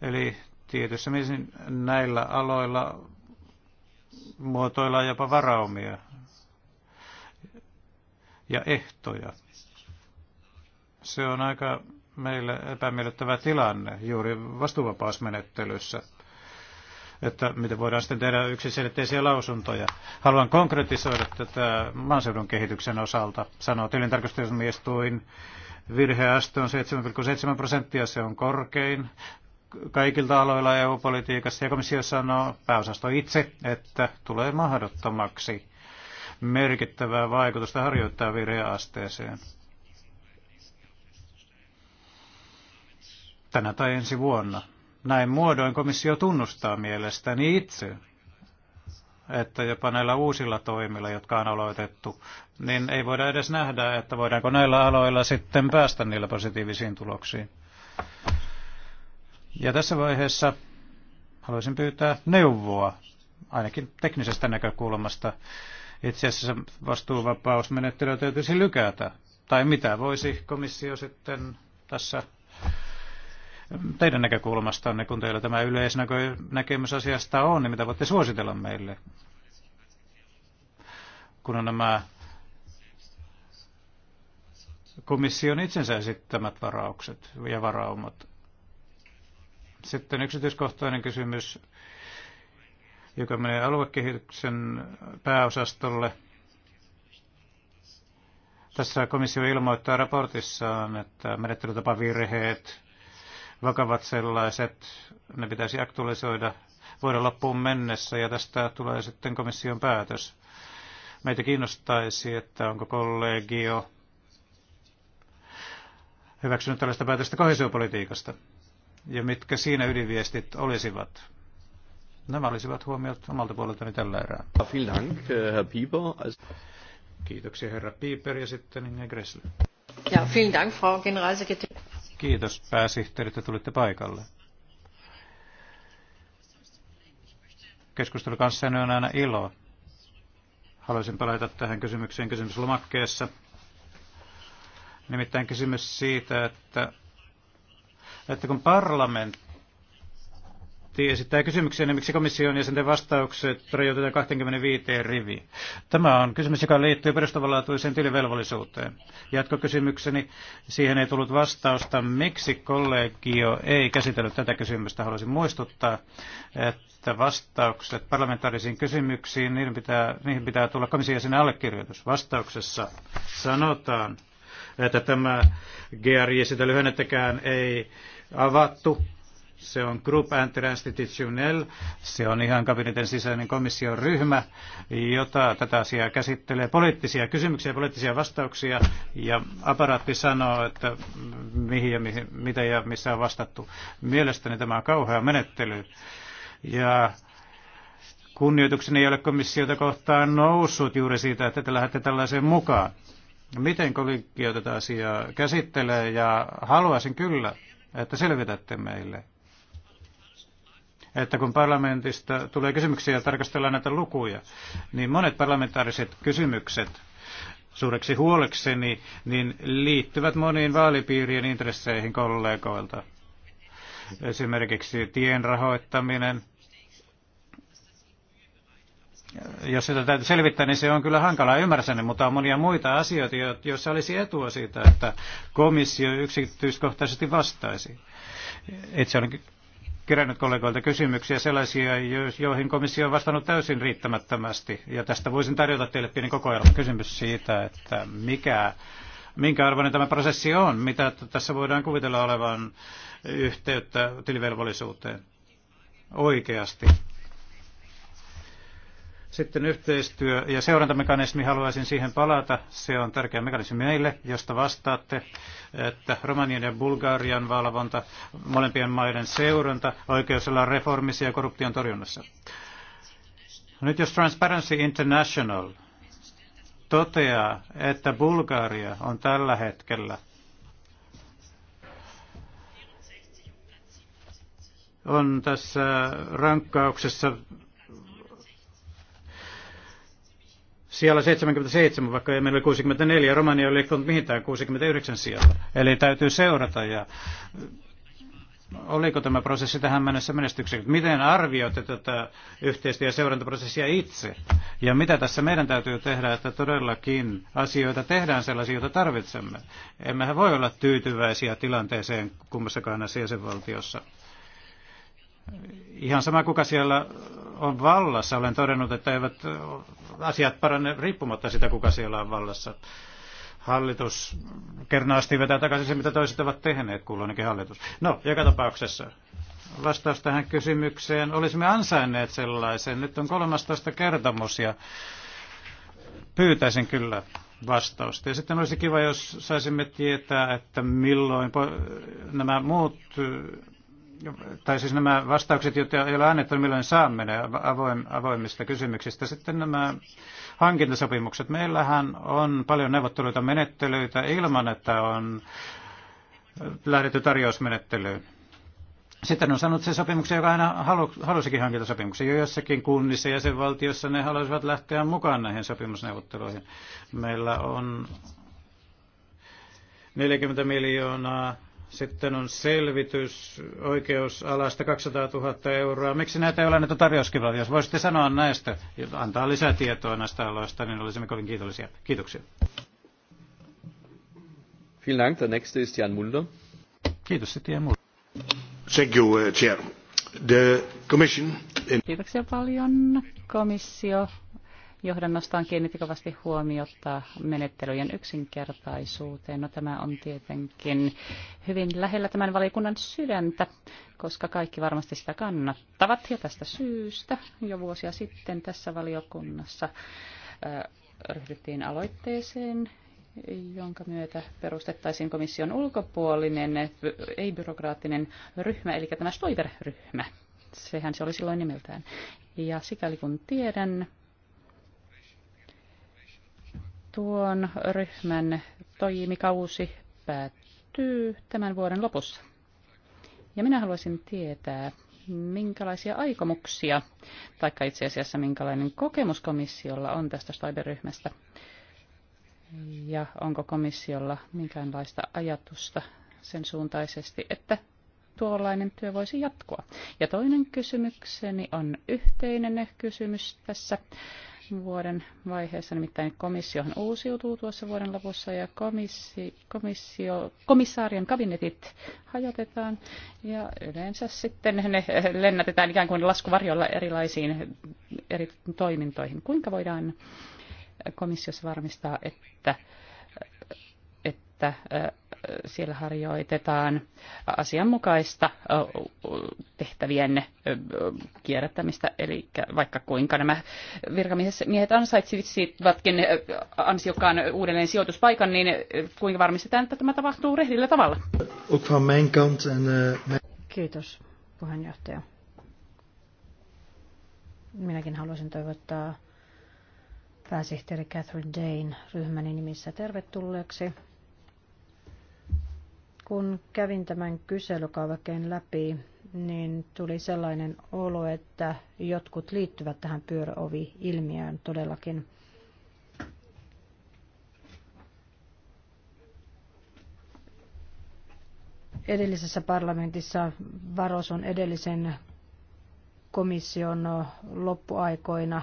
Eli tietyssä mielessä näillä aloilla muotoillaan jopa varaumia ja ehtoja. Se on aika meille epämiellyttävä tilanne juuri vastuuvapausmenettelyssä että miten voidaan sitten tehdä yksiselitteisiä lausuntoja. Haluan konkretisoida tätä maaseudun kehityksen osalta. Sanoo tilintarkastusmiestuin virheaste on 7,7 prosenttia, se on korkein kaikilta aloilla EU-politiikassa. Ja komissio sanoo pääosasto itse, että tulee mahdottomaksi merkittävää vaikutusta harjoittaa virheasteeseen Tänä tai ensi vuonna. Näin muodoin komissio tunnustaa mielestäni itse, että jopa näillä uusilla toimilla, jotka on aloitettu, niin ei voida edes nähdä, että voidaanko näillä aloilla sitten päästä niillä positiivisiin tuloksiin. Ja tässä vaiheessa haluaisin pyytää neuvoa, ainakin teknisestä näkökulmasta. Itse asiassa vastuuvapausmenettelyä täytyisi lykätä. Tai mitä voisi komissio sitten tässä teidän näkökulmastanne, kun teillä tämä yleisnäkemys asiasta on, niin mitä voitte suositella meille, kun on nämä komission itsensä esittämät varaukset ja varaumat. Sitten yksityiskohtainen kysymys, joka menee aluekehityksen pääosastolle. Tässä komissio ilmoittaa raportissaan, että menettelytapavirheet vakavat sellaiset, ne pitäisi aktualisoida vuoden loppuun mennessä ja tästä tulee sitten komission päätös. Meitä kiinnostaisi, että onko kollegio hyväksynyt tällaista päätöstä kohesiopolitiikasta ja mitkä siinä ydinviestit olisivat. Nämä olisivat huomiot omalta puoleltani tällä erää. Äh, Kiitoksia herra Pieper ja sitten Inge Gressle.
Ja, vielen Dank, Frau Generalsekretär.
Kiitos pääsihteeri, että tulitte paikalle. Keskustelu kanssa on aina ilo. Haluaisin palata tähän kysymykseen kysymyslomakkeessa. Nimittäin kysymys siitä, että, että kun parlamentti parlamentti esittää kysymyksiä, niin miksi komission jäsenten vastaukset rajoitetaan 25 riviin? Tämä on kysymys, joka liittyy perustavanlaatuiseen tilivelvollisuuteen. Jatkokysymykseni, siihen ei tullut vastausta, miksi kollegio ei käsitellyt tätä kysymystä. Haluaisin muistuttaa, että vastaukset parlamentaarisiin kysymyksiin, niihin pitää, niihin pitää tulla komission jäsenen allekirjoitus. Vastauksessa sanotaan, että tämä GRI, sitä lyhennettäkään ei avattu se on Group Interinstitutionnel, se on ihan kabinetin sisäinen komission ryhmä, jota tätä asiaa käsittelee. Poliittisia kysymyksiä poliittisia vastauksia, ja aparaatti sanoo, että mihin ja mihin, mitä ja missä on vastattu. Mielestäni tämä on kauhea menettely. Ja kunnioitukseni ei ole komissiota kohtaan noussut juuri siitä, että te lähdette tällaiseen mukaan. Miten kollegio tätä asiaa käsittelee ja haluaisin kyllä, että selvitätte meille että kun parlamentista tulee kysymyksiä ja tarkastellaan näitä lukuja, niin monet parlamentaariset kysymykset suureksi huolekseni niin liittyvät moniin vaalipiirien intresseihin kollegoilta. Esimerkiksi tien rahoittaminen, jos sitä täytyy selvittää, niin se on kyllä hankalaa ymmärsäni, mutta on monia muita asioita, joissa olisi etua siitä, että komissio yksityiskohtaisesti vastaisi. Itse olen kerännyt kollegoilta kysymyksiä, sellaisia, joihin komissio on vastannut täysin riittämättömästi. Ja tästä voisin tarjota teille pienen kokoelman kysymys siitä, että mikä, minkä arvoinen tämä prosessi on, mitä tässä voidaan kuvitella olevan yhteyttä tilivelvollisuuteen oikeasti. Sitten yhteistyö- ja seurantamekanismi, haluaisin siihen palata. Se on tärkeä mekanismi meille, josta vastaatte, että Romanian ja Bulgarian valvonta, molempien maiden seuranta, olla reformissa ja korruption torjunnassa. Nyt jos Transparency International toteaa, että Bulgaria on tällä hetkellä on tässä rankkauksessa siellä 77, vaikka meillä oli 64, Romania oli liikkunut mihinkään 69 siellä. Eli täytyy seurata ja oliko tämä prosessi tähän mennessä menestyksekäs? Miten arvioitte tätä yhteistyö- ja seurantaprosessia itse? Ja mitä tässä meidän täytyy tehdä, että todellakin asioita tehdään sellaisia, joita tarvitsemme? Emmehän voi olla tyytyväisiä tilanteeseen kummassakaan näissä jäsenvaltiossa. Ihan sama kuka siellä on vallassa, olen todennut, että eivät asiat parane riippumatta sitä, kuka siellä on vallassa. Hallitus kernaasti vetää takaisin se, mitä toiset ovat tehneet, kulloinenkin hallitus. No, joka tapauksessa vastaus tähän kysymykseen. Olisimme ansainneet sellaisen. Nyt on 13 kertomus ja pyytäisin kyllä vastausta. Ja sitten olisi kiva, jos saisimme tietää, että milloin nämä muut tai siis nämä vastaukset, joita ei ole annettu, milloin saamme ne avoim, avoimista kysymyksistä. Sitten nämä hankintasopimukset. Meillähän on paljon neuvotteluita, menettelyitä ilman, että on lähdetty tarjousmenettelyyn. Sitten on sanonut se sopimuksen, joka aina halu, halusikin hankintasopimuksen. Jo jossakin kunnissa ja valtiossa ne haluaisivat lähteä mukaan näihin sopimusneuvotteluihin. Meillä on 40 miljoonaa sitten on selvitys oikeusalasta 200 000 euroa. Miksi näitä ei ole annettu tarjouskilpailuja? Jos voisitte sanoa näistä, antaa lisää tietoa näistä aloista, niin olisimme kovin kiitollisia. Kiitoksia.
Vielen Dank. Der nächste ist Jan Mulder.
Kiitos, sitten Jan Mulder.
Thank you, uh, Chair. The Commission... Kiitoksia paljon,
komissio johdannostaan kiinnitti kovasti huomiota menettelyjen yksinkertaisuuteen. No, tämä on tietenkin hyvin lähellä tämän valikunnan sydäntä, koska kaikki varmasti sitä kannattavat. Ja tästä syystä jo vuosia sitten tässä valiokunnassa ryhdyttiin aloitteeseen, jonka myötä perustettaisiin komission ulkopuolinen, ei-byrokraattinen ryhmä, eli tämä Stoiber-ryhmä. Sehän se oli silloin nimeltään. Ja sikäli kun tiedän, Tuon ryhmän toimikausi päättyy tämän vuoden lopussa. Ja minä haluaisin tietää, minkälaisia aikomuksia, taikka itse asiassa minkälainen kokemus komissiolla on tästä Stoiber-ryhmästä, ja onko komissiolla minkäänlaista ajatusta sen suuntaisesti, että tuollainen työ voisi jatkua. Ja toinen kysymykseni on yhteinen kysymys tässä vuoden vaiheessa, nimittäin komissiohan uusiutuu tuossa vuoden lopussa ja komissi, komissio, komissaarien kabinetit hajotetaan ja yleensä sitten ne lennätetään ikään kuin laskuvarjolla erilaisiin eri toimintoihin. Kuinka voidaan komissiossa varmistaa, että että siellä harjoitetaan asianmukaista tehtävien kierrättämistä, eli vaikka kuinka nämä virkamiehet ansaitsivatkin ansiokkaan uudelleen sijoituspaikan, niin kuinka varmistetaan, että tämä tapahtuu rehdillä tavalla?
Kiitos
puheenjohtaja. Minäkin haluaisin toivottaa pääsihteeri Catherine Dane ryhmäni nimissä tervetulleeksi kun kävin tämän kyselykaavakkeen läpi, niin tuli sellainen olo, että jotkut liittyvät tähän pyöröovi-ilmiöön todellakin. Edellisessä parlamentissa Varoson edellisen komission loppuaikoina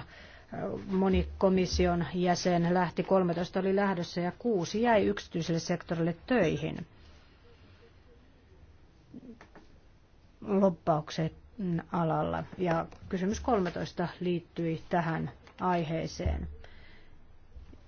moni komission jäsen lähti, 13 oli lähdössä ja kuusi jäi yksityiselle sektorille töihin loppaukset alalla. Ja kysymys 13 liittyi tähän aiheeseen.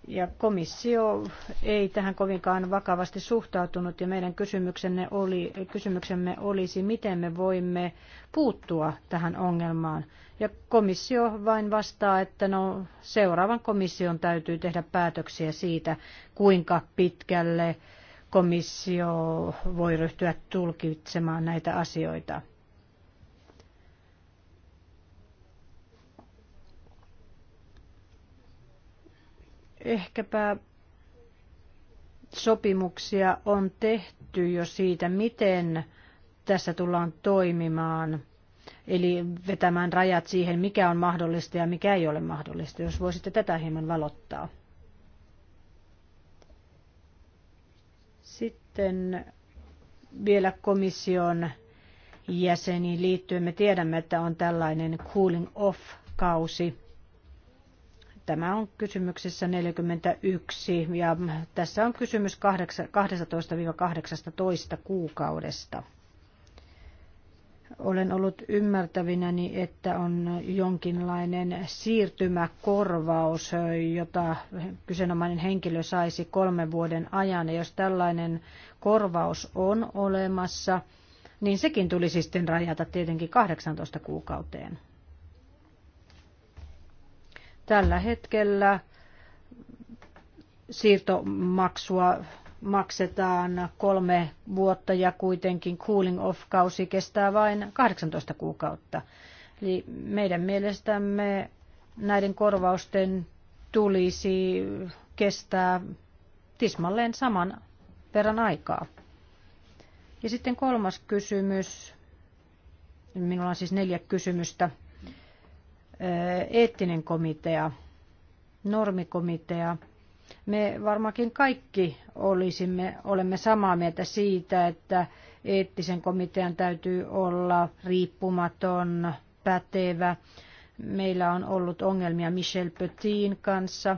Ja komissio ei tähän kovinkaan vakavasti suhtautunut ja meidän kysymyksenne oli, kysymyksemme olisi, miten me voimme puuttua tähän ongelmaan. Ja komissio vain vastaa, että no, seuraavan komission täytyy tehdä päätöksiä siitä, kuinka pitkälle komissio voi ryhtyä tulkitsemaan näitä asioita. Ehkäpä sopimuksia on tehty jo siitä, miten tässä tullaan toimimaan, eli vetämään rajat siihen, mikä on mahdollista ja mikä ei ole mahdollista. Jos voisitte tätä hieman valottaa. Sitten vielä komission jäseniin liittyen me tiedämme, että on tällainen cooling off-kausi. Tämä on kysymyksessä 41 ja tässä on kysymys 12-18 kuukaudesta. Olen ollut ymmärtävinäni, että on jonkinlainen siirtymäkorvaus, jota kyseenomainen henkilö saisi kolmen vuoden ajan. Ja jos tällainen korvaus on olemassa, niin sekin tulisi sitten rajata tietenkin 18 kuukauteen. Tällä hetkellä siirtomaksua maksetaan kolme vuotta ja kuitenkin cooling off-kausi kestää vain 18 kuukautta. Eli meidän mielestämme näiden korvausten tulisi kestää tismalleen saman verran aikaa. Ja sitten kolmas kysymys. Minulla on siis neljä kysymystä. Eettinen komitea, normikomitea, me varmaankin kaikki olisimme, olemme samaa mieltä siitä, että eettisen komitean täytyy olla riippumaton, pätevä. Meillä on ollut ongelmia Michel Petin kanssa.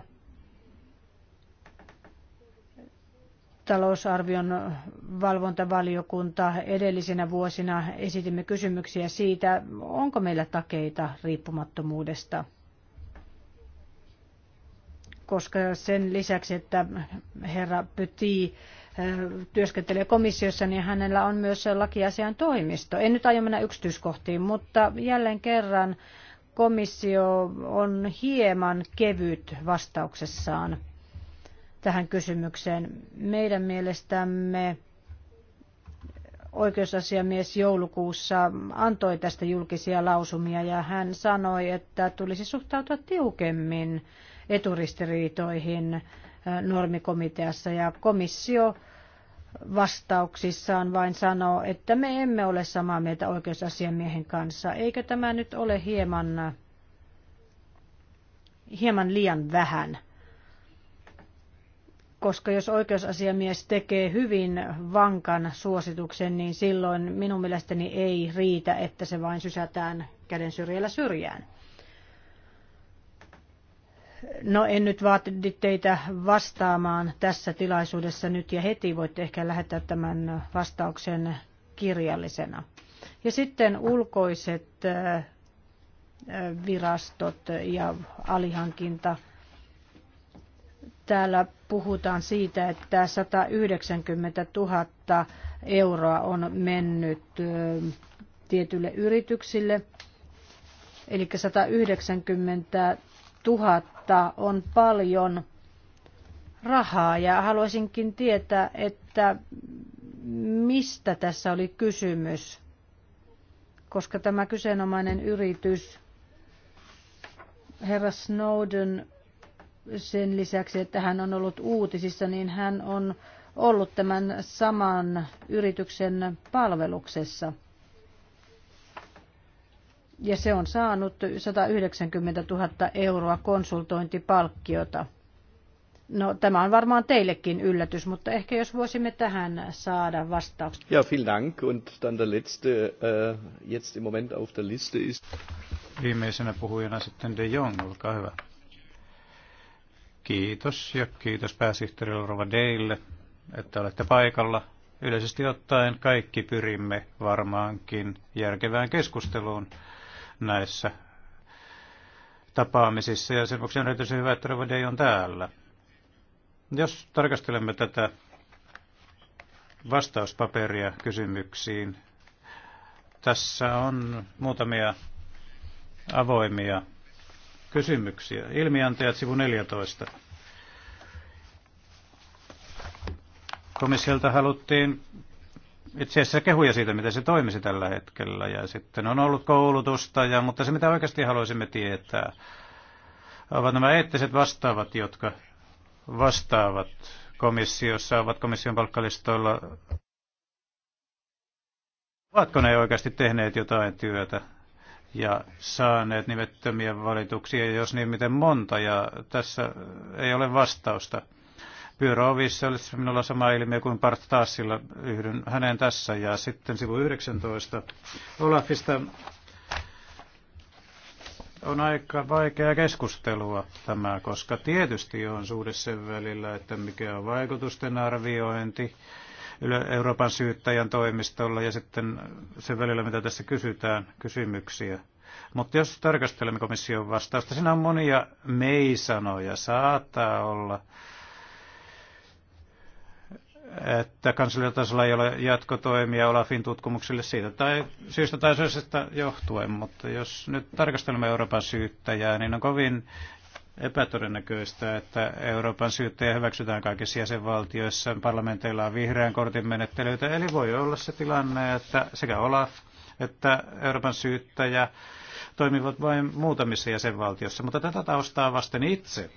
talousarvion valvontavaliokunta edellisenä vuosina esitimme kysymyksiä siitä, onko meillä takeita riippumattomuudesta koska sen lisäksi, että herra Petit eh, työskentelee komissiossa, niin hänellä on myös lakiasian toimisto. En nyt aio mennä yksityiskohtiin, mutta jälleen kerran komissio on hieman kevyt vastauksessaan tähän kysymykseen. Meidän mielestämme oikeusasiamies joulukuussa antoi tästä julkisia lausumia ja hän sanoi, että tulisi suhtautua tiukemmin eturistiriitoihin äh, normikomiteassa ja komissio vastauksissaan vain sanoo, että me emme ole samaa mieltä oikeusasiamiehen kanssa. Eikö tämä nyt ole hieman, hieman liian vähän? koska jos oikeusasiamies tekee hyvin vankan suosituksen, niin silloin minun mielestäni ei riitä, että se vain sysätään käden syrjällä syrjään. No en nyt vaati teitä vastaamaan tässä tilaisuudessa nyt ja heti. Voitte ehkä lähettää tämän vastauksen kirjallisena. Ja sitten ulkoiset virastot ja alihankinta. Täällä puhutaan siitä, että 190 000 euroa on mennyt tietyille yrityksille. Eli 190 000 on paljon rahaa ja haluaisinkin tietää, että mistä tässä oli kysymys, koska tämä kyseenomainen yritys, herra Snowden, sen lisäksi, että hän on ollut uutisissa, niin hän on ollut tämän saman yrityksen palveluksessa – ja se on saanut 190 000 euroa konsultointipalkkiota. No, tämä on varmaan teillekin yllätys, mutta ehkä jos voisimme tähän saada vastauksen.
Ja, vielen Dank. Und dann der letzte, äh, jetzt im Moment auf der Liste ist...
Viimeisenä puhujana sitten De Jong, olkaa hyvä. Kiitos ja kiitos pääsihteeri Rova Deille, että olette paikalla. Yleisesti ottaen kaikki pyrimme varmaankin järkevään keskusteluun näissä tapaamisissa ja sen vuoksi on erityisen hyvä, että Rova on täällä. Jos tarkastelemme tätä vastauspaperia kysymyksiin, tässä on muutamia avoimia kysymyksiä. Ilmiantajat sivu 14. Komissiolta haluttiin itse asiassa kehuja siitä, miten se toimisi tällä hetkellä. Ja sitten on ollut koulutusta, ja, mutta se mitä oikeasti haluaisimme tietää, ovat nämä eettiset vastaavat, jotka vastaavat komissiossa, ovat komission palkkalistoilla. Ovatko ne oikeasti tehneet jotain työtä ja saaneet nimettömiä valituksia, jos niin miten monta, ja tässä ei ole vastausta. Pyöräovissa olisi minulla sama ilmiö kuin Bart Taassilla. Yhdyn hänen tässä. Ja sitten sivu 19 Olafista on aika vaikea keskustelua tämä, koska tietysti on suhde sen välillä, että mikä on vaikutusten arviointi Euroopan syyttäjän toimistolla ja sitten sen välillä, mitä tässä kysytään, kysymyksiä. Mutta jos tarkastelemme komission vastausta, siinä on monia mei-sanoja. Saattaa olla että kansallisella ei ole jatkotoimia Olafin tutkimuksille siitä tai syystä tai syystä johtuen, mutta jos nyt tarkastelemme Euroopan syyttäjää, niin on kovin epätodennäköistä, että Euroopan syyttäjä hyväksytään kaikissa jäsenvaltioissa. Parlamenteilla on vihreän kortin menettelyitä, eli voi olla se tilanne, että sekä Olaf että Euroopan syyttäjä toimivat vain muutamissa jäsenvaltiossa, mutta tätä taustaa vasten itse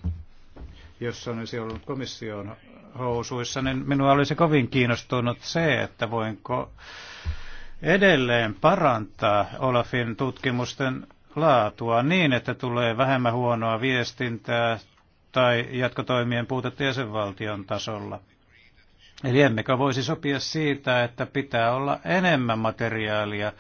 jos olisi ollut komission housuissa, niin minua olisi kovin kiinnostunut se, että voinko edelleen parantaa Olafin tutkimusten laatua niin, että tulee vähemmän huonoa viestintää tai jatkotoimien puutetta jäsenvaltion tasolla. Eli emmekö voisi sopia siitä, että pitää olla enemmän materiaalia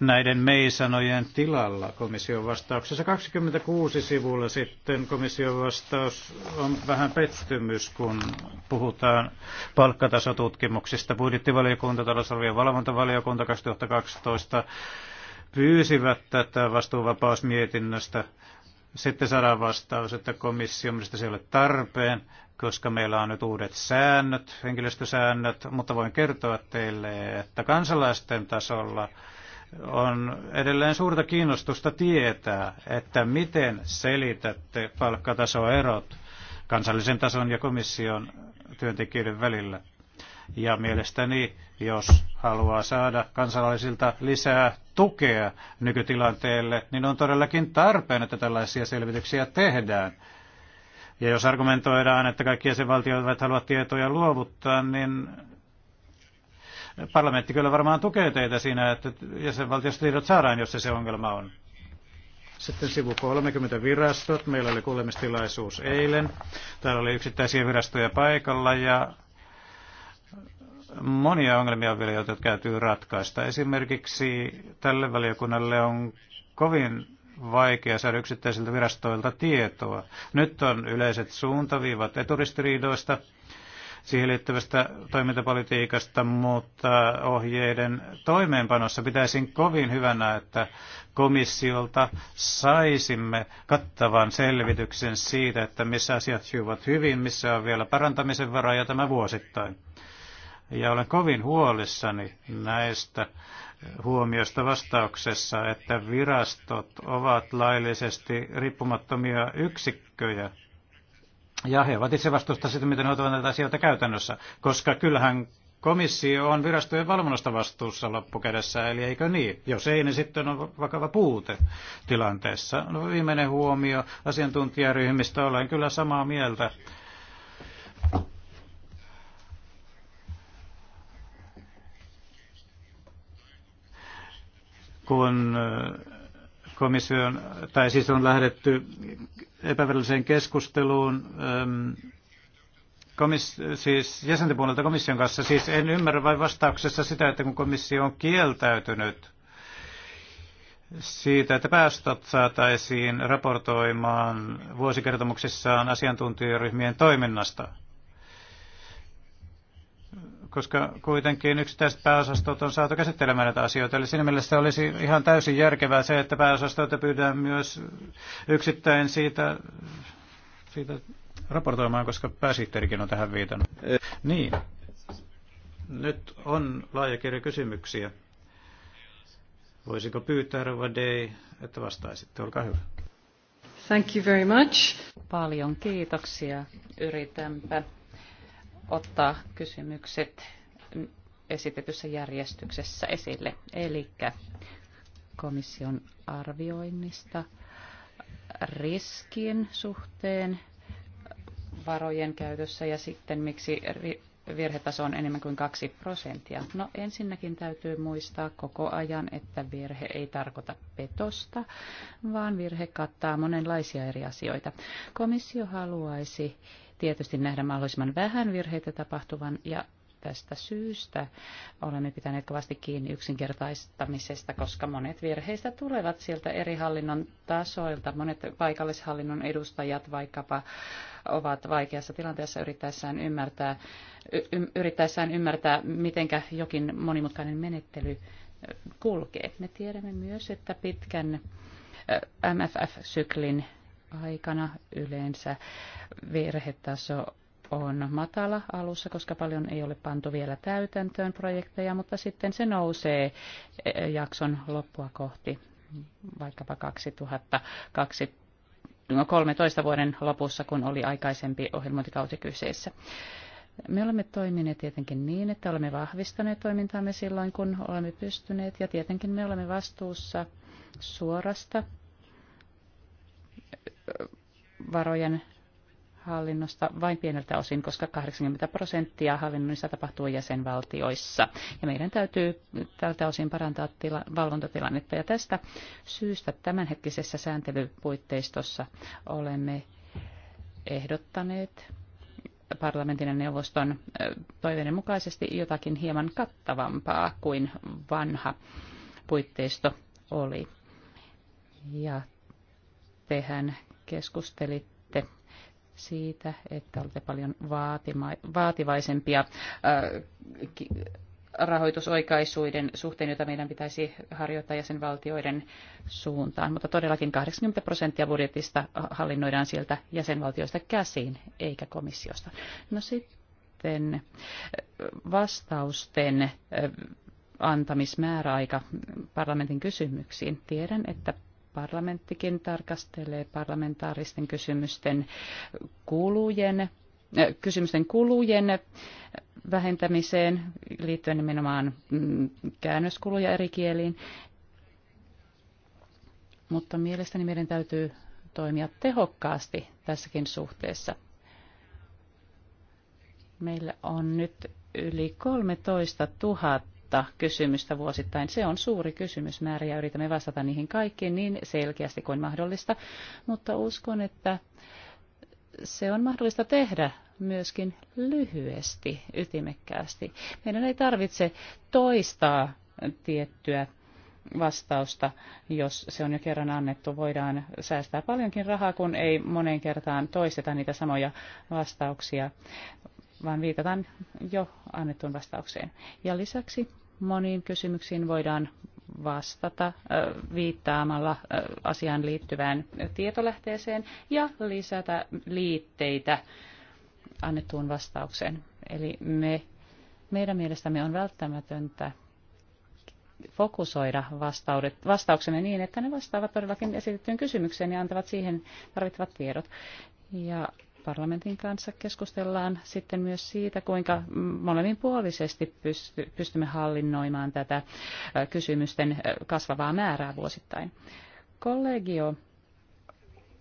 näiden meisanojen tilalla komission vastauksessa. 26 sivulla sitten komission vastaus on vähän pettymys, kun puhutaan palkkatasotutkimuksista. Budjettivaliokunta, talousarvion valvontavaliokunta 2012 pyysivät tätä vastuuvapausmietinnöstä. Sitten saadaan vastaus, että komissio mistä se ei ole tarpeen, koska meillä on nyt uudet säännöt, henkilöstösäännöt, mutta voin kertoa teille, että kansalaisten tasolla on edelleen suurta kiinnostusta tietää, että miten selitätte palkkatasoerot kansallisen tason ja komission työntekijöiden välillä. Ja mielestäni, jos haluaa saada kansalaisilta lisää tukea nykytilanteelle, niin on todellakin tarpeen, että tällaisia selvityksiä tehdään. Ja jos argumentoidaan, että kaikki jäsenvaltiot eivät halua tietoja luovuttaa, niin Parlamentti kyllä varmaan tukee teitä siinä, että jäsenvaltiosta tiedot saadaan, jos se se ongelma on. Sitten sivu 30 virastot. Meillä oli kuulemistilaisuus eilen. Täällä oli yksittäisiä virastoja paikalla ja monia ongelmia on vielä, joita käytyy ratkaista. Esimerkiksi tälle valiokunnalle on kovin vaikea saada yksittäisiltä virastoilta tietoa. Nyt on yleiset suuntaviivat eturistiriidoista siihen liittyvästä toimintapolitiikasta, mutta ohjeiden toimeenpanossa pitäisin kovin hyvänä, että komissiolta saisimme kattavan selvityksen siitä, että missä asiat sujuvat hyvin, missä on vielä parantamisen varaa ja tämä vuosittain. Ja olen kovin huolissani näistä huomiosta vastauksessa, että virastot ovat laillisesti riippumattomia yksikköjä, ja he ovat itse vastuusta sitä, miten hoitavat näitä asioita käytännössä, koska kyllähän komissio on virastojen valvonnasta vastuussa loppukädessä, eli eikö niin? Jos ei, niin sitten on vakava puute tilanteessa. No, viimeinen huomio asiantuntijaryhmistä olen kyllä samaa mieltä. Kun komission, tai siis on lähdetty epäviralliseen keskusteluun ähm, komis- siis jäsenten puolelta komission kanssa. Siis en ymmärrä vain vastauksessa sitä, että kun komissio on kieltäytynyt siitä, että päästöt saataisiin raportoimaan vuosikertomuksissaan asiantuntijaryhmien toiminnasta, koska kuitenkin yksittäiset pääosastot on saatu käsittelemään näitä asioita. Eli siinä mielessä olisi ihan täysin järkevää se, että pääosastoita pyydään myös yksittäin siitä, siitä raportoimaan, koska pääsihteerikin on tähän viitannut. Niin. Nyt on laaja kirja kysymyksiä. Voisiko pyytää Rova Day, että vastaisitte? Olkaa hyvä.
Thank
you very much. Paljon kiitoksia. Yritänpä ottaa kysymykset esitetyssä järjestyksessä esille. Eli komission arvioinnista riskien suhteen varojen käytössä ja sitten miksi virhetaso on enemmän kuin 2 prosenttia. No ensinnäkin täytyy muistaa koko ajan, että virhe ei tarkoita petosta, vaan virhe kattaa monenlaisia eri asioita. Komissio haluaisi tietysti nähdä mahdollisimman vähän virheitä tapahtuvan ja tästä syystä olemme pitäneet kovasti kiinni yksinkertaistamisesta, koska monet virheistä tulevat sieltä eri hallinnon tasoilta. Monet paikallishallinnon edustajat vaikkapa ovat vaikeassa tilanteessa yrittäessään ymmärtää, y- yrittäessään ymmärtää mitenkä jokin monimutkainen menettely kulkee. Me tiedämme myös, että pitkän MFF-syklin aikana yleensä virhetaso on matala alussa, koska paljon ei ole pantu vielä täytäntöön projekteja, mutta sitten se nousee eh, jakson loppua kohti vaikkapa 2013 vuoden lopussa, kun oli aikaisempi ohjelmointikausi kyseessä. Me olemme toimineet tietenkin niin, että olemme vahvistaneet toimintaamme silloin, kun olemme pystyneet, ja tietenkin me olemme vastuussa suorasta varojen hallinnosta vain pieneltä osin, koska 80 prosenttia hallinnoinnista tapahtuu jäsenvaltioissa. Ja meidän täytyy tältä osin parantaa tila- valvontatilannetta. Ja tästä syystä tämänhetkisessä sääntelypuitteistossa olemme ehdottaneet parlamentin ja neuvoston toiveiden mukaisesti jotakin hieman kattavampaa kuin vanha puitteisto oli. Ja tehän keskustelitte siitä, että olette paljon vaatima, vaativaisempia rahoitusoikaisuiden suhteen, jota meidän pitäisi harjoittaa jäsenvaltioiden suuntaan. Mutta todellakin 80 prosenttia budjetista hallinnoidaan sieltä jäsenvaltioista käsiin, eikä komissiosta. No sitten vastausten antamismääräaika parlamentin kysymyksiin. Tiedän, että parlamenttikin tarkastelee parlamentaaristen kysymysten kulujen äh, kysymysten kulujen vähentämiseen liittyen nimenomaan mm, käännöskuluja eri kieliin. Mutta mielestäni meidän täytyy toimia tehokkaasti tässäkin suhteessa. Meillä on nyt yli 13 000 tuhatta kysymystä vuosittain. Se on suuri kysymysmäärä ja yritämme vastata niihin kaikkiin niin selkeästi kuin mahdollista, mutta uskon, että se on mahdollista tehdä myöskin lyhyesti, ytimekkäästi. Meidän ei tarvitse toistaa tiettyä vastausta, jos se on jo kerran annettu. Voidaan säästää paljonkin rahaa, kun ei moneen kertaan toisteta niitä samoja vastauksia vaan viitataan jo annettuun vastaukseen. Ja lisäksi moniin kysymyksiin voidaan vastata viittaamalla asiaan liittyvään tietolähteeseen ja lisätä liitteitä annettuun vastaukseen. Eli me, meidän mielestämme on välttämätöntä fokusoida vastaudet, vastauksemme niin, että ne vastaavat todellakin esitettyyn kysymykseen ja antavat siihen tarvittavat tiedot. Ja parlamentin kanssa keskustellaan sitten myös siitä, kuinka molemminpuolisesti pystymme hallinnoimaan tätä kysymysten kasvavaa määrää vuosittain. Kollegio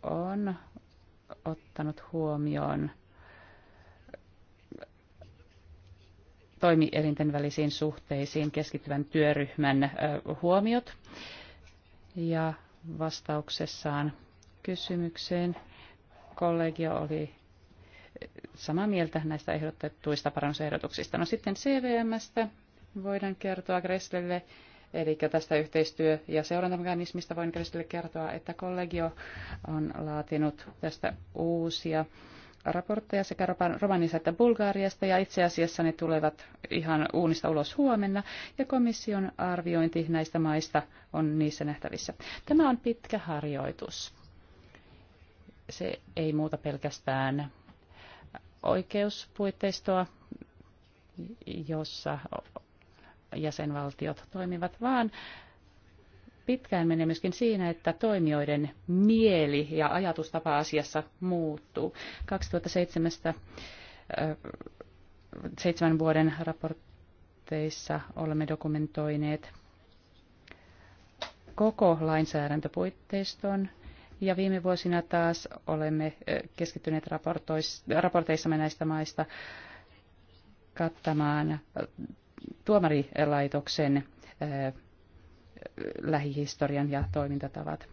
on ottanut huomioon toimielinten välisiin suhteisiin keskittyvän työryhmän huomiot. Ja vastauksessaan kysymykseen kollegio oli samaa mieltä näistä ehdotettuista parannusehdotuksista. No sitten CVMstä voidaan kertoa Gresslelle, eli tästä yhteistyö- ja seurantamekanismista voin Gresslelle kertoa, että kollegio on laatinut tästä uusia raportteja sekä Romanissa että Bulgaariasta, ja itse asiassa ne tulevat ihan uunista ulos huomenna, ja komission arviointi näistä maista on niissä nähtävissä. Tämä on pitkä harjoitus. Se ei muuta pelkästään oikeuspuitteistoa, jossa jäsenvaltiot toimivat, vaan pitkään menee myöskin siinä, että toimijoiden mieli ja ajatustapa asiassa muuttuu. 2007 seitsemän vuoden raporteissa olemme dokumentoineet koko lainsäädäntöpuitteiston ja viime vuosina taas olemme keskittyneet raporteissamme näistä maista kattamaan tuomarilaitoksen lähihistorian ja toimintatavat.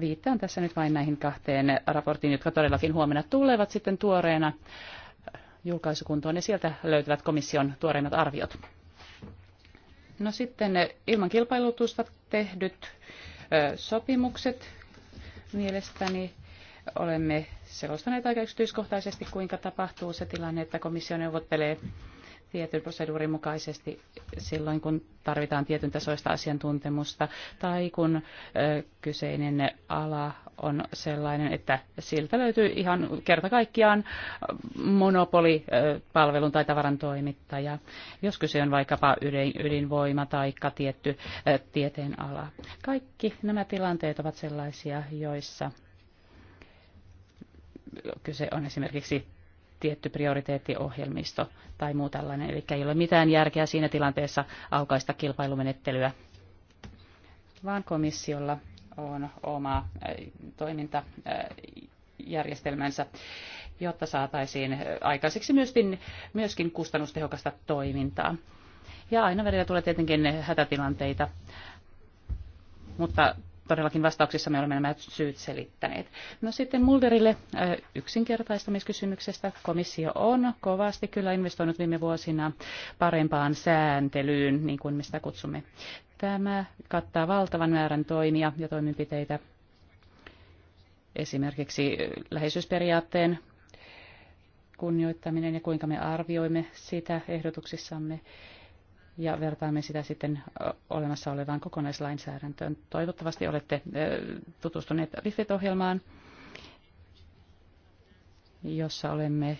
Viittaan tässä nyt vain näihin kahteen raporttiin, jotka todellakin huomenna tulevat sitten tuoreena julkaisukuntoon, ja sieltä löytyvät komission tuoreimmat arviot. No sitten ilman kilpailutusta tehdyt sopimukset Mielestäni olemme selostaneet aika yksityiskohtaisesti, kuinka tapahtuu se tilanne, että komissio neuvottelee tietyn proseduurin mukaisesti silloin, kun tarvitaan tietyn tasoista asiantuntemusta tai kun kyseinen ala on sellainen, että siltä löytyy ihan kerta kaikkiaan monopolipalvelun tai tavaran toimittaja, jos kyse on vaikkapa ydin, ydinvoima tai tietty eh, tieteen ala. Kaikki nämä tilanteet ovat sellaisia, joissa kyse on esimerkiksi tietty prioriteettiohjelmisto tai muu tällainen. Eli ei ole mitään järkeä siinä tilanteessa aukaista kilpailumenettelyä, vaan komissiolla on oma toimintajärjestelmänsä, jotta saataisiin aikaiseksi myöskin, myöskin kustannustehokasta toimintaa. Ja aina välillä tulee tietenkin hätätilanteita, mutta todellakin vastauksissa me olemme nämä syyt selittäneet. No sitten Mulderille yksinkertaistamiskysymyksestä. Komissio on kovasti kyllä investoinut viime vuosina parempaan sääntelyyn, niin kuin me sitä kutsumme. Tämä kattaa valtavan määrän toimia ja toimenpiteitä. Esimerkiksi läheisyysperiaatteen kunnioittaminen ja kuinka me arvioimme sitä ehdotuksissamme ja vertaamme sitä sitten olemassa olevaan kokonaislainsäädäntöön. Toivottavasti olette tutustuneet RIFIT-ohjelmaan, jossa olemme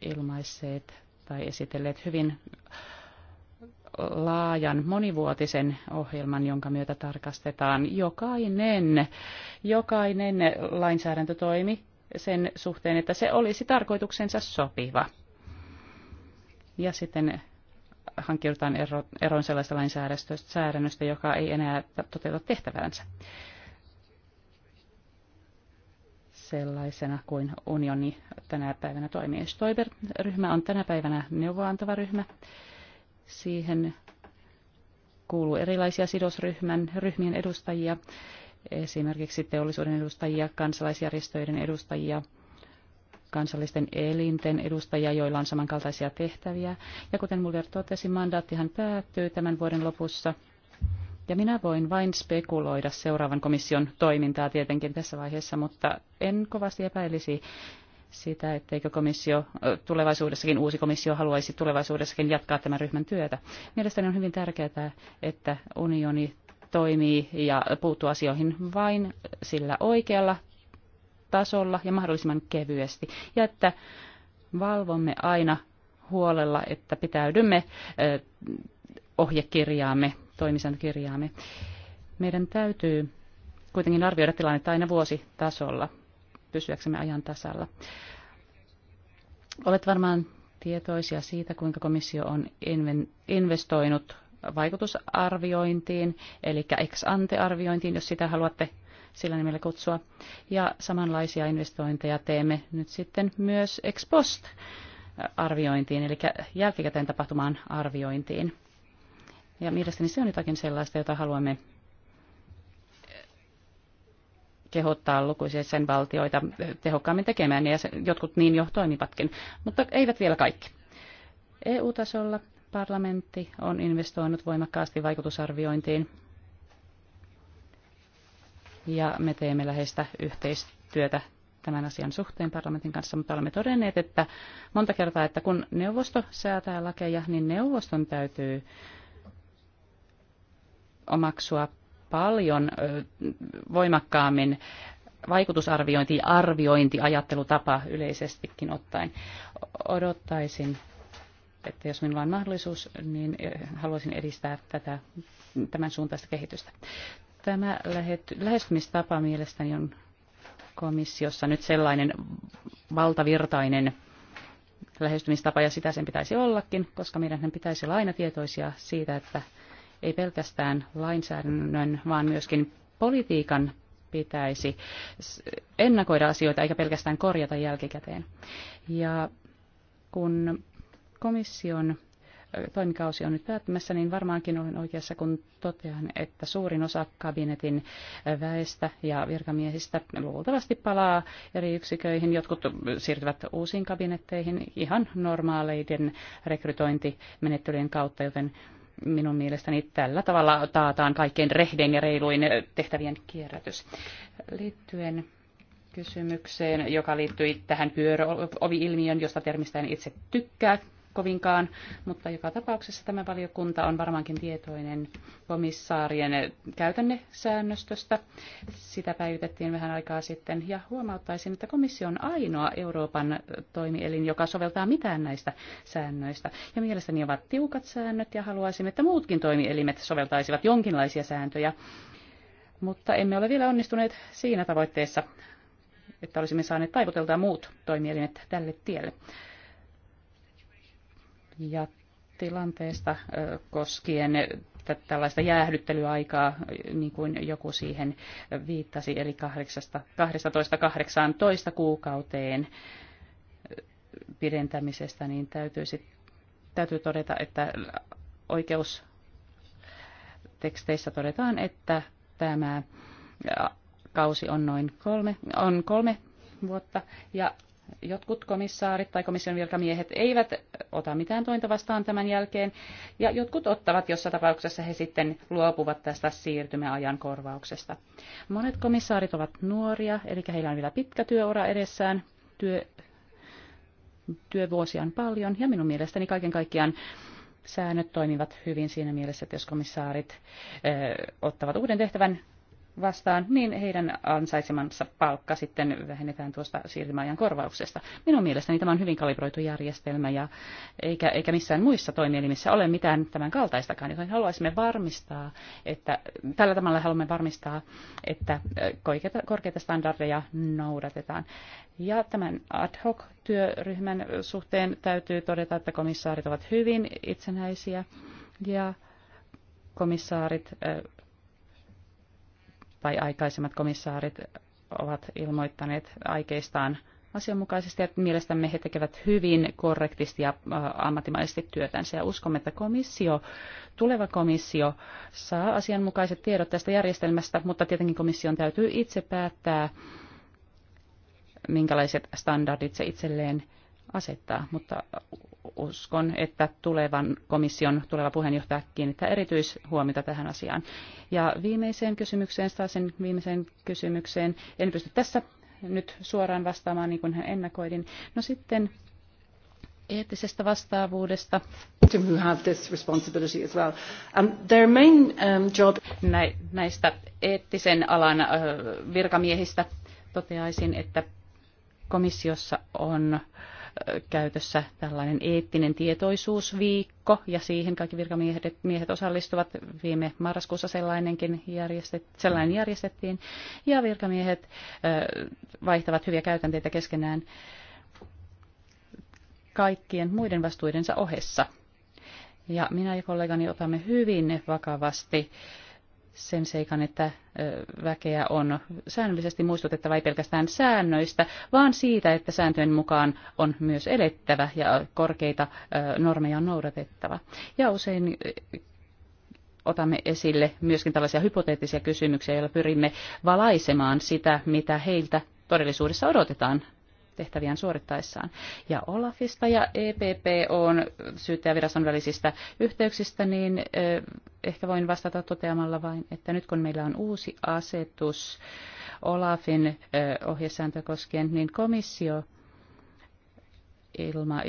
ilmaisseet tai esitelleet hyvin laajan monivuotisen ohjelman, jonka myötä tarkastetaan jokainen, jokainen lainsäädäntötoimi sen suhteen, että se olisi tarkoituksensa sopiva. Ja sitten hankkiudutaan ero, eroon sellaista lainsäädännöstä, joka ei enää toteuta tehtävänsä sellaisena kuin unioni tänä päivänä toimii. Stoiber-ryhmä on tänä päivänä neuvoantava ryhmä. Siihen kuuluu erilaisia sidosryhmän ryhmien edustajia, esimerkiksi teollisuuden edustajia, kansalaisjärjestöiden edustajia, kansallisten elinten edustajia, joilla on samankaltaisia tehtäviä. Ja kuten Mulder totesi, mandaattihan päättyy tämän vuoden lopussa. Ja minä voin vain spekuloida seuraavan komission toimintaa tietenkin tässä vaiheessa, mutta en kovasti epäilisi, sitä, etteikö komissio tulevaisuudessakin, uusi komissio haluaisi tulevaisuudessakin jatkaa tämän ryhmän työtä. Mielestäni on hyvin tärkeää, että unioni toimii ja puuttuu asioihin vain sillä oikealla tasolla ja mahdollisimman kevyesti. Ja että valvomme aina huolella, että pitäydymme ohjekirjaamme, kirjaamme. Meidän täytyy kuitenkin arvioida tilannetta aina vuositasolla pysyäksemme ajan tasalla. Olet varmaan tietoisia siitä, kuinka komissio on investoinut vaikutusarviointiin, eli ex ante arviointiin, jos sitä haluatte sillä nimellä kutsua. Ja samanlaisia investointeja teemme nyt sitten myös ex post arviointiin, eli jälkikäteen tapahtumaan arviointiin. Ja mielestäni se on jotakin sellaista, jota haluamme kehottaa lukuisia sen valtioita tehokkaammin tekemään, ja jotkut niin jo toimivatkin, mutta eivät vielä kaikki. EU-tasolla parlamentti on investoinut voimakkaasti vaikutusarviointiin, ja me teemme läheistä yhteistyötä tämän asian suhteen parlamentin kanssa, mutta olemme todenneet, että monta kertaa, että kun neuvosto säätää lakeja, niin neuvoston täytyy omaksua paljon voimakkaammin vaikutusarviointi ja arviointiajattelutapa yleisestikin ottaen. Odottaisin, että jos minulla on mahdollisuus, niin haluaisin edistää tätä, tämän suuntaista kehitystä. Tämä lähestymistapa mielestäni on komissiossa nyt sellainen valtavirtainen lähestymistapa, ja sitä sen pitäisi ollakin, koska meidän pitäisi olla aina tietoisia siitä, että ei pelkästään lainsäädännön, vaan myöskin politiikan pitäisi ennakoida asioita eikä pelkästään korjata jälkikäteen. Ja kun komission toimikausi on nyt päättymässä, niin varmaankin olen oikeassa, kun totean, että suurin osa kabinetin väestä ja virkamiehistä luultavasti palaa eri yksiköihin. Jotkut siirtyvät uusiin kabinetteihin ihan normaaleiden rekrytointimenettelyjen kautta, joten minun mielestäni tällä tavalla taataan kaikkein rehdein ja reiluin tehtävien kierrätys. Liittyen kysymykseen, joka liittyi tähän pyöröovi-ilmiön, josta termistä en itse tykkää kovinkaan, mutta joka tapauksessa tämä valiokunta on varmaankin tietoinen komissaarien käytännesäännöstöstä. Sitä päivitettiin vähän aikaa sitten ja huomauttaisin, että komissio on ainoa Euroopan toimielin, joka soveltaa mitään näistä säännöistä. Ja mielestäni ovat tiukat säännöt ja haluaisin, että muutkin toimielimet soveltaisivat jonkinlaisia sääntöjä mutta emme ole vielä onnistuneet siinä tavoitteessa, että olisimme saaneet taivuteltaa muut toimielimet tälle tielle ja tilanteesta koskien tällaista jäähdyttelyaikaa, niin kuin joku siihen viittasi, eli 12-18 kuukauteen pidentämisestä, niin täytyisi, täytyy todeta, että oikeusteksteissä todetaan, että tämä kausi on noin kolme, on kolme vuotta ja jotkut komissaarit tai komission virkamiehet eivät ota mitään tointa vastaan tämän jälkeen, ja jotkut ottavat, jossa tapauksessa he sitten luopuvat tästä siirtymäajan korvauksesta. Monet komissaarit ovat nuoria, eli heillä on vielä pitkä työura edessään, työ, työvuosia on paljon, ja minun mielestäni kaiken kaikkiaan säännöt toimivat hyvin siinä mielessä, että jos komissaarit ö, ottavat uuden tehtävän vastaan, niin heidän ansaitsemansa palkka sitten vähennetään tuosta siirtymäajan korvauksesta. Minun mielestäni tämä on hyvin kalibroitu järjestelmä, ja eikä, eikä missään muissa toimielimissä ole mitään tämän kaltaistakaan, joten haluaisimme varmistaa, että tällä tavalla haluamme varmistaa, että äh, korkeita, korkeita standardeja noudatetaan. Ja tämän ad hoc työryhmän suhteen täytyy todeta, että komissaarit ovat hyvin itsenäisiä ja komissaarit äh, tai aikaisemmat komissaarit ovat ilmoittaneet aikeistaan asianmukaisesti ja mielestämme he tekevät hyvin korrektisti ja ammattimaisesti työtänsä ja uskomme, että komissio, tuleva komissio saa asianmukaiset tiedot tästä järjestelmästä, mutta tietenkin komission täytyy itse päättää, minkälaiset standardit se itselleen asettaa, mutta uskon, että tulevan komission tuleva puheenjohtaja kiinnittää erityishuomiota tähän asiaan. Ja viimeiseen kysymykseen, sen viimeiseen kysymykseen, en pysty tässä nyt suoraan vastaamaan niin kuin hän ennakoidin. No sitten eettisestä vastaavuudesta. Who have this responsibility as well. And um, their main um, job... Nä, näistä eettisen alan äh, virkamiehistä toteaisin, että komissiossa on käytössä tällainen eettinen tietoisuusviikko ja siihen kaikki virkamiehet miehet osallistuvat. Viime marraskuussa sellainenkin järjestet, sellainen järjestettiin ja virkamiehet vaihtavat hyviä käytänteitä keskenään kaikkien muiden vastuidensa ohessa. Ja minä ja kollegani otamme hyvin vakavasti sen seikan, että väkeä on säännöllisesti muistutettava ei pelkästään säännöistä, vaan siitä, että sääntöjen mukaan on myös elettävä ja korkeita normeja on noudatettava. Ja usein otamme esille myöskin tällaisia hypoteettisia kysymyksiä, joilla pyrimme valaisemaan sitä, mitä heiltä todellisuudessa odotetaan tehtäviään suorittaessaan. Ja Olafista ja EPP on syyttäjäviraston välisistä yhteyksistä, niin ehkä voin vastata toteamalla vain, että nyt kun meillä on uusi asetus Olafin ohjesääntö koskien, niin komissio ilma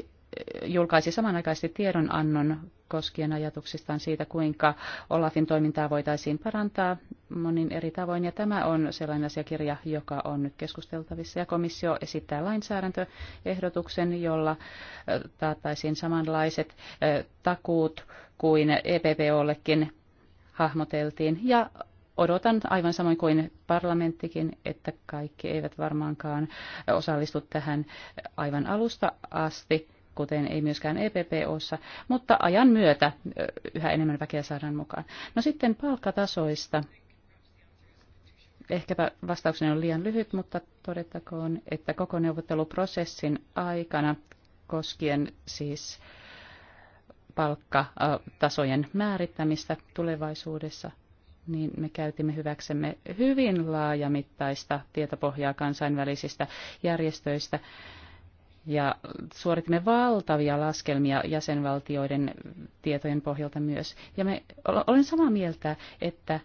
julkaisi samanaikaisesti tiedonannon koskien ajatuksistaan siitä, kuinka Olafin toimintaa voitaisiin parantaa monin eri tavoin. Ja tämä on sellainen asiakirja, joka on nyt keskusteltavissa. Ja komissio esittää lainsäädäntöehdotuksen, jolla taattaisiin samanlaiset takuut kuin EPPOllekin hahmoteltiin. Ja odotan aivan samoin kuin parlamenttikin, että kaikki eivät varmaankaan osallistu tähän aivan alusta asti kuten ei myöskään EPPOssa, mutta ajan myötä yhä enemmän väkeä saadaan mukaan. No sitten palkkatasoista. Ehkäpä vastaukseni on liian lyhyt, mutta todettakoon, että koko neuvotteluprosessin aikana koskien siis palkkatasojen määrittämistä tulevaisuudessa, niin me käytimme hyväksemme hyvin laajamittaista tietopohjaa kansainvälisistä järjestöistä ja suoritimme valtavia laskelmia jäsenvaltioiden tietojen pohjalta myös. Ja me, olen samaa mieltä, että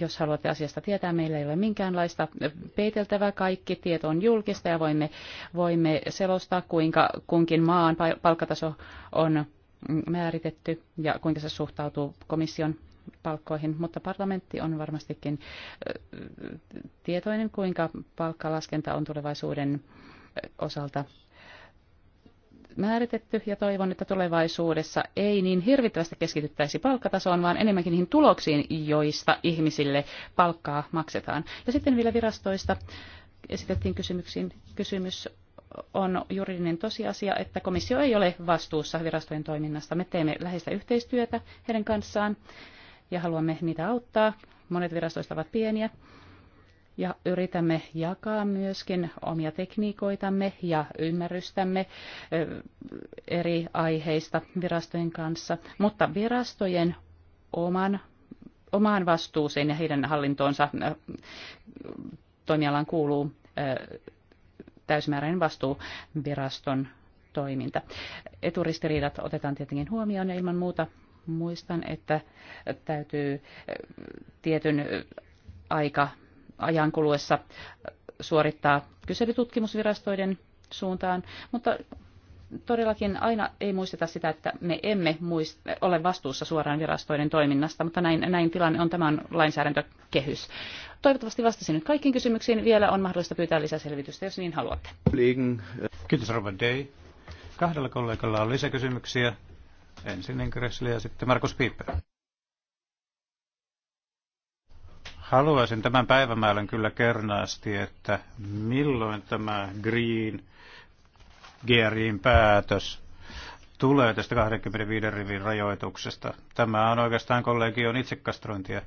jos haluatte asiasta tietää, meillä ei ole minkäänlaista peiteltävää. Kaikki tieto on julkista ja voimme, voimme selostaa, kuinka kunkin maan palkkataso on määritetty ja kuinka se suhtautuu komission palkkoihin, mutta parlamentti on varmastikin tietoinen, kuinka palkkalaskenta on tulevaisuuden osalta määritetty ja toivon, että tulevaisuudessa ei niin hirvittävästi keskityttäisi palkkatasoon, vaan enemmänkin niihin tuloksiin, joista ihmisille palkkaa maksetaan. Ja sitten vielä virastoista esitettiin kysymyksiin, kysymys on juridinen tosiasia, että komissio ei ole vastuussa virastojen toiminnasta. Me teemme läheistä yhteistyötä heidän kanssaan ja haluamme niitä auttaa. Monet virastoista ovat pieniä ja yritämme jakaa myöskin omia tekniikoitamme ja ymmärrystämme eri aiheista virastojen kanssa, mutta virastojen oman, omaan vastuuseen ja heidän hallintoonsa toimialan kuuluu täysimääräinen vastuu viraston toiminta. Eturistiriidat otetaan tietenkin huomioon ja ilman muuta muistan, että täytyy tietyn aika ajan kuluessa suorittaa kyselytutkimusvirastoiden suuntaan, mutta todellakin aina ei muisteta sitä, että me emme muist- ole vastuussa suoraan virastoiden toiminnasta, mutta näin, näin tilanne on tämän lainsäädäntökehys. Toivottavasti vastasin nyt kaikkiin kysymyksiin. Vielä on mahdollista pyytää lisäselvitystä, jos niin haluatte.
Kiitos Robert Day. Kahdella kollegalla on lisäkysymyksiä. Ensin Ingressli ja sitten Markus Piipper. haluaisin tämän päivämäärän kyllä kernaasti, että milloin tämä Green GRIin päätös tulee tästä 25 rivin rajoituksesta. Tämä on oikeastaan kollegion itsekastrointia.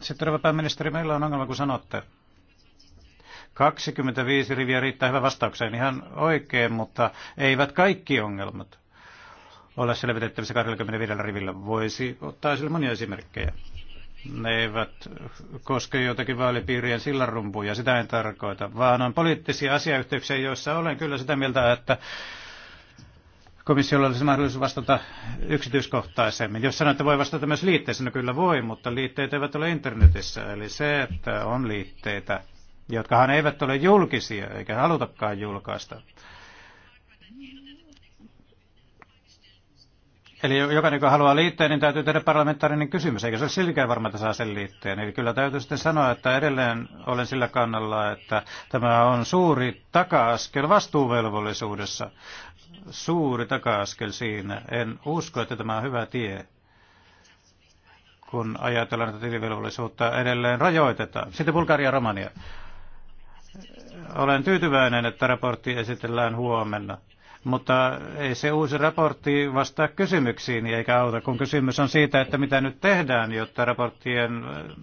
Sitten rouva pääministeri, meillä on ongelma, kun sanotte. 25 riviä riittää hyvä vastaukseen, ihan oikein, mutta eivät kaikki ongelmat olla selvitettävissä 25 rivillä. Voisi ottaa esille monia esimerkkejä. Ne eivät koske jotakin vaalipiirien sillanrumpuja, sitä en tarkoita, vaan on poliittisia asiayhteyksiä, joissa olen kyllä sitä mieltä, että komissiolla olisi mahdollisuus vastata yksityiskohtaisemmin. Jos sanoo, että voi vastata myös liitteissä, no kyllä voi, mutta liitteet eivät ole internetissä. Eli se, että on liitteitä, jotka eivät ole julkisia eikä halutakaan julkaista. Eli jokainen, joka haluaa liittyä, niin täytyy tehdä parlamentaarinen kysymys, eikä se ole silläkään varma, että saa sen liitteen. Eli kyllä täytyy sitten sanoa, että edelleen olen sillä kannalla, että tämä on suuri taka-askel vastuuvelvollisuudessa. Suuri taka-askel siinä. En usko, että tämä on hyvä tie kun ajatellaan, että tilivelvollisuutta edelleen rajoitetaan. Sitten Bulgaria ja Romania. Olen tyytyväinen, että raportti esitellään huomenna mutta ei se uusi raportti vastaa kysymyksiin eikä auta, kun kysymys on siitä, että mitä nyt tehdään, jotta raporttien äh,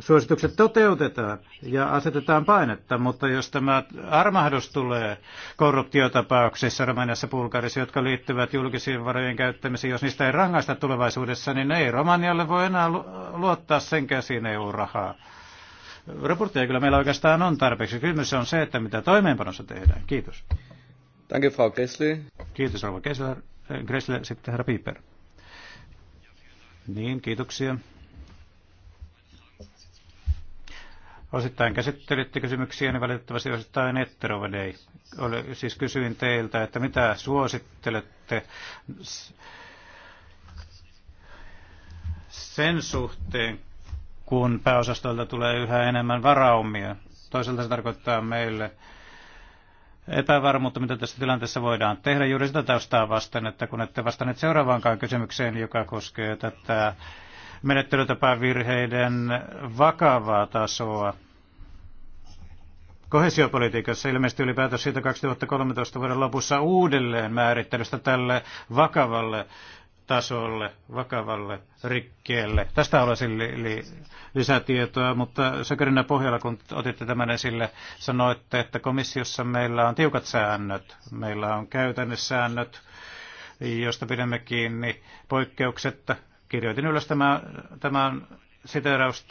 suositukset toteutetaan ja asetetaan painetta, mutta jos tämä armahdus tulee korruptiotapauksissa Romaniassa Bulgarissa, jotka liittyvät julkisiin varojen käyttämiseen, jos niistä ei rangaista tulevaisuudessa, niin ei Romanialle voi enää luottaa sen käsiin EU-rahaa. Raporttia kyllä meillä oikeastaan on tarpeeksi. Kysymys on se, että mitä toimeenpanossa tehdään. Kiitos. Danke, Frau Gressle. Kiitos, Rauva Gressler. Äh, Gressle. Sitten herra Piper. Niin, kiitoksia. Osittain käsittelitte kysymyksiä, niin valitettavasti osittain ette, Rovedei. Ole, siis kysyin teiltä, että mitä suosittelette sen suhteen, kun pääosastolta tulee yhä enemmän varaumia. Toisaalta se tarkoittaa meille epävarmuutta, mitä tässä tilanteessa voidaan tehdä juuri sitä taustaa vasten, että kun ette vastanneet seuraavaankaan kysymykseen, joka koskee tätä menettelytapavirheiden vakavaa tasoa. Kohesiopolitiikassa ilmeisesti oli päätös siitä 2013 vuoden lopussa uudelleen määrittelystä tälle vakavalle tasolle, vakavalle rikkeelle. Tästä olisi li- li- lisätietoa, mutta Sökerinä pohjalla, kun otitte tämän esille, sanoitte, että komissiossa meillä on tiukat säännöt, meillä on käytännössäännöt, josta pidämme kiinni poikkeuksetta. Kirjoitin ylös tämän, tämän siteeraus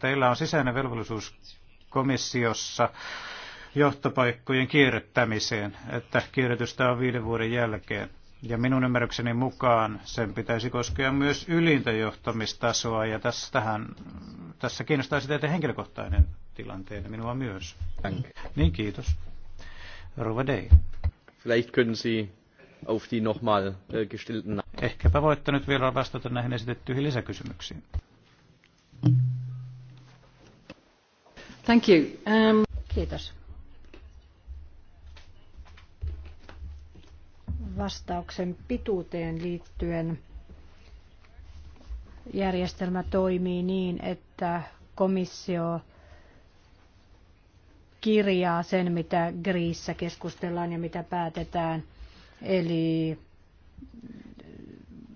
Teillä on sisäinen velvollisuus komissiossa johtopaikkojen kierrättämiseen, että kierrätystä on viiden vuoden jälkeen ja minun ymmärrykseni mukaan sen pitäisi koskea myös ylintä johtamistasoa, ja tästähän, tässä kiinnostaisi teitä henkilökohtainen tilanteen minua myös. Thank. Niin, kiitos. Rova Day. Vielleicht können Sie auf die nochmal äh, gestellten... Ehkäpä voitte nyt vielä vastata näihin esitettyihin lisäkysymyksiin.
Thank you. Um... Kiitos. vastauksen pituuteen liittyen järjestelmä toimii niin, että komissio kirjaa sen, mitä Griissä keskustellaan ja mitä päätetään. Eli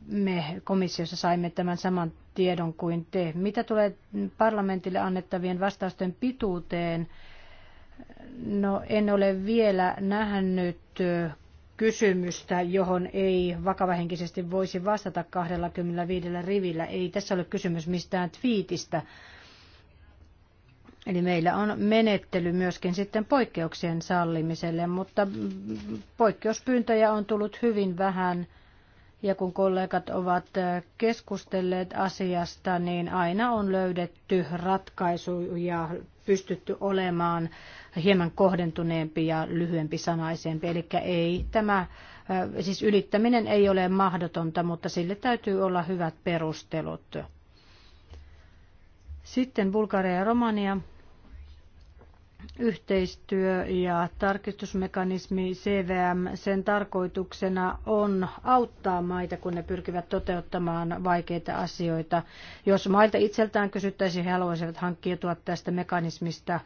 me komissiossa saimme tämän saman tiedon kuin te. Mitä tulee parlamentille annettavien vastausten pituuteen? No en ole vielä nähnyt kysymystä, johon ei vakavahenkisesti voisi vastata 25 rivillä. Ei tässä ole kysymys mistään twiitistä. Eli meillä on menettely myöskin sitten poikkeuksien sallimiselle, mutta poikkeuspyyntöjä on tullut hyvin vähän. Ja kun kollegat ovat keskustelleet asiasta, niin aina on löydetty ratkaisu ja pystytty olemaan hieman kohdentuneempi ja lyhyempi sanaisempi. Eli ei tämä, siis ylittäminen ei ole mahdotonta, mutta sille täytyy olla hyvät perustelut. Sitten Bulgaria ja Romania. Yhteistyö ja tarkistusmekanismi CVM, sen tarkoituksena on auttaa maita, kun ne pyrkivät toteuttamaan vaikeita asioita. Jos mailta itseltään kysyttäisiin, he haluaisivat hankkiutua tästä mekanismista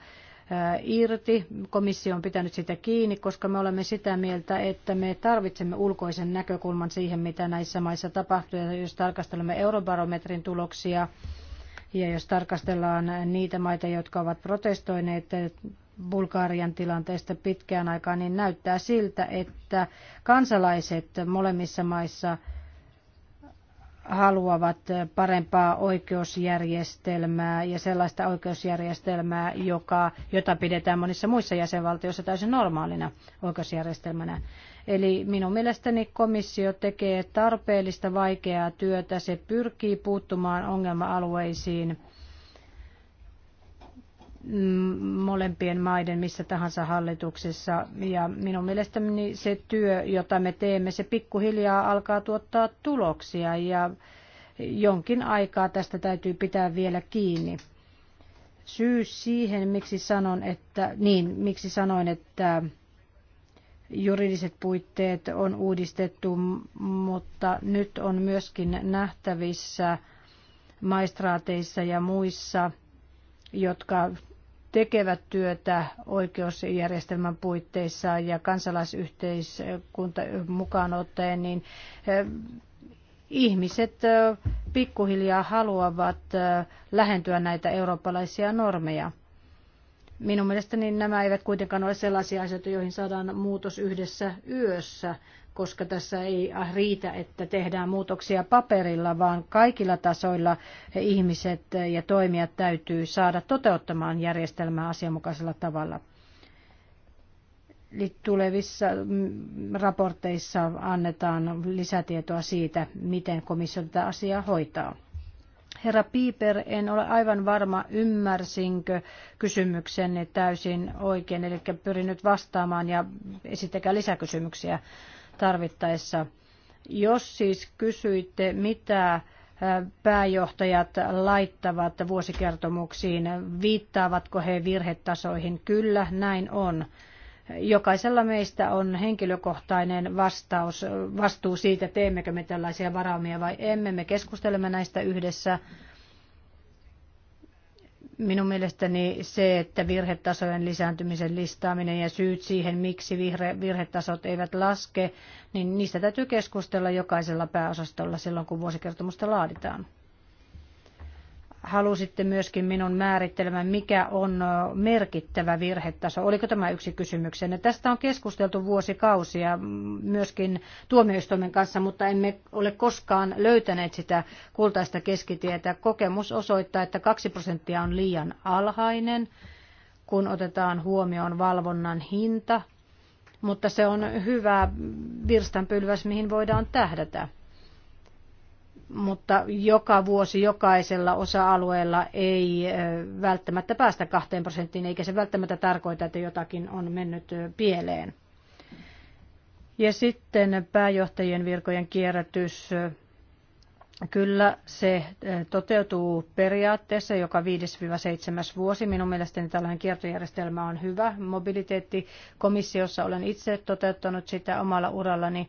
irti. Komissio on pitänyt sitä kiinni, koska me olemme sitä mieltä, että me tarvitsemme ulkoisen näkökulman siihen, mitä näissä maissa tapahtuu. Ja jos tarkastelemme eurobarometrin tuloksia ja jos tarkastellaan niitä maita, jotka ovat protestoineet Bulgarian tilanteesta pitkään aikaan, niin näyttää siltä, että kansalaiset molemmissa maissa – haluavat parempaa oikeusjärjestelmää ja sellaista oikeusjärjestelmää, joka, jota pidetään monissa muissa jäsenvaltioissa täysin normaalina oikeusjärjestelmänä. Eli minun mielestäni komissio tekee tarpeellista vaikeaa työtä, se pyrkii puuttumaan ongelma-alueisiin – molempien maiden missä tahansa hallituksessa. Ja minun mielestäni se työ, jota me teemme, se pikkuhiljaa alkaa tuottaa tuloksia ja jonkin aikaa tästä täytyy pitää vielä kiinni. Syy siihen, miksi sanon, että, niin, miksi sanoin, että juridiset puitteet on uudistettu, mutta nyt on myöskin nähtävissä maistraateissa ja muissa, jotka tekevät työtä oikeusjärjestelmän puitteissa ja kansalaisyhteiskunta mukaan ottaen, niin ihmiset pikkuhiljaa haluavat lähentyä näitä eurooppalaisia normeja. Minun mielestäni nämä eivät kuitenkaan ole sellaisia asioita, joihin saadaan muutos yhdessä yössä, koska tässä ei riitä, että tehdään muutoksia paperilla, vaan kaikilla tasoilla ihmiset ja toimijat täytyy saada toteuttamaan järjestelmää asianmukaisella tavalla. Eli tulevissa mm, raporteissa annetaan lisätietoa siitä, miten komissio tätä asiaa hoitaa. Herra Piper, en ole aivan varma, ymmärsinkö kysymyksenne täysin oikein, eli pyrin nyt vastaamaan ja esittäkää lisäkysymyksiä tarvittaessa. Jos siis kysyitte, mitä pääjohtajat laittavat vuosikertomuksiin, viittaavatko he virhetasoihin? Kyllä, näin on. Jokaisella meistä on henkilökohtainen vastaus, vastuu siitä, teemmekö me tällaisia varaumia vai emme. Me keskustelemme näistä yhdessä. Minun mielestäni se, että virhetasojen lisääntymisen listaaminen ja syyt siihen, miksi vihre, virhetasot eivät laske, niin niistä täytyy keskustella jokaisella pääosastolla silloin, kun vuosikertomusta laaditaan halusitte myöskin minun määrittelemään, mikä on merkittävä virhetaso. Oliko tämä yksi kysymyksenne? Tästä on keskusteltu vuosikausia myöskin tuomioistuimen kanssa, mutta emme ole koskaan löytäneet sitä kultaista keskitietä. Kokemus osoittaa, että 2 prosenttia on liian alhainen, kun otetaan huomioon valvonnan hinta, mutta se on hyvä virstanpylväs, mihin voidaan tähdätä mutta joka vuosi jokaisella osa-alueella ei välttämättä päästä kahteen prosenttiin, eikä se välttämättä tarkoita, että jotakin on mennyt pieleen. Ja sitten pääjohtajien virkojen kierrätys. Kyllä se toteutuu periaatteessa joka 5-7 vuosi. Minun mielestäni tällainen kiertojärjestelmä on hyvä. Mobiliteettikomissiossa olen itse toteuttanut sitä omalla urallani.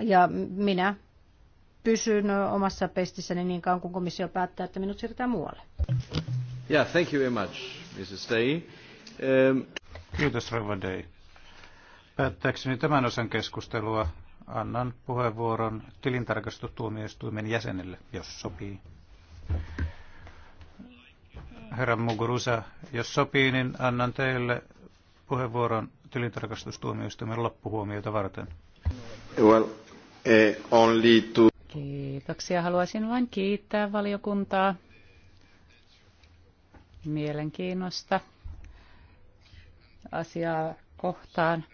Ja minä pysyn omassa pestissäni niin kauan, kuin komissio päättää, että minut siirretään muualle.
Yeah, thank you very much, Mrs. Day. Um... Kiitos, Rova Day. Päättääkseni tämän osan keskustelua annan puheenvuoron tilintarkastustuomioistuimen jäsenille, jos sopii. Herra Mugurusa, jos sopii, niin annan teille puheenvuoron tilintarkastustuomioistuimen loppuhuomiota varten. Well, eh,
only to...
Kiitoksia. Haluaisin vain kiittää valiokuntaa mielenkiinnosta asiaa kohtaan.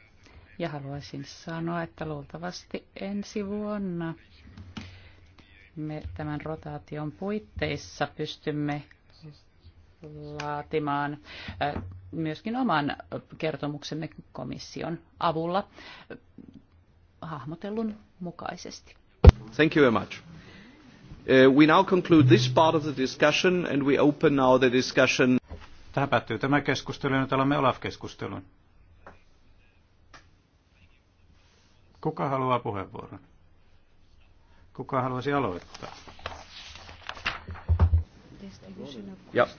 Ja haluaisin sanoa, että luultavasti ensi vuonna me tämän rotaation puitteissa pystymme laatimaan myöskin oman kertomuksemme komission avulla hahmotellun mukaisesti.
Thank you very much. Uh, we now conclude this part of the discussion and we open now the
discussion. Tähän päättyy tämä keskustelu ja nyt alamme Olaf-keskustelun. Kuka haluaa puheenvuoron? Kuka haluaisi aloittaa? Yeah.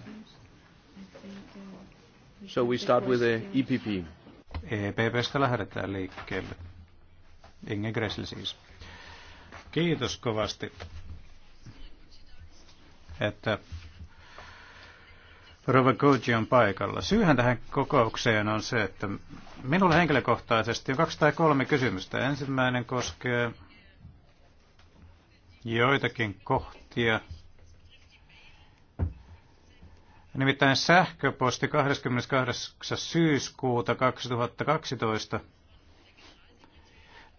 So we start with the EPP. EPPstä lähdetään liikkeelle. Inge Gressel siis. Kiitos kovasti, että Rova Koji on paikalla. Syyhän tähän kokoukseen on se, että minulle henkilökohtaisesti on kaksi tai kolme kysymystä. Ensimmäinen koskee joitakin kohtia. Nimittäin sähköposti 28. syyskuuta 2012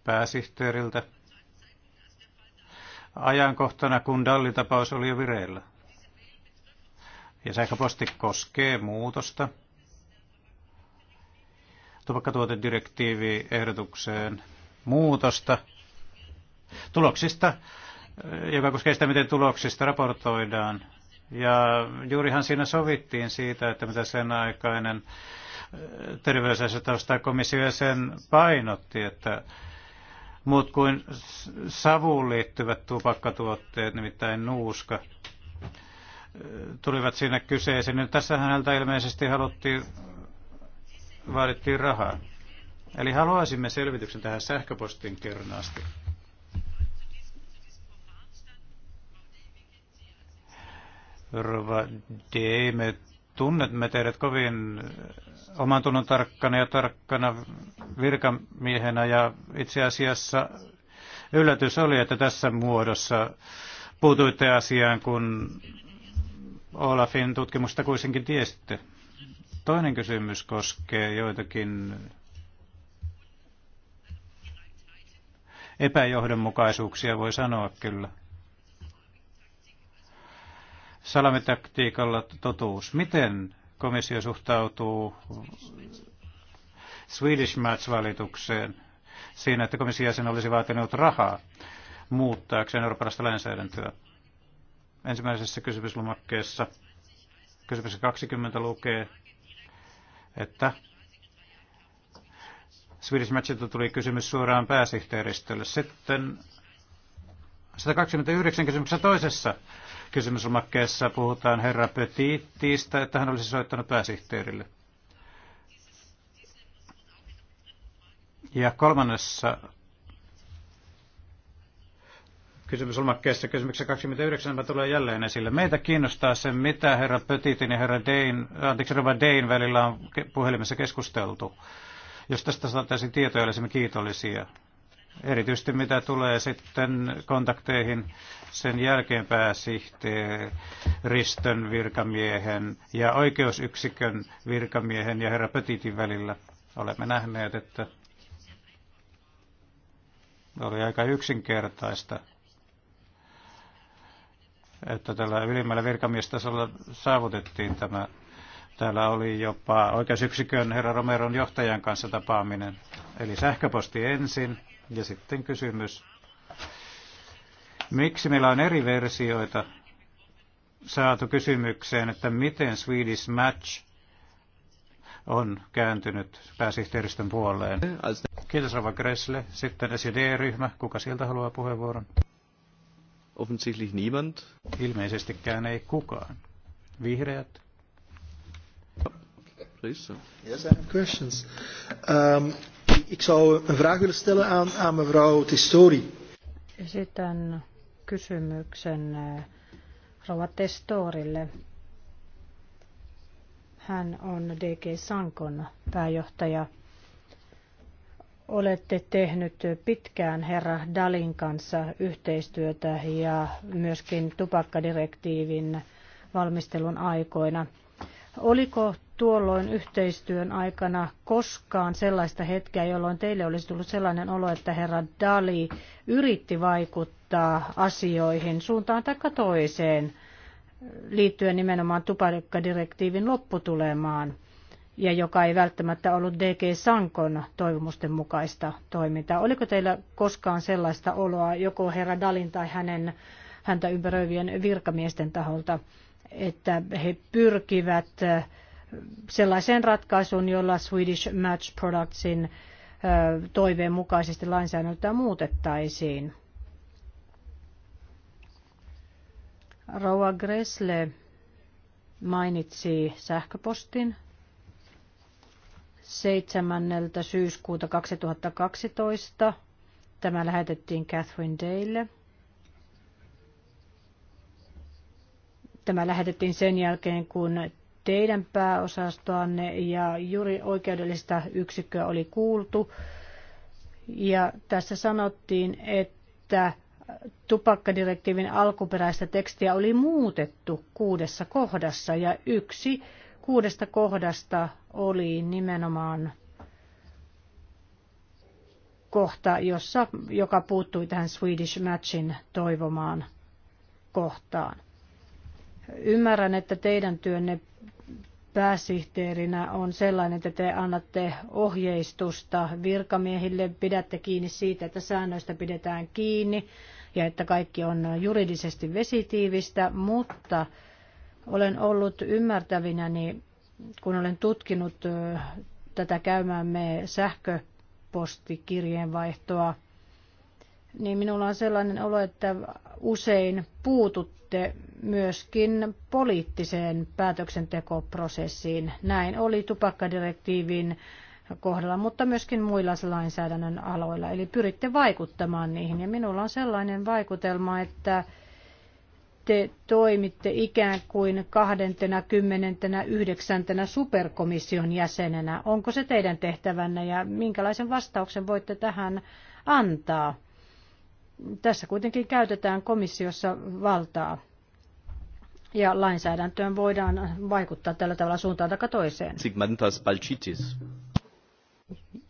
pääsihteeriltä – ajankohtana, kun Dallitapaus oli jo vireillä. Ja sähköposti koskee muutosta tupakkatuotedirektiivi-ehdotukseen muutosta tuloksista, joka koskee sitä, miten tuloksista raportoidaan. Ja juurihan siinä sovittiin siitä, että mitä sen aikainen terveysasioista komissio sen painotti, että muut kuin savuun liittyvät tupakkatuotteet, nimittäin nuuska, tulivat siinä kyseeseen. Nyt tässä häneltä ilmeisesti haluttiin, vaadittiin rahaa. Eli haluaisimme selvityksen tähän sähköpostin kernaasti. Rova tunnet me teidät kovin oman tunnon tarkkana ja tarkkana virkamiehenä ja itse asiassa yllätys oli, että tässä muodossa puutuitte asiaan, kun Olafin tutkimusta kuitenkin tiesitte. Toinen kysymys koskee joitakin epäjohdonmukaisuuksia, voi sanoa kyllä. Salamitaktiikalla totuus. Miten komissio suhtautuu Swedish Match-valitukseen siinä, että komission jäsen olisi vaatinut rahaa muuttaakseen eurooppalaista lainsäädäntöä. Ensimmäisessä kysymyslomakkeessa kysymys 20 lukee, että Swedish Matchilta tuli kysymys suoraan pääsihteeristölle. Sitten 129 kysymyksessä toisessa Kysymyslomakkeessa puhutaan herra Petitistä, että hän olisi soittanut pääsihteerille. Ja kolmannessa kysymyslomakkeessa kysymyksessä 29 mä tulee jälleen esille. Meitä kiinnostaa se, mitä herra Petitin ja herra Dein, anteeksi, herra Dein välillä on puhelimessa keskusteltu. Jos tästä saataisiin tietoja, olisimme kiitollisia. Erityisesti mitä tulee sitten kontakteihin sen jälkeen pääsihteeristön virkamiehen ja oikeusyksikön virkamiehen ja herra Petitin välillä. Olemme nähneet, että oli aika yksinkertaista, että tällä ylimmällä virkamiestasolla saavutettiin tämä. Täällä oli jopa oikeusyksikön herra Romeron johtajan kanssa tapaaminen. Eli sähköposti ensin, ja sitten kysymys, miksi meillä on eri versioita saatu kysymykseen, että miten Swedish Match on kääntynyt pääsihteeristön puoleen. Kiitos Rava Gressle. Sitten SED-ryhmä. Kuka sieltä haluaa puheenvuoron? Offensichtlich niemand. Ilmeisestikään ei kukaan. Vihreät. Please, sir.
Yes, I have questions. Um, Ik zou een vraag willen stellen aan, aan mevrouw Testori.
Esitän kysymyksen eh, rouva Testorille. Hän on DG Sankon pääjohtaja. Olette tehnyt pitkään herra Dalin kanssa yhteistyötä ja myöskin tupakkadirektiivin valmistelun aikoina. Oliko tuolloin yhteistyön aikana koskaan sellaista hetkeä, jolloin teille olisi tullut sellainen olo, että herra Dali yritti vaikuttaa asioihin suuntaan tai toiseen liittyen nimenomaan tupakkadirektiivin lopputulemaan ja joka ei välttämättä ollut DG Sankon toivomusten mukaista toimintaa. Oliko teillä koskaan sellaista oloa joko herra Dalin tai hänen, häntä ympäröivien virkamiesten taholta, että he pyrkivät äh, sellaiseen ratkaisuun, jolla Swedish Match Productsin toiveen mukaisesti lainsäädäntöä muutettaisiin. Rouva Gresle mainitsi sähköpostin 7. syyskuuta 2012. Tämä lähetettiin Catherine Dale. Tämä lähetettiin sen jälkeen, kun teidän pääosastoanne ja juuri oikeudellista yksikköä oli kuultu. Ja tässä sanottiin, että tupakkadirektiivin alkuperäistä tekstiä oli muutettu kuudessa kohdassa ja yksi kuudesta kohdasta oli nimenomaan kohta, jossa, joka puuttui tähän Swedish Matchin toivomaan kohtaan. Ymmärrän, että teidän työnne pääsihteerinä on sellainen, että te annatte ohjeistusta virkamiehille, pidätte kiinni siitä, että säännöistä pidetään kiinni ja että kaikki on juridisesti vesitiivistä, mutta olen ollut ymmärtävinäni, kun olen tutkinut tätä käymäämme sähköpostikirjeenvaihtoa, niin minulla on sellainen olo, että usein puututte myöskin poliittiseen päätöksentekoprosessiin. Näin oli tupakkadirektiivin kohdalla, mutta myöskin muilla lainsäädännön aloilla. Eli pyritte vaikuttamaan niihin. Ja minulla on sellainen vaikutelma, että te toimitte ikään kuin 29. superkomission jäsenenä. Onko se teidän tehtävänne ja minkälaisen vastauksen voitte tähän antaa? Tässä kuitenkin käytetään komissiossa valtaa ja lainsäädäntöön voidaan vaikuttaa tällä tavalla suuntaan tai toiseen.
Sigmantas Balchitis.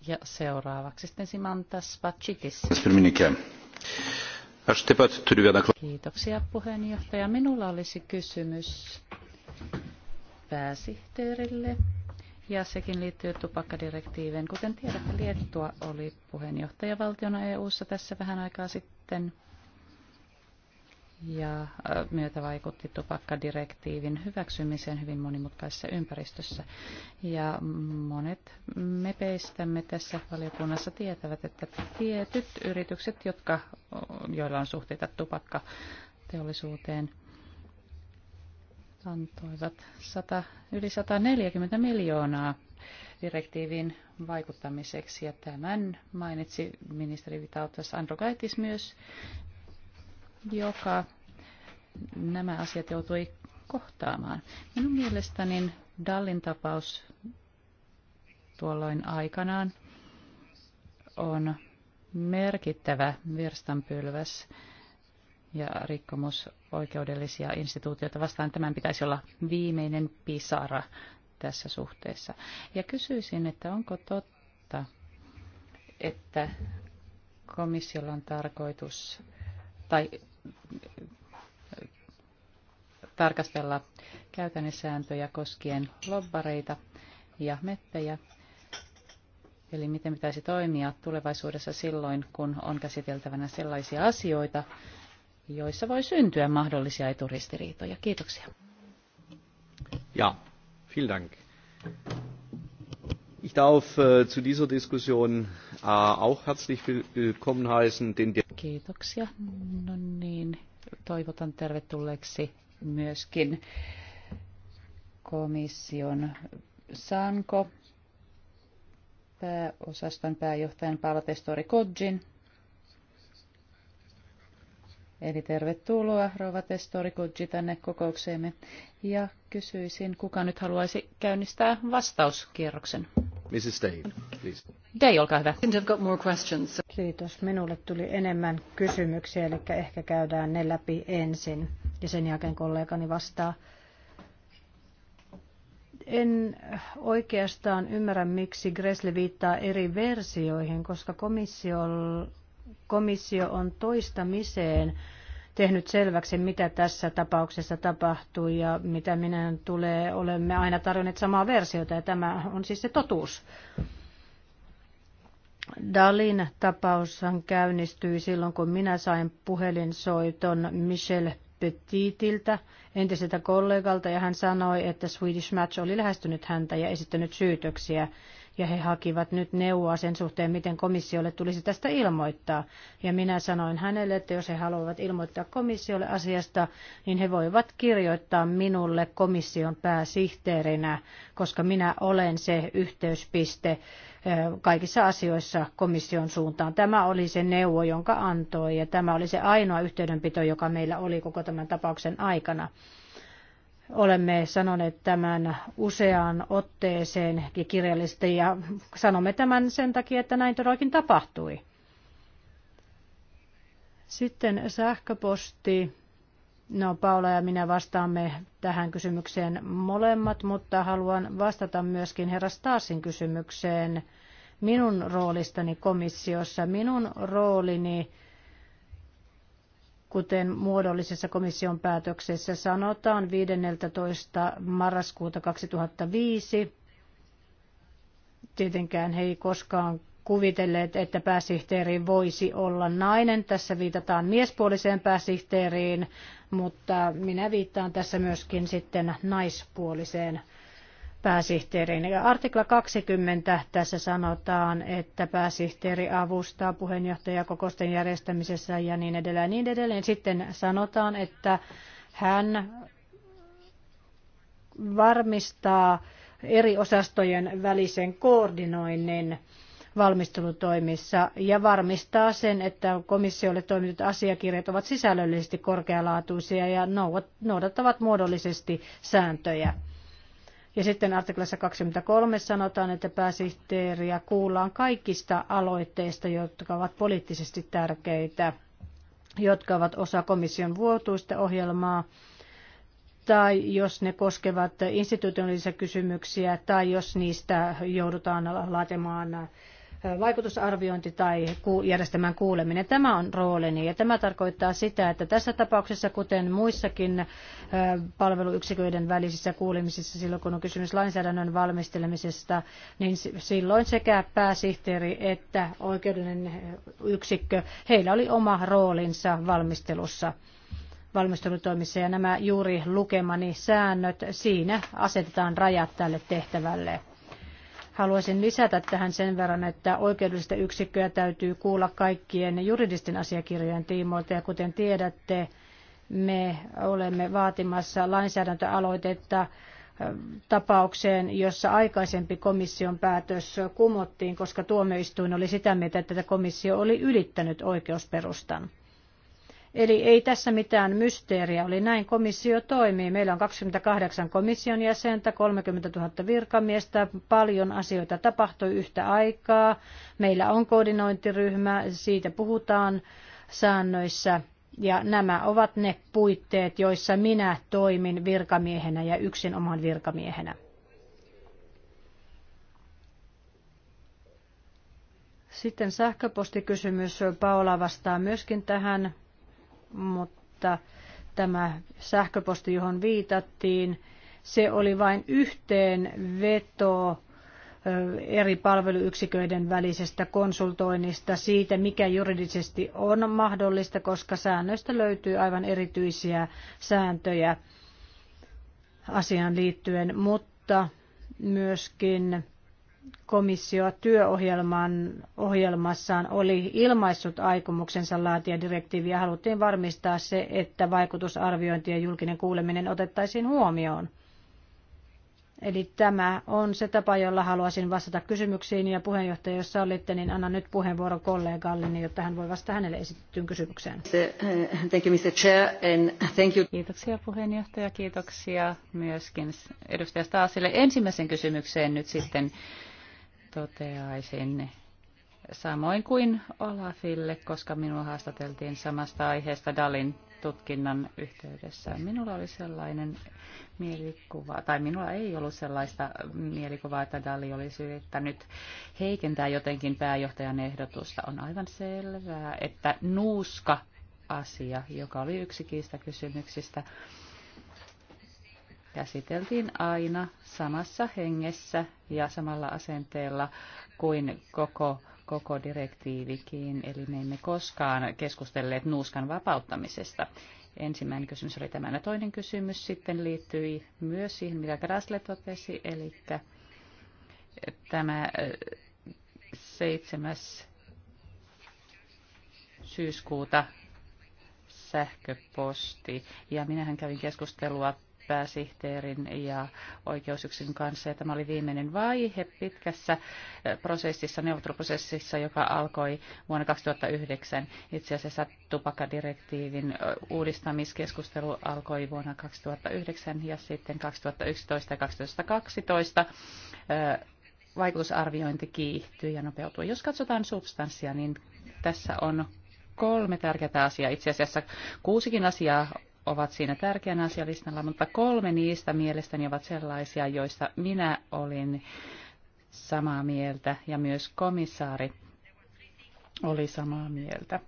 Ja
seuraavaksi sitten Simantas Balchitis.
Kiitoksia
puheenjohtaja. Minulla olisi kysymys pääsihteerille ja sekin liittyy tupakkadirektiiveen. Kuten tiedätte, Liettua oli puheenjohtajavaltiona EU-ssa tässä vähän aikaa sitten ja myötä vaikutti tupakkadirektiivin hyväksymiseen hyvin monimutkaisessa ympäristössä. Ja monet mepeistämme tässä valiokunnassa tietävät, että tietyt yritykset, jotka, joilla on suhteita tupakkateollisuuteen, antoivat 100, yli 140 miljoonaa direktiivin vaikuttamiseksi. Ja tämän mainitsi ministeri Vitautas Androgaitis myös joka nämä asiat joutui kohtaamaan. Minun mielestäni Dallin tapaus tuolloin aikanaan on merkittävä virstanpylväs ja rikkomus oikeudellisia instituutioita vastaan. Tämän pitäisi olla viimeinen pisara tässä suhteessa. Ja kysyisin, että onko totta, että komissiolla on tarkoitus tai äh, tarkastella käytännössääntöjä koskien lobbareita ja meppejä. Eli miten pitäisi toimia tulevaisuudessa silloin, kun on käsiteltävänä sellaisia asioita, joissa voi syntyä mahdollisia eturistiriitoja. Kiitoksia.
Ja, vielen Dank. Ich darf äh, zu dieser Diskussion äh, auch herzlich willkommen heißen den Kiitoksia. No
niin, toivotan tervetulleeksi myöskin komission Sanko, pääosaston pääjohtajan Paula Testori Kodjin. Eli tervetuloa Rova Testori Kodji tänne kokoukseemme. Ja kysyisin, kuka
nyt haluaisi käynnistää vastauskierroksen?
Mrs. Day, please.
Day, olkaa hyvä. Got more questions. Kiitos. Minulle tuli enemmän kysymyksiä, eli ehkä käydään ne läpi ensin ja sen jälkeen kollegani vastaa. En oikeastaan ymmärrä, miksi Gressle viittaa eri versioihin, koska komissio, komissio on toistamiseen tehnyt selväksi, mitä tässä tapauksessa tapahtui ja mitä minä tulee. Olemme aina tarjonneet samaa versiota ja tämä on siis se totuus. Dalin tapaushan käynnistyi silloin, kun minä sain puhelinsoiton Michel Petitiltä, entiseltä kollegalta, ja hän sanoi, että Swedish Match oli lähestynyt häntä ja esittänyt syytöksiä ja he hakivat nyt neuvoa sen suhteen, miten komissiolle tulisi tästä ilmoittaa. Ja minä sanoin hänelle, että jos he haluavat ilmoittaa komissiolle asiasta, niin he voivat kirjoittaa minulle komission pääsihteerinä, koska minä olen se yhteyspiste eh, kaikissa asioissa komission suuntaan. Tämä oli se neuvo, jonka antoi, ja tämä oli se ainoa yhteydenpito, joka meillä oli koko tämän tapauksen aikana. Olemme sanoneet tämän useaan otteeseen kirjallisesti ja sanomme tämän sen takia, että näin todellakin tapahtui. Sitten sähköposti. No Paula ja minä vastaamme tähän kysymykseen molemmat, mutta haluan vastata myöskin herra Staasin kysymykseen minun roolistani komissiossa. Minun roolini kuten muodollisessa komission päätöksessä sanotaan 15. marraskuuta 2005. Tietenkään he ei koskaan kuvitelleet, että pääsihteeri voisi olla nainen. Tässä viitataan miespuoliseen pääsihteeriin, mutta minä viittaan tässä myöskin sitten naispuoliseen ja Artikla 20 tässä sanotaan, että pääsihteeri avustaa puheenjohtajakokousten järjestämisessä ja niin edelleen niin edelleen. Sitten sanotaan, että hän varmistaa eri osastojen välisen koordinoinnin valmistelutoimissa ja varmistaa sen, että komissiolle toimitut asiakirjat ovat sisällöllisesti korkealaatuisia ja noudattavat muodollisesti sääntöjä. Ja sitten artiklassa 23 sanotaan, että pääsihteeriä kuullaan kaikista aloitteista, jotka ovat poliittisesti tärkeitä, jotka ovat osa komission vuotuista ohjelmaa, tai jos ne koskevat institutionaalisia kysymyksiä, tai jos niistä joudutaan laatimaan vaikutusarviointi tai järjestelmän kuuleminen. Tämä on rooleni. ja tämä tarkoittaa sitä, että tässä tapauksessa, kuten muissakin palveluyksiköiden välisissä kuulemisissa, silloin kun on kysymys lainsäädännön valmistelemisesta, niin silloin sekä pääsihteeri että oikeudellinen yksikkö, heillä oli oma roolinsa valmistelussa valmistelutoimissa ja nämä juuri lukemani säännöt, siinä asetetaan rajat tälle tehtävälle. Haluaisin lisätä tähän sen verran, että oikeudellista yksikköä täytyy kuulla kaikkien juridisten asiakirjojen tiimoilta. Ja kuten tiedätte, me olemme vaatimassa lainsäädäntöaloitetta tapaukseen, jossa aikaisempi komission päätös kumottiin, koska tuomioistuin oli sitä mieltä, että komissio oli ylittänyt oikeusperustan. Eli ei tässä mitään mysteeriä oli. Näin komissio toimii. Meillä on 28 komission jäsentä, 30 000 virkamiestä, paljon asioita tapahtui yhtä aikaa. Meillä on koordinointiryhmä, siitä puhutaan säännöissä. Ja nämä ovat ne puitteet, joissa minä toimin virkamiehenä ja yksin oman virkamiehenä. Sitten sähköpostikysymys. Paola vastaa myöskin tähän mutta tämä sähköposti, johon viitattiin, se oli vain yhteen veto eri palveluyksiköiden välisestä konsultoinnista siitä, mikä juridisesti on mahdollista, koska säännöistä löytyy aivan erityisiä sääntöjä asiaan liittyen, mutta myöskin komissio työohjelman ohjelmassaan oli ilmaissut aikomuksensa laatia direktiiviä, haluttiin varmistaa se, että vaikutusarviointi ja julkinen kuuleminen otettaisiin huomioon. Eli tämä on se tapa, jolla haluaisin vastata kysymyksiin. Ja puheenjohtaja, jos sallitte, niin annan nyt puheenvuoron niin jotta hän voi vastata hänelle esitettyyn kysymykseen. Thank you, Mr.
Chair, and thank you. Kiitoksia puheenjohtaja, kiitoksia myöskin edustaja Staasille. Ensimmäisen kysymykseen nyt sitten toteaisin samoin kuin Olafille, koska minua haastateltiin samasta aiheesta Dalin tutkinnan yhteydessä. Minulla oli sellainen mielikuva, tai minulla ei ollut sellaista mielikuvaa, että Dali olisi yrittänyt heikentää jotenkin pääjohtajan ehdotusta. On aivan selvää, että nuuska asia, joka oli yksi kiistakysymyksistä, kysymyksistä, käsiteltiin aina samassa hengessä ja samalla asenteella kuin koko, koko direktiivikin, eli me emme koskaan keskustelleet nuuskan vapauttamisesta. Ensimmäinen kysymys oli tämä. ja no, Toinen kysymys sitten liittyi myös siihen, mitä Grasle totesi, eli tämä 7. syyskuuta sähköposti. Ja minähän kävin keskustelua pääsihteerin ja oikeusyksin kanssa. Ja tämä oli viimeinen vaihe pitkässä eh, prosessissa, neuvotteluprosessissa, joka alkoi vuonna 2009. Itse asiassa tupakkadirektiivin eh, uudistamiskeskustelu alkoi vuonna 2009 ja sitten 2011 ja 2012 eh, vaikutusarviointi kiihtyi ja nopeutui. Jos katsotaan substanssia, niin tässä on kolme tärkeää asiaa. Itse asiassa kuusikin asiaa ovat siinä tärkeänä asialistalla, mutta kolme niistä mielestäni ovat sellaisia, joista minä olin samaa mieltä ja myös komissaari oli samaa mieltä.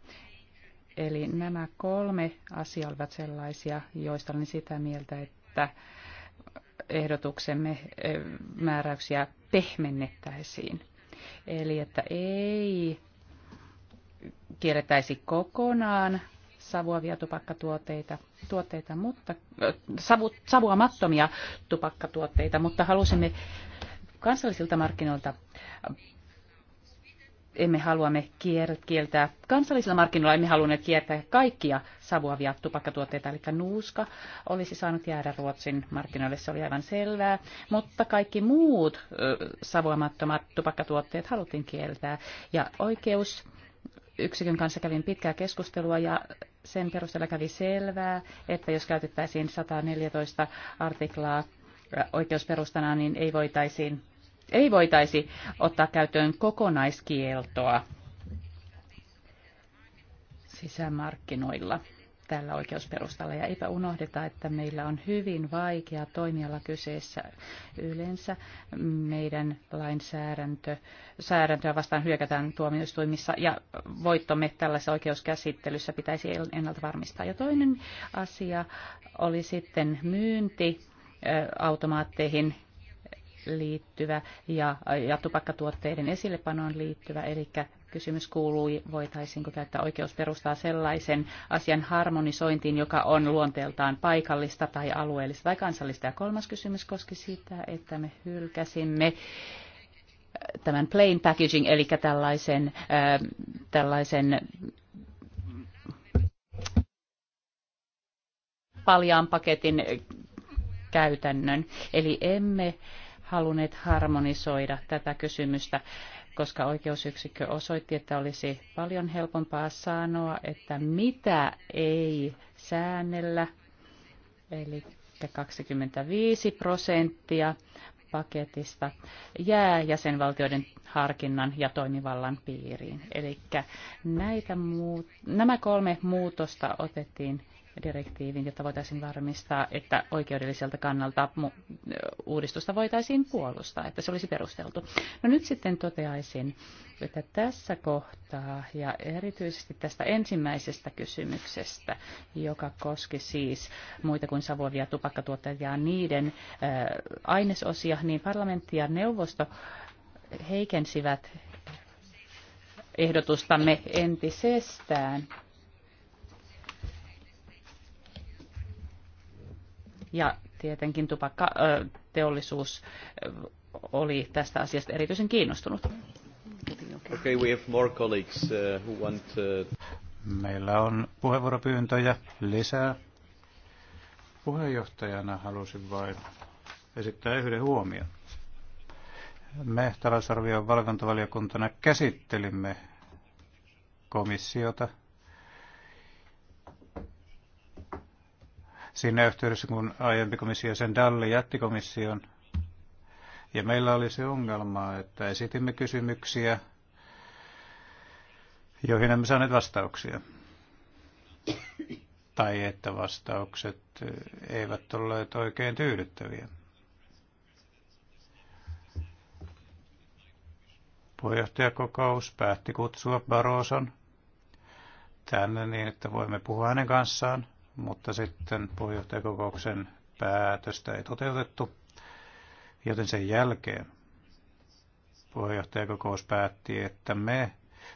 Eli nämä kolme asiaa olivat sellaisia, joista olin sitä mieltä, että ehdotuksemme eh, määräyksiä pehmennettäisiin. Eli että ei kierrettäisi kokonaan savuavia tupakkatuotteita, tuotteita, mutta, äh, savu, savuamattomia tupakkatuotteita, mutta halusimme kansallisilta markkinoilta äh, emme halua me kieltää, kansallisilla markkinoilla emme halunneet kiertää kaikkia savuavia tupakkatuotteita, eli nuuska olisi saanut jäädä Ruotsin markkinoille, se oli aivan selvää, mutta kaikki muut äh, savuamattomat tupakkatuotteet haluttiin kieltää, ja oikeus yksikön kanssa kävin pitkää keskustelua ja sen perusteella kävi selvää, että jos käytettäisiin 114 artiklaa äh, oikeusperustana, niin ei, voitaisiin, ei voitaisi ottaa käyttöön kokonaiskieltoa sisämarkkinoilla tällä oikeusperustalla. Ja eipä unohdeta, että meillä on hyvin vaikea toimiala kyseessä yleensä. Meidän lainsäädäntö, säädäntöä vastaan hyökätään tuomioistuimissa ja voittomme tällaisessa oikeuskäsittelyssä pitäisi ennalta varmistaa. Ja toinen asia oli sitten myynti automaatteihin liittyvä ja, ja tupakkatuotteiden esillepanoon liittyvä, eli Kysymys kuuluu, voitaisiinko käyttää oikeus perustaa sellaisen asian harmonisointiin, joka on luonteeltaan paikallista tai alueellista tai kansallista. Ja kolmas kysymys koski sitä, että me hylkäsimme tämän plain packaging, eli tällaisen, äh, tällaisen paljaan paketin käytännön. Eli emme halunneet harmonisoida tätä kysymystä koska oikeusyksikkö osoitti, että olisi paljon helpompaa sanoa, että mitä ei säännellä, eli 25 prosenttia paketista jää jäsenvaltioiden harkinnan ja toimivallan piiriin. Eli näitä muut, nämä kolme muutosta otettiin direktiivin, jotta voitaisiin varmistaa, että oikeudelliselta kannalta uudistusta voitaisiin puolustaa, että se olisi perusteltu. No nyt sitten toteaisin, että tässä kohtaa ja erityisesti tästä ensimmäisestä kysymyksestä, joka koski siis muita kuin savuavia tupakkatuottajia ja niiden äh, ainesosia, niin parlamentti ja neuvosto heikensivät ehdotustamme entisestään Ja tietenkin tupakkateollisuus oli tästä asiasta erityisen kiinnostunut.
Okay, we have
more colleagues uh, who want Meillä on puheenvuoropyyntöjä lisää. Puheenjohtajana halusin vain esittää yhden huomion. Me talousarvion valvontavaliokuntana käsittelimme komissiota siinä yhteydessä, kun aiempi komissio sen Dalli jätti komission. Ja meillä oli se ongelma, että esitimme kysymyksiä, joihin emme saaneet vastauksia. Tai että vastaukset eivät olleet oikein tyydyttäviä. Puheenjohtajakokous päätti kutsua Baroson tänne niin, että voimme puhua hänen kanssaan – mutta sitten puheenjohtajakokouksen päätöstä ei toteutettu, joten sen jälkeen puheenjohtajakokous päätti, että me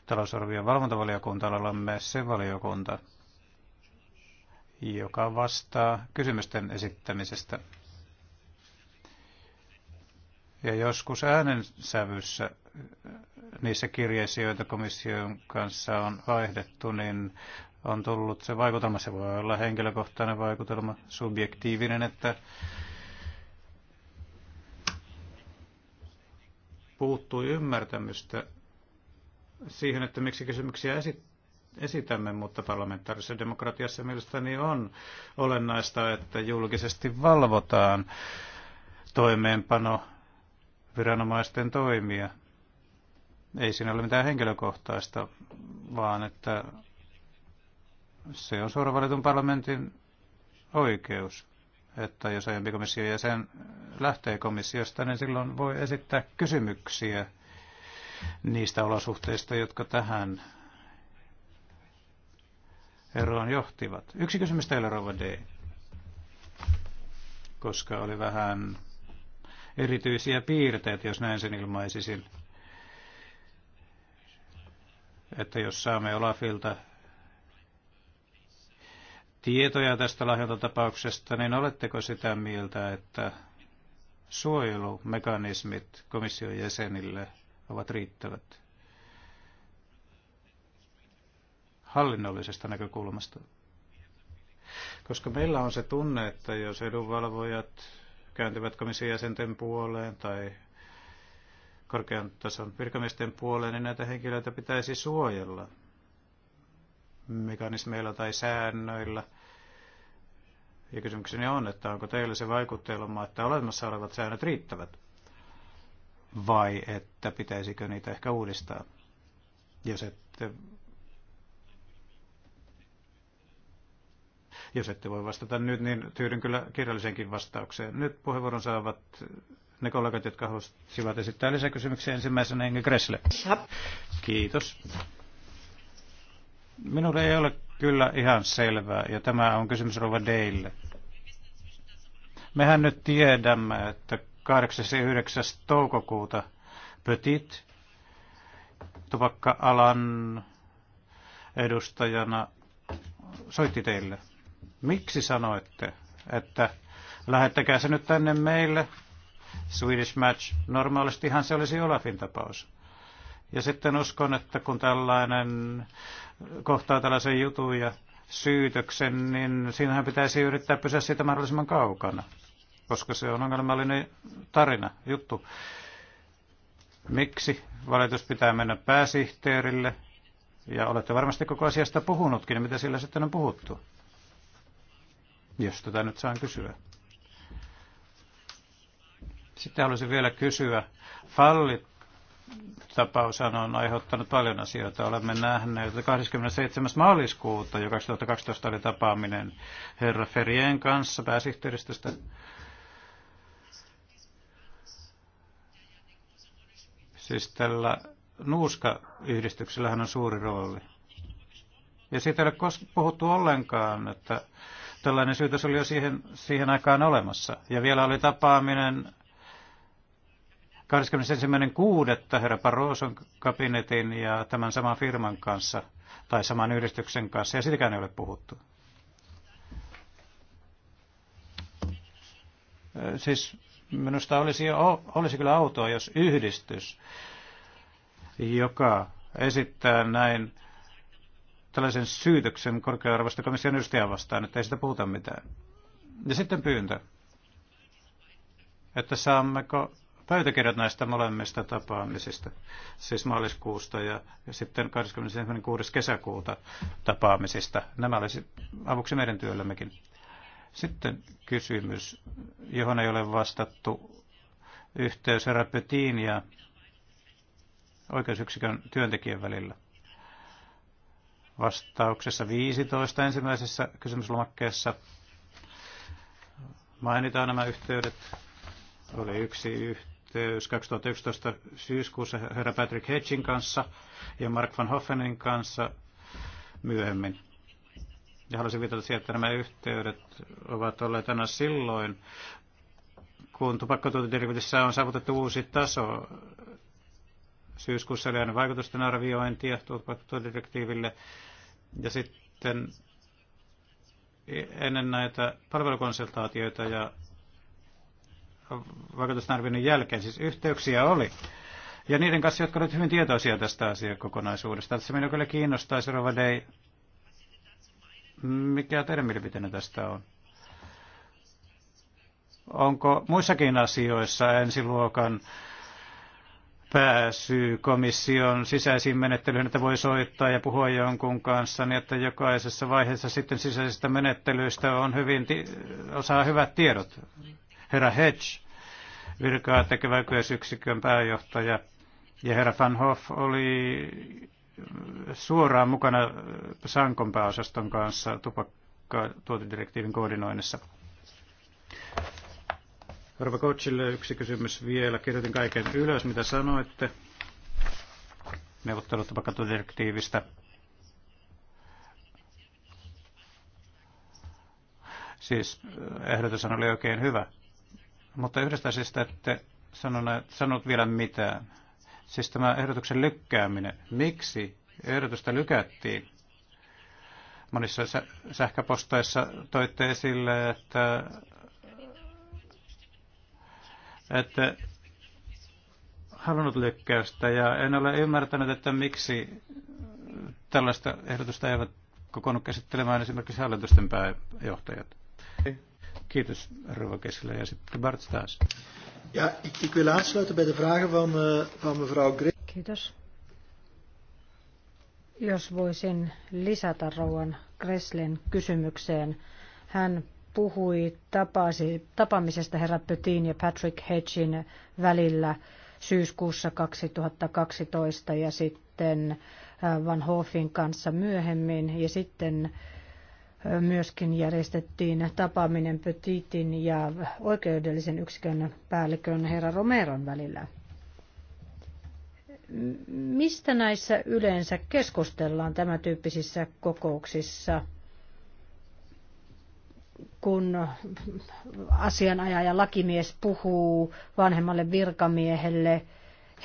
talousarvion valvontavaliokunta olemme se valiokunta, joka vastaa kysymysten esittämisestä. Ja joskus äänensävyssä niissä kirjeissä, joita komission kanssa on vaihdettu, niin on tullut se vaikutelma. Se voi olla henkilökohtainen vaikutelma, subjektiivinen, että puuttuu ymmärtämystä siihen, että miksi kysymyksiä esitämme, mutta parlamentaarisessa demokratiassa mielestäni on olennaista, että julkisesti valvotaan toimeenpano viranomaisten toimia. Ei siinä ole mitään henkilökohtaista, vaan että se on suoran valitun parlamentin oikeus, että jos aiempi komission jäsen lähtee komissiosta, niin silloin voi esittää kysymyksiä niistä olosuhteista, jotka tähän eroon johtivat. Yksi kysymys teille, Rova D, koska oli vähän erityisiä piirteitä, jos näin sen ilmaisisin. Että jos saamme Olafilta tietoja tästä lahjontatapauksesta, niin oletteko sitä mieltä, että suojelumekanismit komission jäsenille ovat riittävät hallinnollisesta näkökulmasta? Koska meillä on se tunne, että jos edunvalvojat kääntyvät komission jäsenten puoleen tai korkean tason virkamiesten puoleen, niin näitä henkilöitä pitäisi suojella – mekanismeilla tai säännöillä. Ja kysymykseni on, että onko teillä se vaikutelma, että olemassa olevat säännöt riittävät? Vai että pitäisikö niitä ehkä uudistaa? Jos ette, jos ette voi vastata nyt, niin tyydyn kyllä kirjalliseenkin vastaukseen. Nyt puheenvuoron saavat ne kollegat, jotka haluaisivat esittää lisäkysymyksiä ensimmäisenä Inge Gressle. Kiitos. Minulle ei ole kyllä ihan selvää, ja tämä on kysymys Rova Deille. Mehän nyt tiedämme, että 8. ja 9. toukokuuta Petit tupakka-alan edustajana soitti teille. Miksi sanoitte, että lähettäkää se nyt tänne meille, Swedish Match, normaalistihan se olisi Olafin tapaus. Ja sitten uskon, että kun tällainen kohtaa tällaisen jutun ja syytöksen, niin siinähän pitäisi yrittää pysyä siitä mahdollisimman kaukana, koska se on ongelmallinen tarina, juttu. Miksi valitus pitää mennä pääsihteerille? Ja olette varmasti koko asiasta puhunutkin, mitä sillä sitten on puhuttu? Jos tätä nyt saan kysyä. Sitten haluaisin vielä kysyä, fallit tapaus on aiheuttanut paljon asioita. Olemme nähneet, että 27. maaliskuuta jo 2012 oli tapaaminen herra Ferien kanssa pääsihteeristöstä. Siis tällä nuuska-yhdistyksellähän on suuri rooli. Ja siitä ei ole puhuttu ollenkaan, että tällainen syytös oli jo siihen, siihen aikaan olemassa. Ja vielä oli tapaaminen 21.6. herra Barroson kabinetin ja tämän saman firman kanssa tai saman yhdistyksen kanssa, ja sitäkään ei ole puhuttu. Siis minusta olisi, olisi kyllä autoa, jos yhdistys, joka esittää näin tällaisen syytöksen korkea komission edustajaa vastaan, että ei sitä puhuta mitään. Ja sitten pyyntö, että saammeko pöytäkirjat näistä molemmista tapaamisista, siis maaliskuusta ja, ja sitten 26. kesäkuuta tapaamisista. Nämä olisi avuksi meidän työllämmekin. Sitten kysymys, johon ei ole vastattu yhteys Rapetiin ja oikeusyksikön työntekijän välillä. Vastauksessa 15 ensimmäisessä kysymyslomakkeessa mainitaan nämä yhteydet. Oli yksi yhteys 2011 syyskuussa herra Patrick Hedgin kanssa ja Mark van Hoffenin kanssa myöhemmin. Ja haluaisin viitata siihen, että nämä yhteydet ovat olleet aina silloin, kun tupakkatuotedirektiivissä on saavutettu uusi taso. Syyskuussa oli aina vaikutusten arviointia tupakkatuotedirektiiville ja sitten ennen näitä palvelukonsultaatioita ja vaikutusarvioinnin jälkeen, siis yhteyksiä oli. Ja niiden kanssa, jotka olivat hyvin tietoisia tästä asiakokonaisuudesta. Se minua kyllä kiinnostaisi, rovadei, mikä teidän mielipiteenne tästä on? Onko muissakin asioissa ensiluokan pääsy komission sisäisiin menettelyihin, että voi soittaa ja puhua jonkun kanssa, niin että jokaisessa vaiheessa sitten sisäisistä menettelyistä on hyvin, osaa hyvät tiedot. Herra Hedge virkaa tekevä yksikön pääjohtaja. Ja herra Van Hoff oli suoraan mukana Sankon pääosaston kanssa tupakkatuotedirektiivin koordinoinnissa. Rova Kotsille yksi kysymys vielä. Kirjoitin kaiken ylös, mitä sanoitte neuvottelut tupakkatuotedirektiivistä. Siis eh, ehdotus oli oikein hyvä. Mutta yhdestä asiasta ette sanonut, sanonut vielä mitään. Siis tämä ehdotuksen lykkääminen. Miksi ehdotusta lykättiin? Monissa sähköposteissa toitte esille, että, että halunnut lykkäystä ja en ole ymmärtänyt, että miksi tällaista ehdotusta eivät kokonnut käsittelemään esimerkiksi hallitusten pääjohtajat. Kiitos, Rova Ja sitten Bart Staes.
Ja, ik, ik wil aansluiten bij de vragen van, uh, van mevrouw Kiitos.
Jos voisin lisätä Rouan Kreslen kysymykseen. Hän puhui tapasi, tapaamisesta herra Pötin ja Patrick Hedgin välillä syyskuussa 2012 ja sitten äh, Van Hoffin kanssa myöhemmin ja sitten myöskin järjestettiin tapaaminen Petitin ja oikeudellisen yksikön päällikön herra Romeron välillä. Mistä näissä yleensä keskustellaan tämä tyyppisissä kokouksissa, kun asianajaja lakimies puhuu vanhemmalle virkamiehelle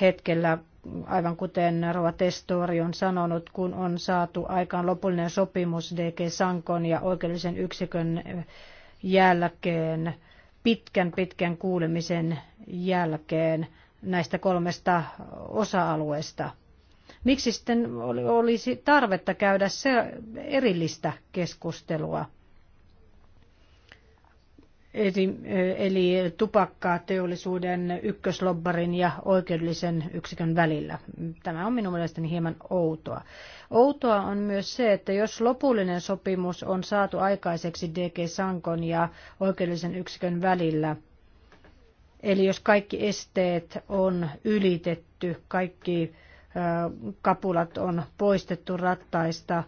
hetkellä, aivan kuten Rova Testori on sanonut, kun on saatu aikaan lopullinen sopimus DG Sankon ja oikeudellisen yksikön jälkeen, pitkän pitkän kuulemisen jälkeen näistä kolmesta osa-alueesta. Miksi sitten olisi tarvetta käydä se erillistä keskustelua? Eh, eli tupakkateollisuuden ykköslobbarin ja oikeudellisen yksikön välillä. Tämä on minun mielestäni hieman outoa. Outoa on myös se, että jos lopullinen sopimus on saatu aikaiseksi DG Sankon ja oikeudellisen yksikön välillä, eli jos kaikki esteet on ylitetty, kaikki eh, kapulat on poistettu rattaista,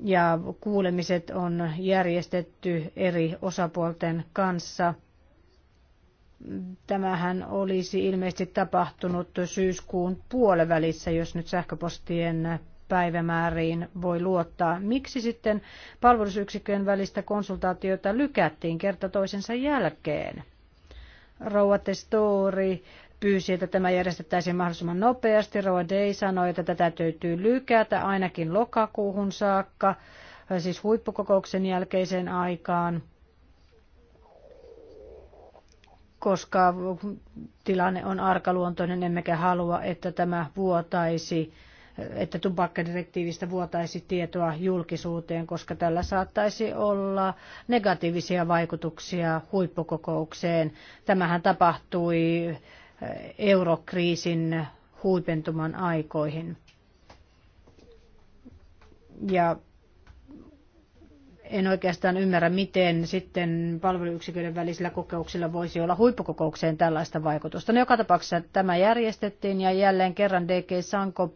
ja kuulemiset on järjestetty eri osapuolten kanssa. Tämähän olisi ilmeisesti tapahtunut syyskuun puolivälissä, jos nyt sähköpostien päivämääriin voi luottaa. Miksi sitten palvelusyksikön välistä konsultaatiota lykättiin kerta toisensa jälkeen? Rouva Testori pyysi, että tämä järjestettäisiin mahdollisimman nopeasti. Day sanoi, että tätä täytyy lykätä ainakin lokakuuhun saakka, siis huippukokouksen jälkeiseen aikaan, koska tilanne on arkaluontoinen, emmekä halua, että tämä vuotaisi että tupakkadirektiivistä vuotaisi tietoa julkisuuteen, koska tällä saattaisi olla negatiivisia vaikutuksia huippukokoukseen. Tämähän tapahtui eurokriisin huipentuman aikoihin. Ja en oikeastaan ymmärrä, miten sitten palveluyksiköiden välisillä kokouksilla voisi olla huippukokoukseen tällaista vaikutusta. No joka tapauksessa tämä järjestettiin ja jälleen kerran DG Sanko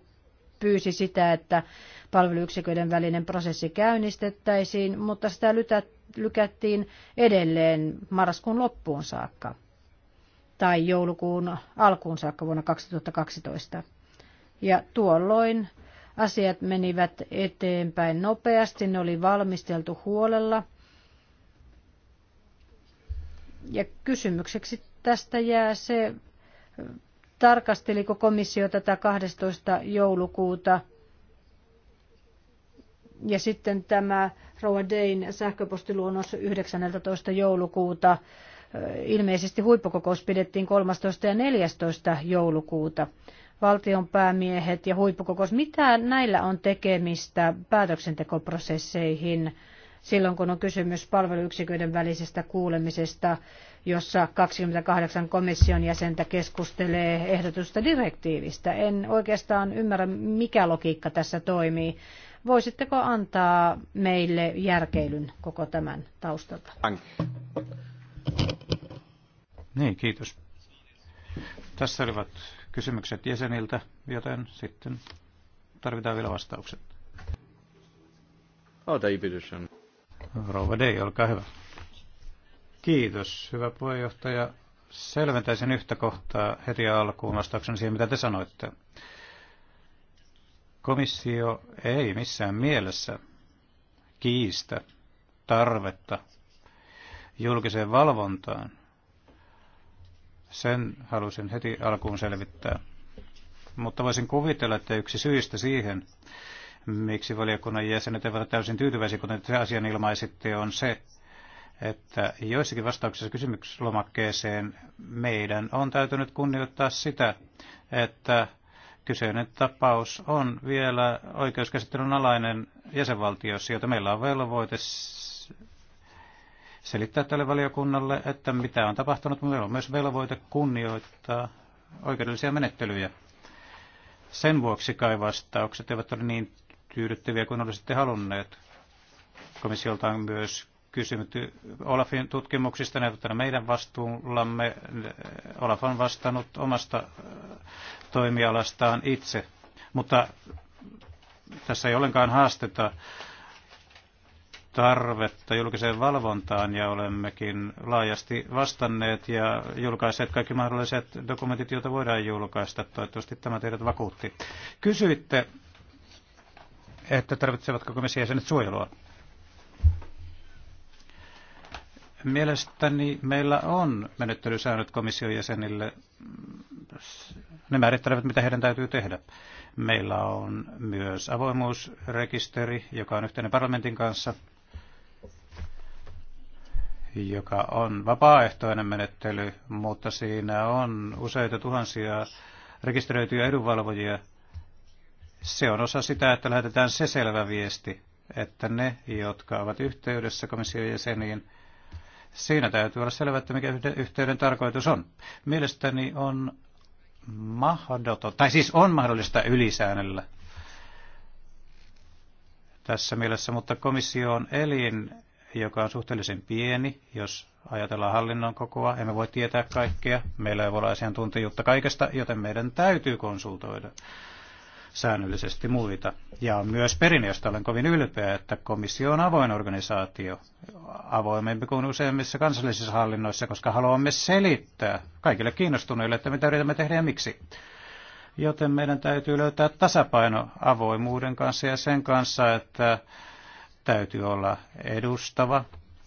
pyysi sitä, että palveluyksiköiden välinen prosessi käynnistettäisiin, mutta sitä lykättiin edelleen marraskuun loppuun saakka tai joulukuun alkuun saakka vuonna 2012. Ja tuolloin asiat menivät eteenpäin nopeasti, ne oli valmisteltu huolella. Ja kysymykseksi tästä jää se, tarkasteliko komissio tätä 12. joulukuuta ja sitten tämä Roa Dane sähköpostiluonnos 19. joulukuuta Ilmeisesti huippukokous pidettiin 13. ja 14. joulukuuta. Valtionpäämiehet ja huippukokous, mitä näillä on tekemistä päätöksentekoprosesseihin silloin, kun on kysymys palveluyksiköiden välisestä kuulemisesta, jossa 28 komission jäsentä keskustelee ehdotusta direktiivistä. En oikeastaan ymmärrä, mikä logiikka tässä toimii. Voisitteko antaa meille järkeilyn koko tämän taustalta?
Niin, kiitos. Tässä olivat kysymykset jäseniltä, joten sitten tarvitaan vielä vastaukset.
Ota ipitysön.
Rouva Dei, olkaa hyvä. Kiitos, hyvä puheenjohtaja. Selventäisin yhtä kohtaa heti alkuun vastauksen siihen, mitä te sanoitte. Komissio ei missään mielessä kiistä tarvetta julkiseen valvontaan sen halusin heti alkuun selvittää. Mutta voisin kuvitella, että yksi syistä siihen, miksi valiokunnan jäsenet eivät ole täysin tyytyväisiä, kuten se asian ilmaisitte, on se, että joissakin vastauksissa kysymyslomakkeeseen meidän on täytynyt kunnioittaa sitä, että kyseinen tapaus on vielä oikeuskäsittelyn alainen jäsenvaltiossa, jota meillä on velvoite selittää tälle valiokunnalle, että mitä on tapahtunut, mutta meillä on myös velvoite kunnioittaa oikeudellisia menettelyjä. Sen vuoksi kai vastaukset eivät ole niin tyydyttäviä kuin olisitte halunneet. Komissiolta on myös kysymys, Olafin tutkimuksista, ne ovat meidän vastuullamme. Olaf on vastannut omasta äh, toimialastaan itse, mutta tässä ei ollenkaan haasteta tarvetta julkiseen valvontaan ja olemmekin laajasti vastanneet ja julkaiseet kaikki mahdolliset dokumentit, joita voidaan julkaista. Toivottavasti tämä teidät vakuutti. Kysyitte, että tarvitsevatko komission jäsenet suojelua. Mielestäni meillä on menettelysäännöt komission jäsenille. Ne määrittelevät, mitä heidän täytyy tehdä. Meillä on myös avoimuusrekisteri, joka on yhteinen parlamentin kanssa – joka on vapaaehtoinen menettely, mutta siinä on useita tuhansia rekisteröityjä edunvalvojia. Se on osa sitä, että lähetetään se selvä viesti, että ne, jotka ovat yhteydessä komission jäseniin, siinä täytyy olla selvä, että mikä yhteyden tarkoitus on. Mielestäni on mahdoton, tai siis on mahdollista ylisäännellä tässä mielessä, mutta komission elin joka on suhteellisen pieni, jos ajatellaan hallinnon kokoa. Emme voi tietää kaikkea. Meillä ei voi olla asiantuntijuutta kaikesta, joten meidän täytyy konsultoida säännöllisesti muita. Ja myös perin, josta olen kovin ylpeä, että komissio on avoin organisaatio, avoimempi kuin useimmissa kansallisissa hallinnoissa, koska haluamme selittää kaikille kiinnostuneille, että mitä yritämme tehdä ja miksi. Joten meidän täytyy löytää tasapaino avoimuuden kanssa ja sen kanssa, että täytyy olla edustava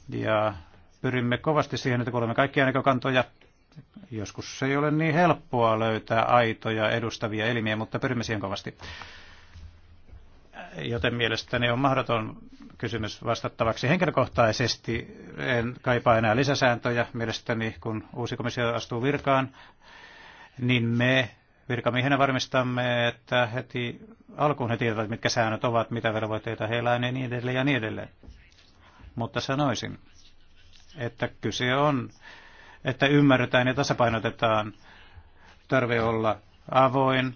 ja pyrimme kovasti siihen, että kuulemme kaikkia näkökantoja. Joskus ei ole niin helppoa löytää aitoja edustavia elimiä, mutta pyrimme siihen kovasti. Joten mielestäni on mahdoton kysymys vastattavaksi henkilökohtaisesti. En kaipaa enää lisäsääntöjä. Mielestäni kun uusi komissio astuu virkaan, niin me Virkamiehenä varmistamme, että heti alkuun he tietävät, mitkä säännöt ovat, mitä velvoitteita heillä on ja niin edelleen ja niin edelleen. Mutta sanoisin, että kyse on, että ymmärretään ja tasapainotetaan tarve olla avoin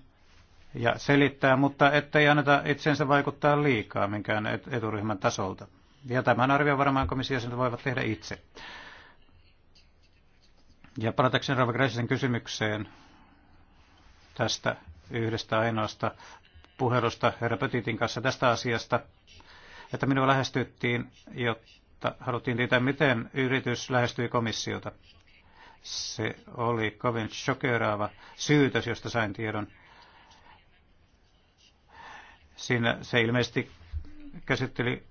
ja selittää, mutta ettei anneta itsensä vaikuttaa liikaa minkään eturyhmän tasolta. Ja tämän arvion varmaan komissiossa voivat tehdä itse. Ja palatakseni Rava Gräsisen kysymykseen tästä yhdestä ainoasta puhelusta herra Petitin kanssa tästä asiasta, että minua lähestyttiin, jotta haluttiin tietää, miten yritys lähestyi komissiota. Se oli kovin shokeraava syytös, josta sain tiedon. Siinä se ilmeisesti käsitteli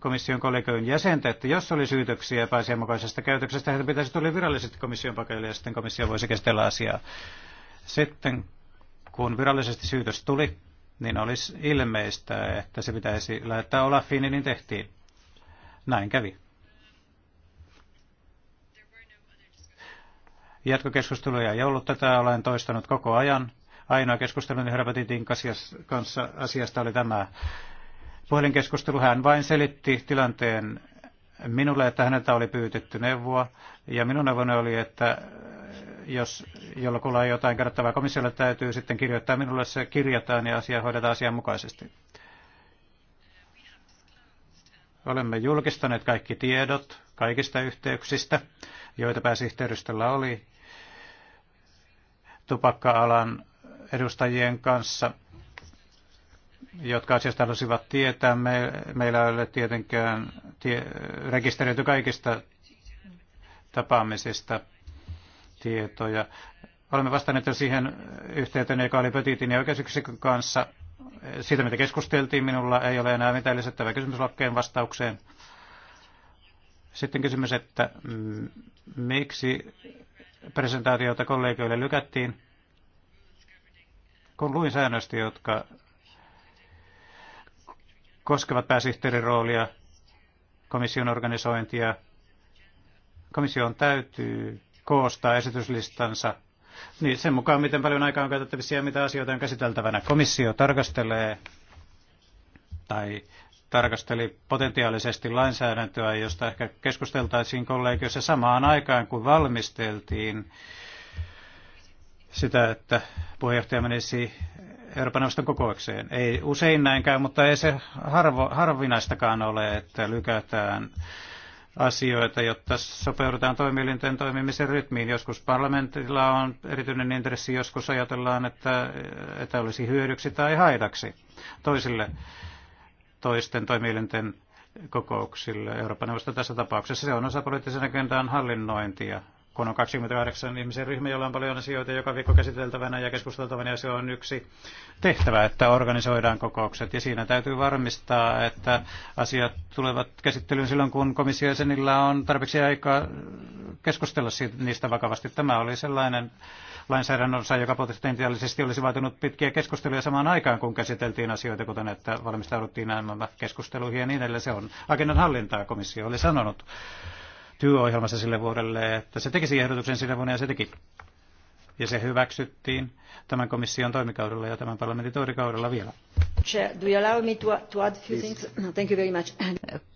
komission kollegojen jäsentä, että jos oli syytöksiä epäasianmukaisesta käytöksestä, heitä pitäisi tulla virallisesti komission pakeille ja sitten komissio voisi käsitellä asiaa. Sitten kun virallisesti syytös tuli, niin olisi ilmeistä, että se pitäisi lähettää Olafiin, niin tehtiin. Näin kävi. Jatkokeskusteluja ei ollut tätä, olen toistanut koko ajan. Ainoa keskustelu herra Petitin kanssa asiasta oli tämä puhelinkeskustelu. Hän vain selitti tilanteen minulle, että häneltä oli pyytetty neuvoa. Ja minun neuvoni oli, että jos jollakulla on jotain kerrottavaa komissiolle, täytyy sitten kirjoittaa minulle, se kirjataan ja asia hoidetaan asianmukaisesti. Olemme julkistaneet kaikki tiedot kaikista yhteyksistä, joita pääsihteeristöllä oli tupakka-alan edustajien kanssa, jotka asiasta halusivat tietää. Me, meillä ei ole tietenkään tie, rekisteröity kaikista tapaamisista tietoja. Olemme vastanneet jo siihen yhteyteen, joka oli Petitin ja oikeusyksikön kanssa. Siitä, mitä keskusteltiin, minulla ei ole enää mitään lisättävää kysymyslokkeen vastaukseen. Sitten kysymys, että miksi presentaatiota kollegoille lykättiin. Kun luin säännöstä, jotka koskevat pääsihteerin roolia, komission organisointia, komission täytyy koostaa esityslistansa niin, sen mukaan, miten paljon aikaa on käytettävissä ja mitä asioita on käsiteltävänä. Komissio tarkastelee tai tarkasteli potentiaalisesti lainsäädäntöä, josta ehkä keskusteltaisiin kollegiossa samaan aikaan, kun valmisteltiin sitä, että puheenjohtaja menisi Euroopan neuvoston kokoukseen. Ei usein näinkään, mutta ei se harvo, harvinaistakaan ole, että lykätään asioita, jotta sopeudutaan toimielinten toimimisen rytmiin. Joskus parlamentilla on erityinen intressi, joskus ajatellaan, että, että olisi hyödyksi tai haitaksi toisille toisten toimielinten kokouksille Euroopan neuvoston tässä tapauksessa. Se on osa poliittisen agendan hallinnointia kun on 28 ihmisen ryhmä, jolla on paljon asioita joka viikko käsiteltävänä ja keskusteltavana, ja se on yksi tehtävä, että organisoidaan kokoukset. Ja siinä täytyy varmistaa, että asiat tulevat käsittelyyn silloin, kun komissiojäsenillä on tarpeeksi aikaa keskustella niistä vakavasti. Tämä oli sellainen lainsäädännön osa, joka potentiaalisesti olisi vaatinut pitkiä keskusteluja samaan aikaan, kun käsiteltiin asioita, kuten että valmistauduttiin nämä keskusteluihin ja niin edelleen. Se on agendan hallintaa, komissio oli sanonut työohjelmassa sille vuodelle, että se tekisi ehdotuksen sille vuonna ja se teki. Ja se hyväksyttiin tämän komission toimikaudella ja tämän parlamentin toimikaudella vielä.
Chair, do you allow me to, to add few things? No, thank you very much.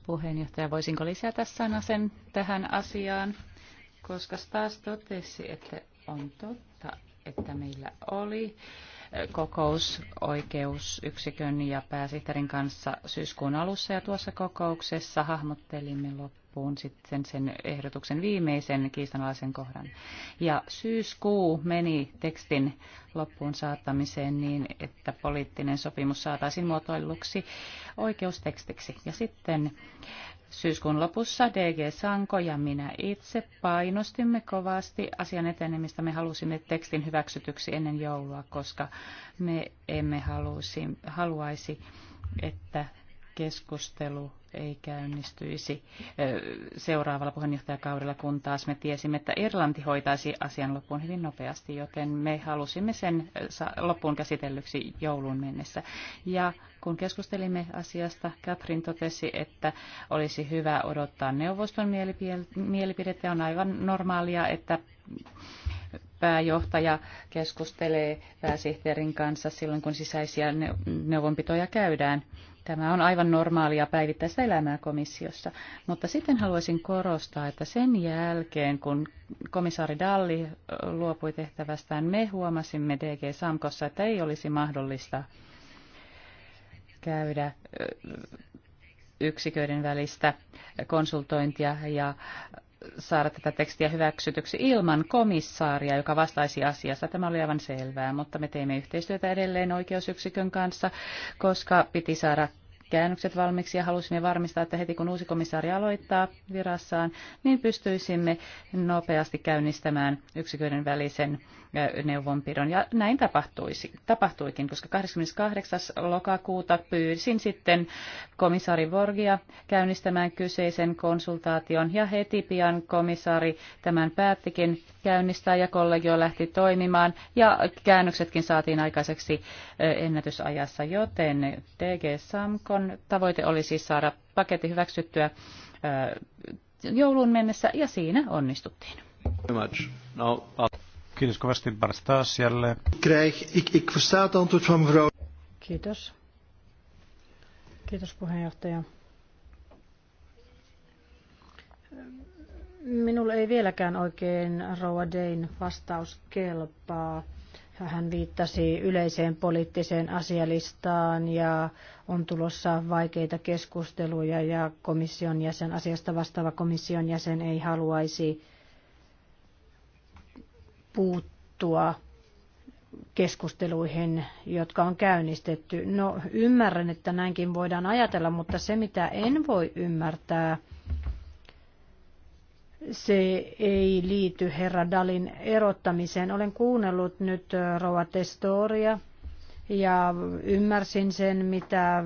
Puheenjohtaja, voisinko
lisätä sana sen tähän asiaan? Koska taas totesi, että on totta, että meillä oli kokous oikeusyksikön ja pääsihteerin kanssa syyskuun alussa ja tuossa kokouksessa hahmottelimme loppuun loppuun sitten sen ehdotuksen viimeisen kiistanalaisen kohdan. Ja syyskuu meni tekstin loppuun saattamiseen niin, että poliittinen sopimus saataisiin muotoilluksi oikeustekstiksi. Ja sitten Syyskuun lopussa DG Sanko ja minä itse painostimme kovasti asian etenemistä. Me halusimme tekstin hyväksytyksi ennen joulua, koska me emme halusi, haluaisi, että keskustelu ei käynnistyisi seuraavalla puheenjohtajakaudella, kun taas me tiesimme, että Irlanti hoitaisi asian loppuun hyvin nopeasti, joten me halusimme sen loppuun käsitellyksi joulun mennessä. Ja kun keskustelimme asiasta, Katrin totesi, että olisi hyvä odottaa neuvoston mielipidettä. On aivan normaalia, että pääjohtaja keskustelee pääsihteerin kanssa silloin, kun sisäisiä neuvonpitoja käydään Tämä on aivan normaalia päivittäistä elämää komissiossa. Mutta sitten haluaisin korostaa, että sen jälkeen, kun komissaari Dalli luopui tehtävästään, me huomasimme DG Samkossa, että ei olisi mahdollista käydä yksiköiden välistä konsultointia ja saada tätä tekstiä hyväksytyksi ilman komissaaria, joka vastaisi asiasta. Tämä oli aivan selvää, mutta me teimme yhteistyötä edelleen oikeusyksikön kanssa, koska piti saada käännökset valmiiksi ja halusimme varmistaa, että heti kun uusi komissaari aloittaa virassaan, niin pystyisimme nopeasti käynnistämään yksiköiden välisen neuvonpidon. Ja näin tapahtuisi, tapahtuikin, koska 28. lokakuuta pyysin sitten komissaari Vorgia käynnistämään kyseisen konsultaation ja heti pian komissaari tämän päättikin käynnistää ja kollegio lähti toimimaan ja käännöksetkin saatiin aikaiseksi ennätysajassa, joten TG Samkon tavoite oli siis saada paketti hyväksyttyä joulun mennessä ja siinä
onnistuttiin. Much. No, Kiitos kovasti Bart taas jälleen. Krijg, ik, ik versta het antwoord van mevrouw. Kiitos.
Kiitos puheenjohtaja. Minulle ei vieläkään oikein Roa Dein vastaus kelpaa. Hän viittasi yleiseen poliittiseen asialistaan ja on tulossa vaikeita keskusteluja ja komission jäsen, asiasta vastaava komission jäsen ei haluaisi puuttua keskusteluihin, jotka on käynnistetty. No ymmärrän, että näinkin voidaan ajatella, mutta se mitä en voi ymmärtää, se ei liity herra Dalin erottamiseen. Olen kuunnellut nyt Roa Testoria ja ymmärsin sen, mitä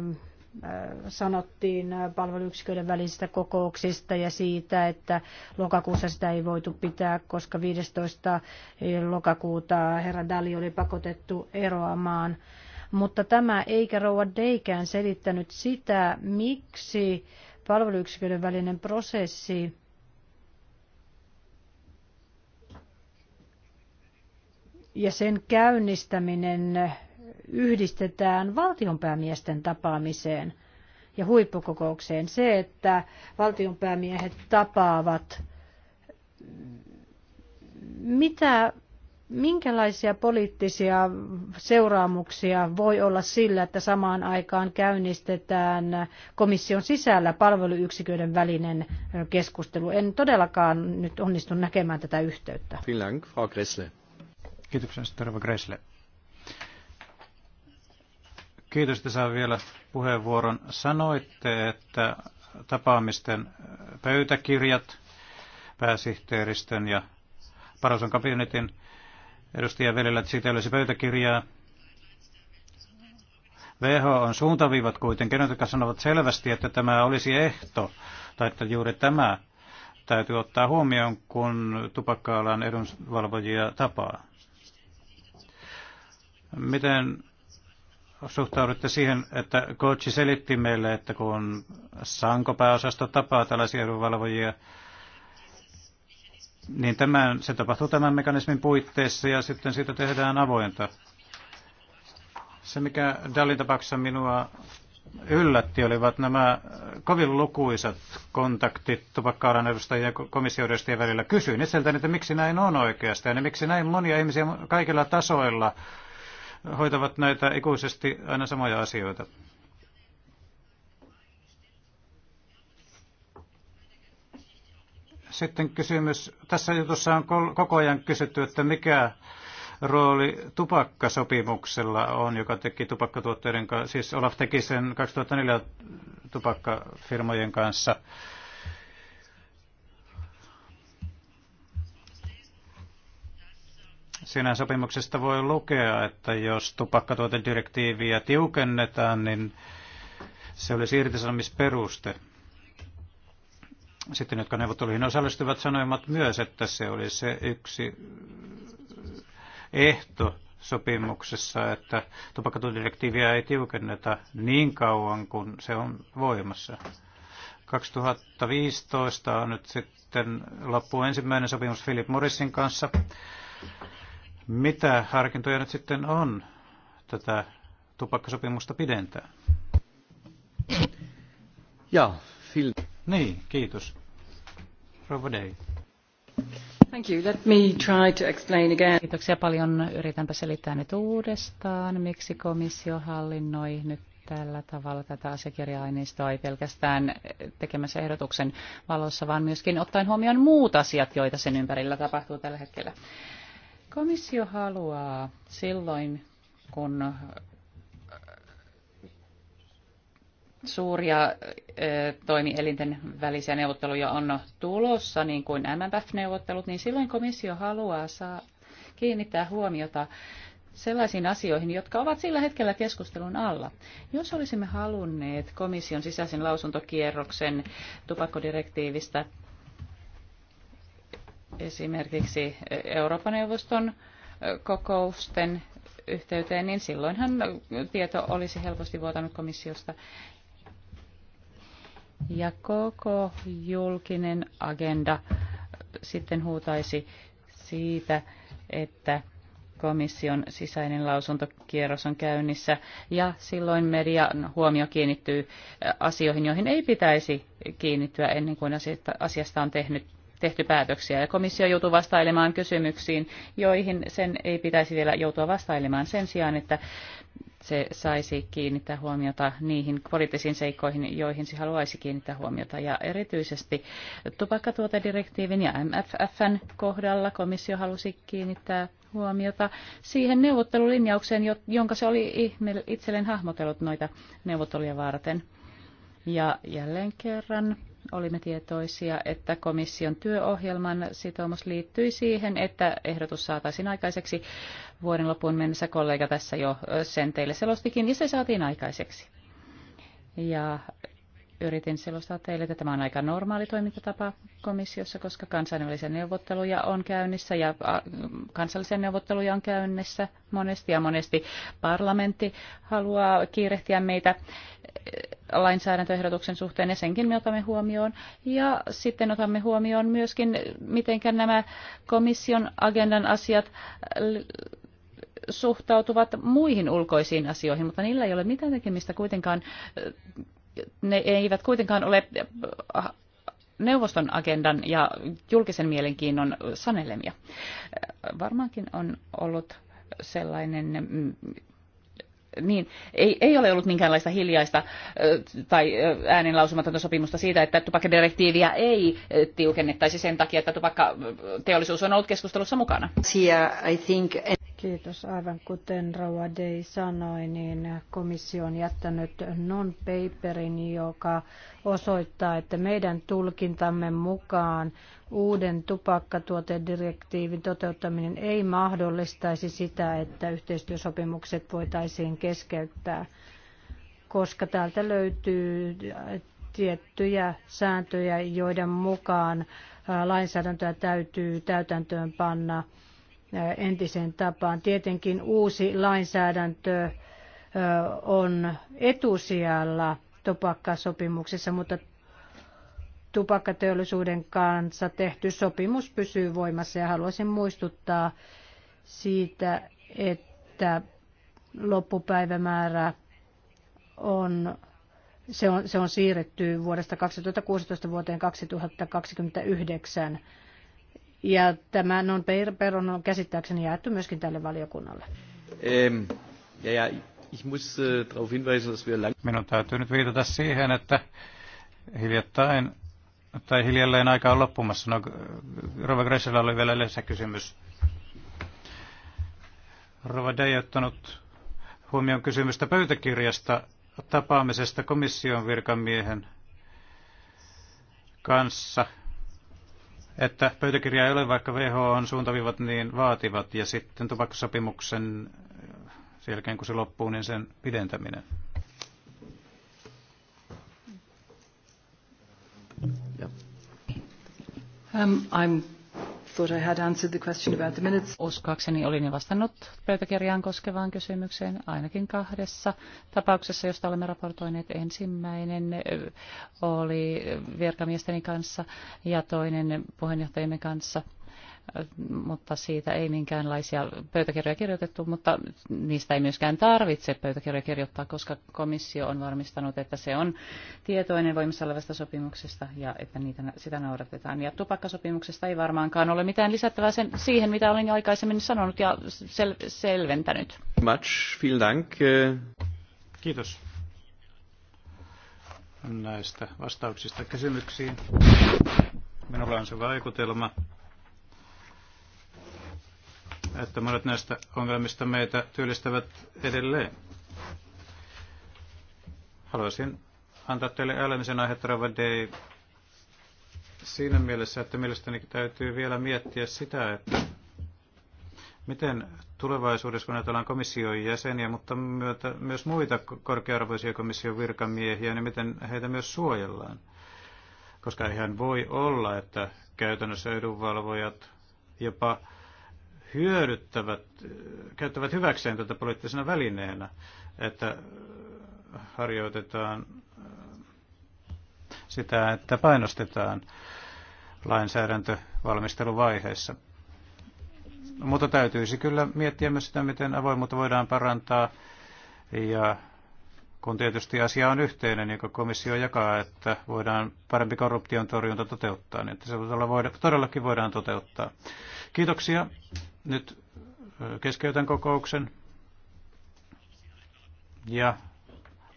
sanottiin äh, palveluyksiköiden välisistä kokouksista ja siitä, että lokakuussa sitä ei voitu pitää, koska 15. lokakuuta herra Dali oli pakotettu eroamaan. Mutta tämä eikä rouva Deikään selittänyt sitä, miksi palveluyksiköiden välinen prosessi ja sen käynnistäminen yhdistetään valtionpäämiesten tapaamiseen ja huippukokoukseen. Se, että valtionpäämiehet tapaavat, mitä, minkälaisia poliittisia seuraamuksia voi olla sillä, että samaan aikaan käynnistetään komission sisällä palveluyksiköiden välinen keskustelu? En todellakaan nyt onnistu näkemään tätä yhteyttä.
Vielen Frau Gressle.
Kiitoksia, Sterva Gressle. Kiitos, että saan vielä puheenvuoron. Sanoitte, että tapaamisten pöytäkirjat pääsihteeristön ja Paroson kabinetin edustajan välillä, että siitä olisi pöytäkirjaa. WHO on suuntaviivat kuitenkin, jotka sanovat selvästi, että tämä olisi ehto, tai että juuri tämä täytyy ottaa huomioon, kun tupakka-alan edunvalvojia tapaa. Miten suhtaudutte siihen, että coachi selitti meille, että kun Sanko pääosasto tapaa tällaisia edunvalvojia, niin tämän, se tapahtuu tämän mekanismin puitteissa ja sitten siitä tehdään avointa. Se, mikä Dallin tapauksessa minua yllätti, olivat nämä kovin lukuisat kontaktit tupakka-alan edustajien ja komissioedustajien välillä. Kysyin itseltäni, että miksi näin on oikeastaan ja miksi näin monia ihmisiä kaikilla tasoilla hoitavat näitä ikuisesti aina samoja asioita. Sitten kysymys, tässä jutussa on koko ajan kysytty, että mikä rooli tupakkasopimuksella on, joka teki tupakkatuotteiden kanssa, siis Olaf teki sen 2004 tupakkafirmojen kanssa. Siinä sopimuksesta voi lukea, että jos tupakkatuotedirektiiviä tiukennetaan, niin se olisi irtisanomisperuste. Sitten, jotka neuvotteluihin osallistuvat, sanoivat myös, että se oli se yksi ehto sopimuksessa, että tupakkatuotedirektiiviä ei tiukenneta niin kauan kuin se on voimassa. 2015 on nyt sitten loppu ensimmäinen sopimus Philip Morrisin kanssa. Mitä harkintoja nyt sitten on tätä tupakkasopimusta pidentää? Ja, film. Niin, kiitos. Rova Day.
Thank
you. Let me try to explain again. Kiitoksia paljon. Yritänpä selittää nyt uudestaan, miksi komissio hallinnoi nyt tällä tavalla tätä asiakirja-aineistoa ei pelkästään tekemässä ehdotuksen valossa, vaan myöskin ottaen huomioon muut asiat, joita sen ympärillä tapahtuu tällä hetkellä. Komissio haluaa silloin, kun äh, suuria äh, toimielinten välisiä neuvotteluja on tulossa, niin kuin MMF-neuvottelut, niin silloin komissio haluaa saa kiinnittää huomiota sellaisiin asioihin, jotka ovat sillä hetkellä keskustelun alla. Jos olisimme halunneet komission sisäisen lausuntokierroksen tupakkodirektiivistä esimerkiksi Euroopan neuvoston kokousten yhteyteen, niin silloinhan tieto olisi helposti vuotanut komissiosta. Ja koko julkinen agenda sitten huutaisi siitä, että komission sisäinen lausuntokierros on käynnissä ja silloin median huomio kiinnittyy asioihin, joihin ei pitäisi kiinnittyä ennen kuin asiasta on tehnyt tehty päätöksiä ja komissio joutuu vastailemaan kysymyksiin, joihin sen ei pitäisi vielä joutua vastailemaan sen sijaan, että se saisi kiinnittää huomiota niihin poliittisiin seikkoihin, joihin se haluaisi kiinnittää huomiota. Ja erityisesti tupakkatuotedirektiivin ja MFFn kohdalla komissio halusi kiinnittää huomiota siihen neuvottelulinjaukseen, jonka se oli itselleen hahmotellut noita neuvotteluja varten. Ja jälleen kerran olimme tietoisia, että komission työohjelman sitoumus liittyi siihen, että ehdotus saataisiin aikaiseksi vuoden loppuun mennessä. Kollega tässä jo sen teille selostikin, ja se saatiin aikaiseksi. Ja yritin selostaa teille, että tämä on aika normaali toimintatapa komissiossa, koska kansainvälisiä neuvotteluja on käynnissä ja kansallisia neuvotteluja on käynnissä monesti ja monesti parlamentti haluaa kiirehtiä meitä eh, lainsäädäntöehdotuksen suhteen ja senkin me otamme huomioon. Ja sitten otamme huomioon myöskin, miten nämä komission agendan asiat suhtautuvat muihin ulkoisiin asioihin, mutta niillä ei ole mitään tekemistä kuitenkaan eh, ne eivät kuitenkaan ole äh, neuvoston agendan ja julkisen mielenkiinnon sanelemia. Äh, varmaankin on ollut sellainen mm, niin, ei, ei ole ollut minkäänlaista hiljaista äh, tai äänenlausumatonta sopimusta siitä, että tupakkadirektiiviä ei tiukennettaisi sen takia, että tupakkateollisuus on ollut keskustelussa mukana.
Kiitos. Aivan kuten Rauha Dei sanoi, niin komissio on jättänyt non-paperin, joka osoittaa, että meidän tulkintamme mukaan uuden tupakkatuotedirektiivin toteuttaminen ei mahdollistaisi sitä, että yhteistyösopimukset voitaisiin keskeyttää, koska täältä löytyy tiettyjä sääntöjä, joiden mukaan lainsäädäntöä täytyy täytäntöön panna – entisen tapaan. Tietenkin uusi lainsäädäntö on etusijalla tupakkasopimuksessa, mutta tupakkateollisuuden kanssa tehty sopimus pysyy voimassa ja haluaisin muistuttaa siitä, että loppupäivämäärä on, se on, se on siirretty vuodesta 2016 vuoteen 2029 ja tämä non peron on käsittääkseni jaettu myöskin tälle valiokunnalle.
Ähm, ja, ja, ich muss, äh, hinweisen, dass
wir lang... Minun täytyy nyt viitata siihen, että hiljattain tai hiljalleen aika on loppumassa. No, Rova Gressellä oli vielä lisäkysymys. Rova Day ottanut huomioon kysymystä pöytäkirjasta tapaamisesta komission virkamiehen kanssa – että pöytäkirja ei ole, vaikka WHO on suuntaviivat niin vaativat, ja sitten tupakkasopimuksen äh, sen jälkeen, kun se loppuu, niin sen pidentäminen. Um, I'm thought I had answered the question about the minutes. Uskoakseni
olin jo vastannut pöytäkirjaan koskevaan kysymykseen ainakin kahdessa tapauksessa, josta olemme raportoineet. Ensimmäinen oli virkamiesteni kanssa ja toinen puheenjohtajamme kanssa – mutta siitä ei minkäänlaisia pöytäkirjoja kirjoitettu, mutta niistä ei myöskään tarvitse pöytäkirjoja kirjoittaa, koska komissio on varmistanut, että se on tietoinen voimassa olevasta sopimuksesta ja että niitä, sitä noudatetaan. Ja tupakkasopimuksesta ei varmaankaan ole mitään lisättävää sen, siihen, mitä olin aikaisemmin sanonut ja sel, selventänyt.
Much, vielen dank. Kiitos
näistä vastauksista kysymyksiin. Minulla on se vaikutelma, että monet näistä ongelmista meitä työllistävät edelleen. Haluaisin antaa teille aihe aihetta Day siinä mielessä, että mielestäni täytyy vielä miettiä sitä, että miten tulevaisuudessa, kun ajatellaan komission jäseniä, mutta myötä, myös muita korkearvoisia komission virkamiehiä, niin miten heitä myös suojellaan. Koska eihän voi olla, että käytännössä edunvalvojat jopa hyödyttävät, käyttävät hyväkseen tätä poliittisena välineenä, että harjoitetaan äh, sitä, että painostetaan lainsäädäntövalmisteluvaiheessa. Mutta täytyisi kyllä miettiä myös sitä, miten avoimuutta voidaan parantaa. Ja kun tietysti asia on yhteinen, joka niin komissio jakaa, että voidaan parempi korruption torjunta toteuttaa, niin että se todellakin voidaan toteuttaa. Kiitoksia nyt keskeytän kokouksen ja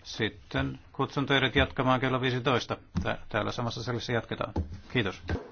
sitten kutsun teidät jatkamaan kello 15. Täällä samassa salissa jatketaan. Kiitos.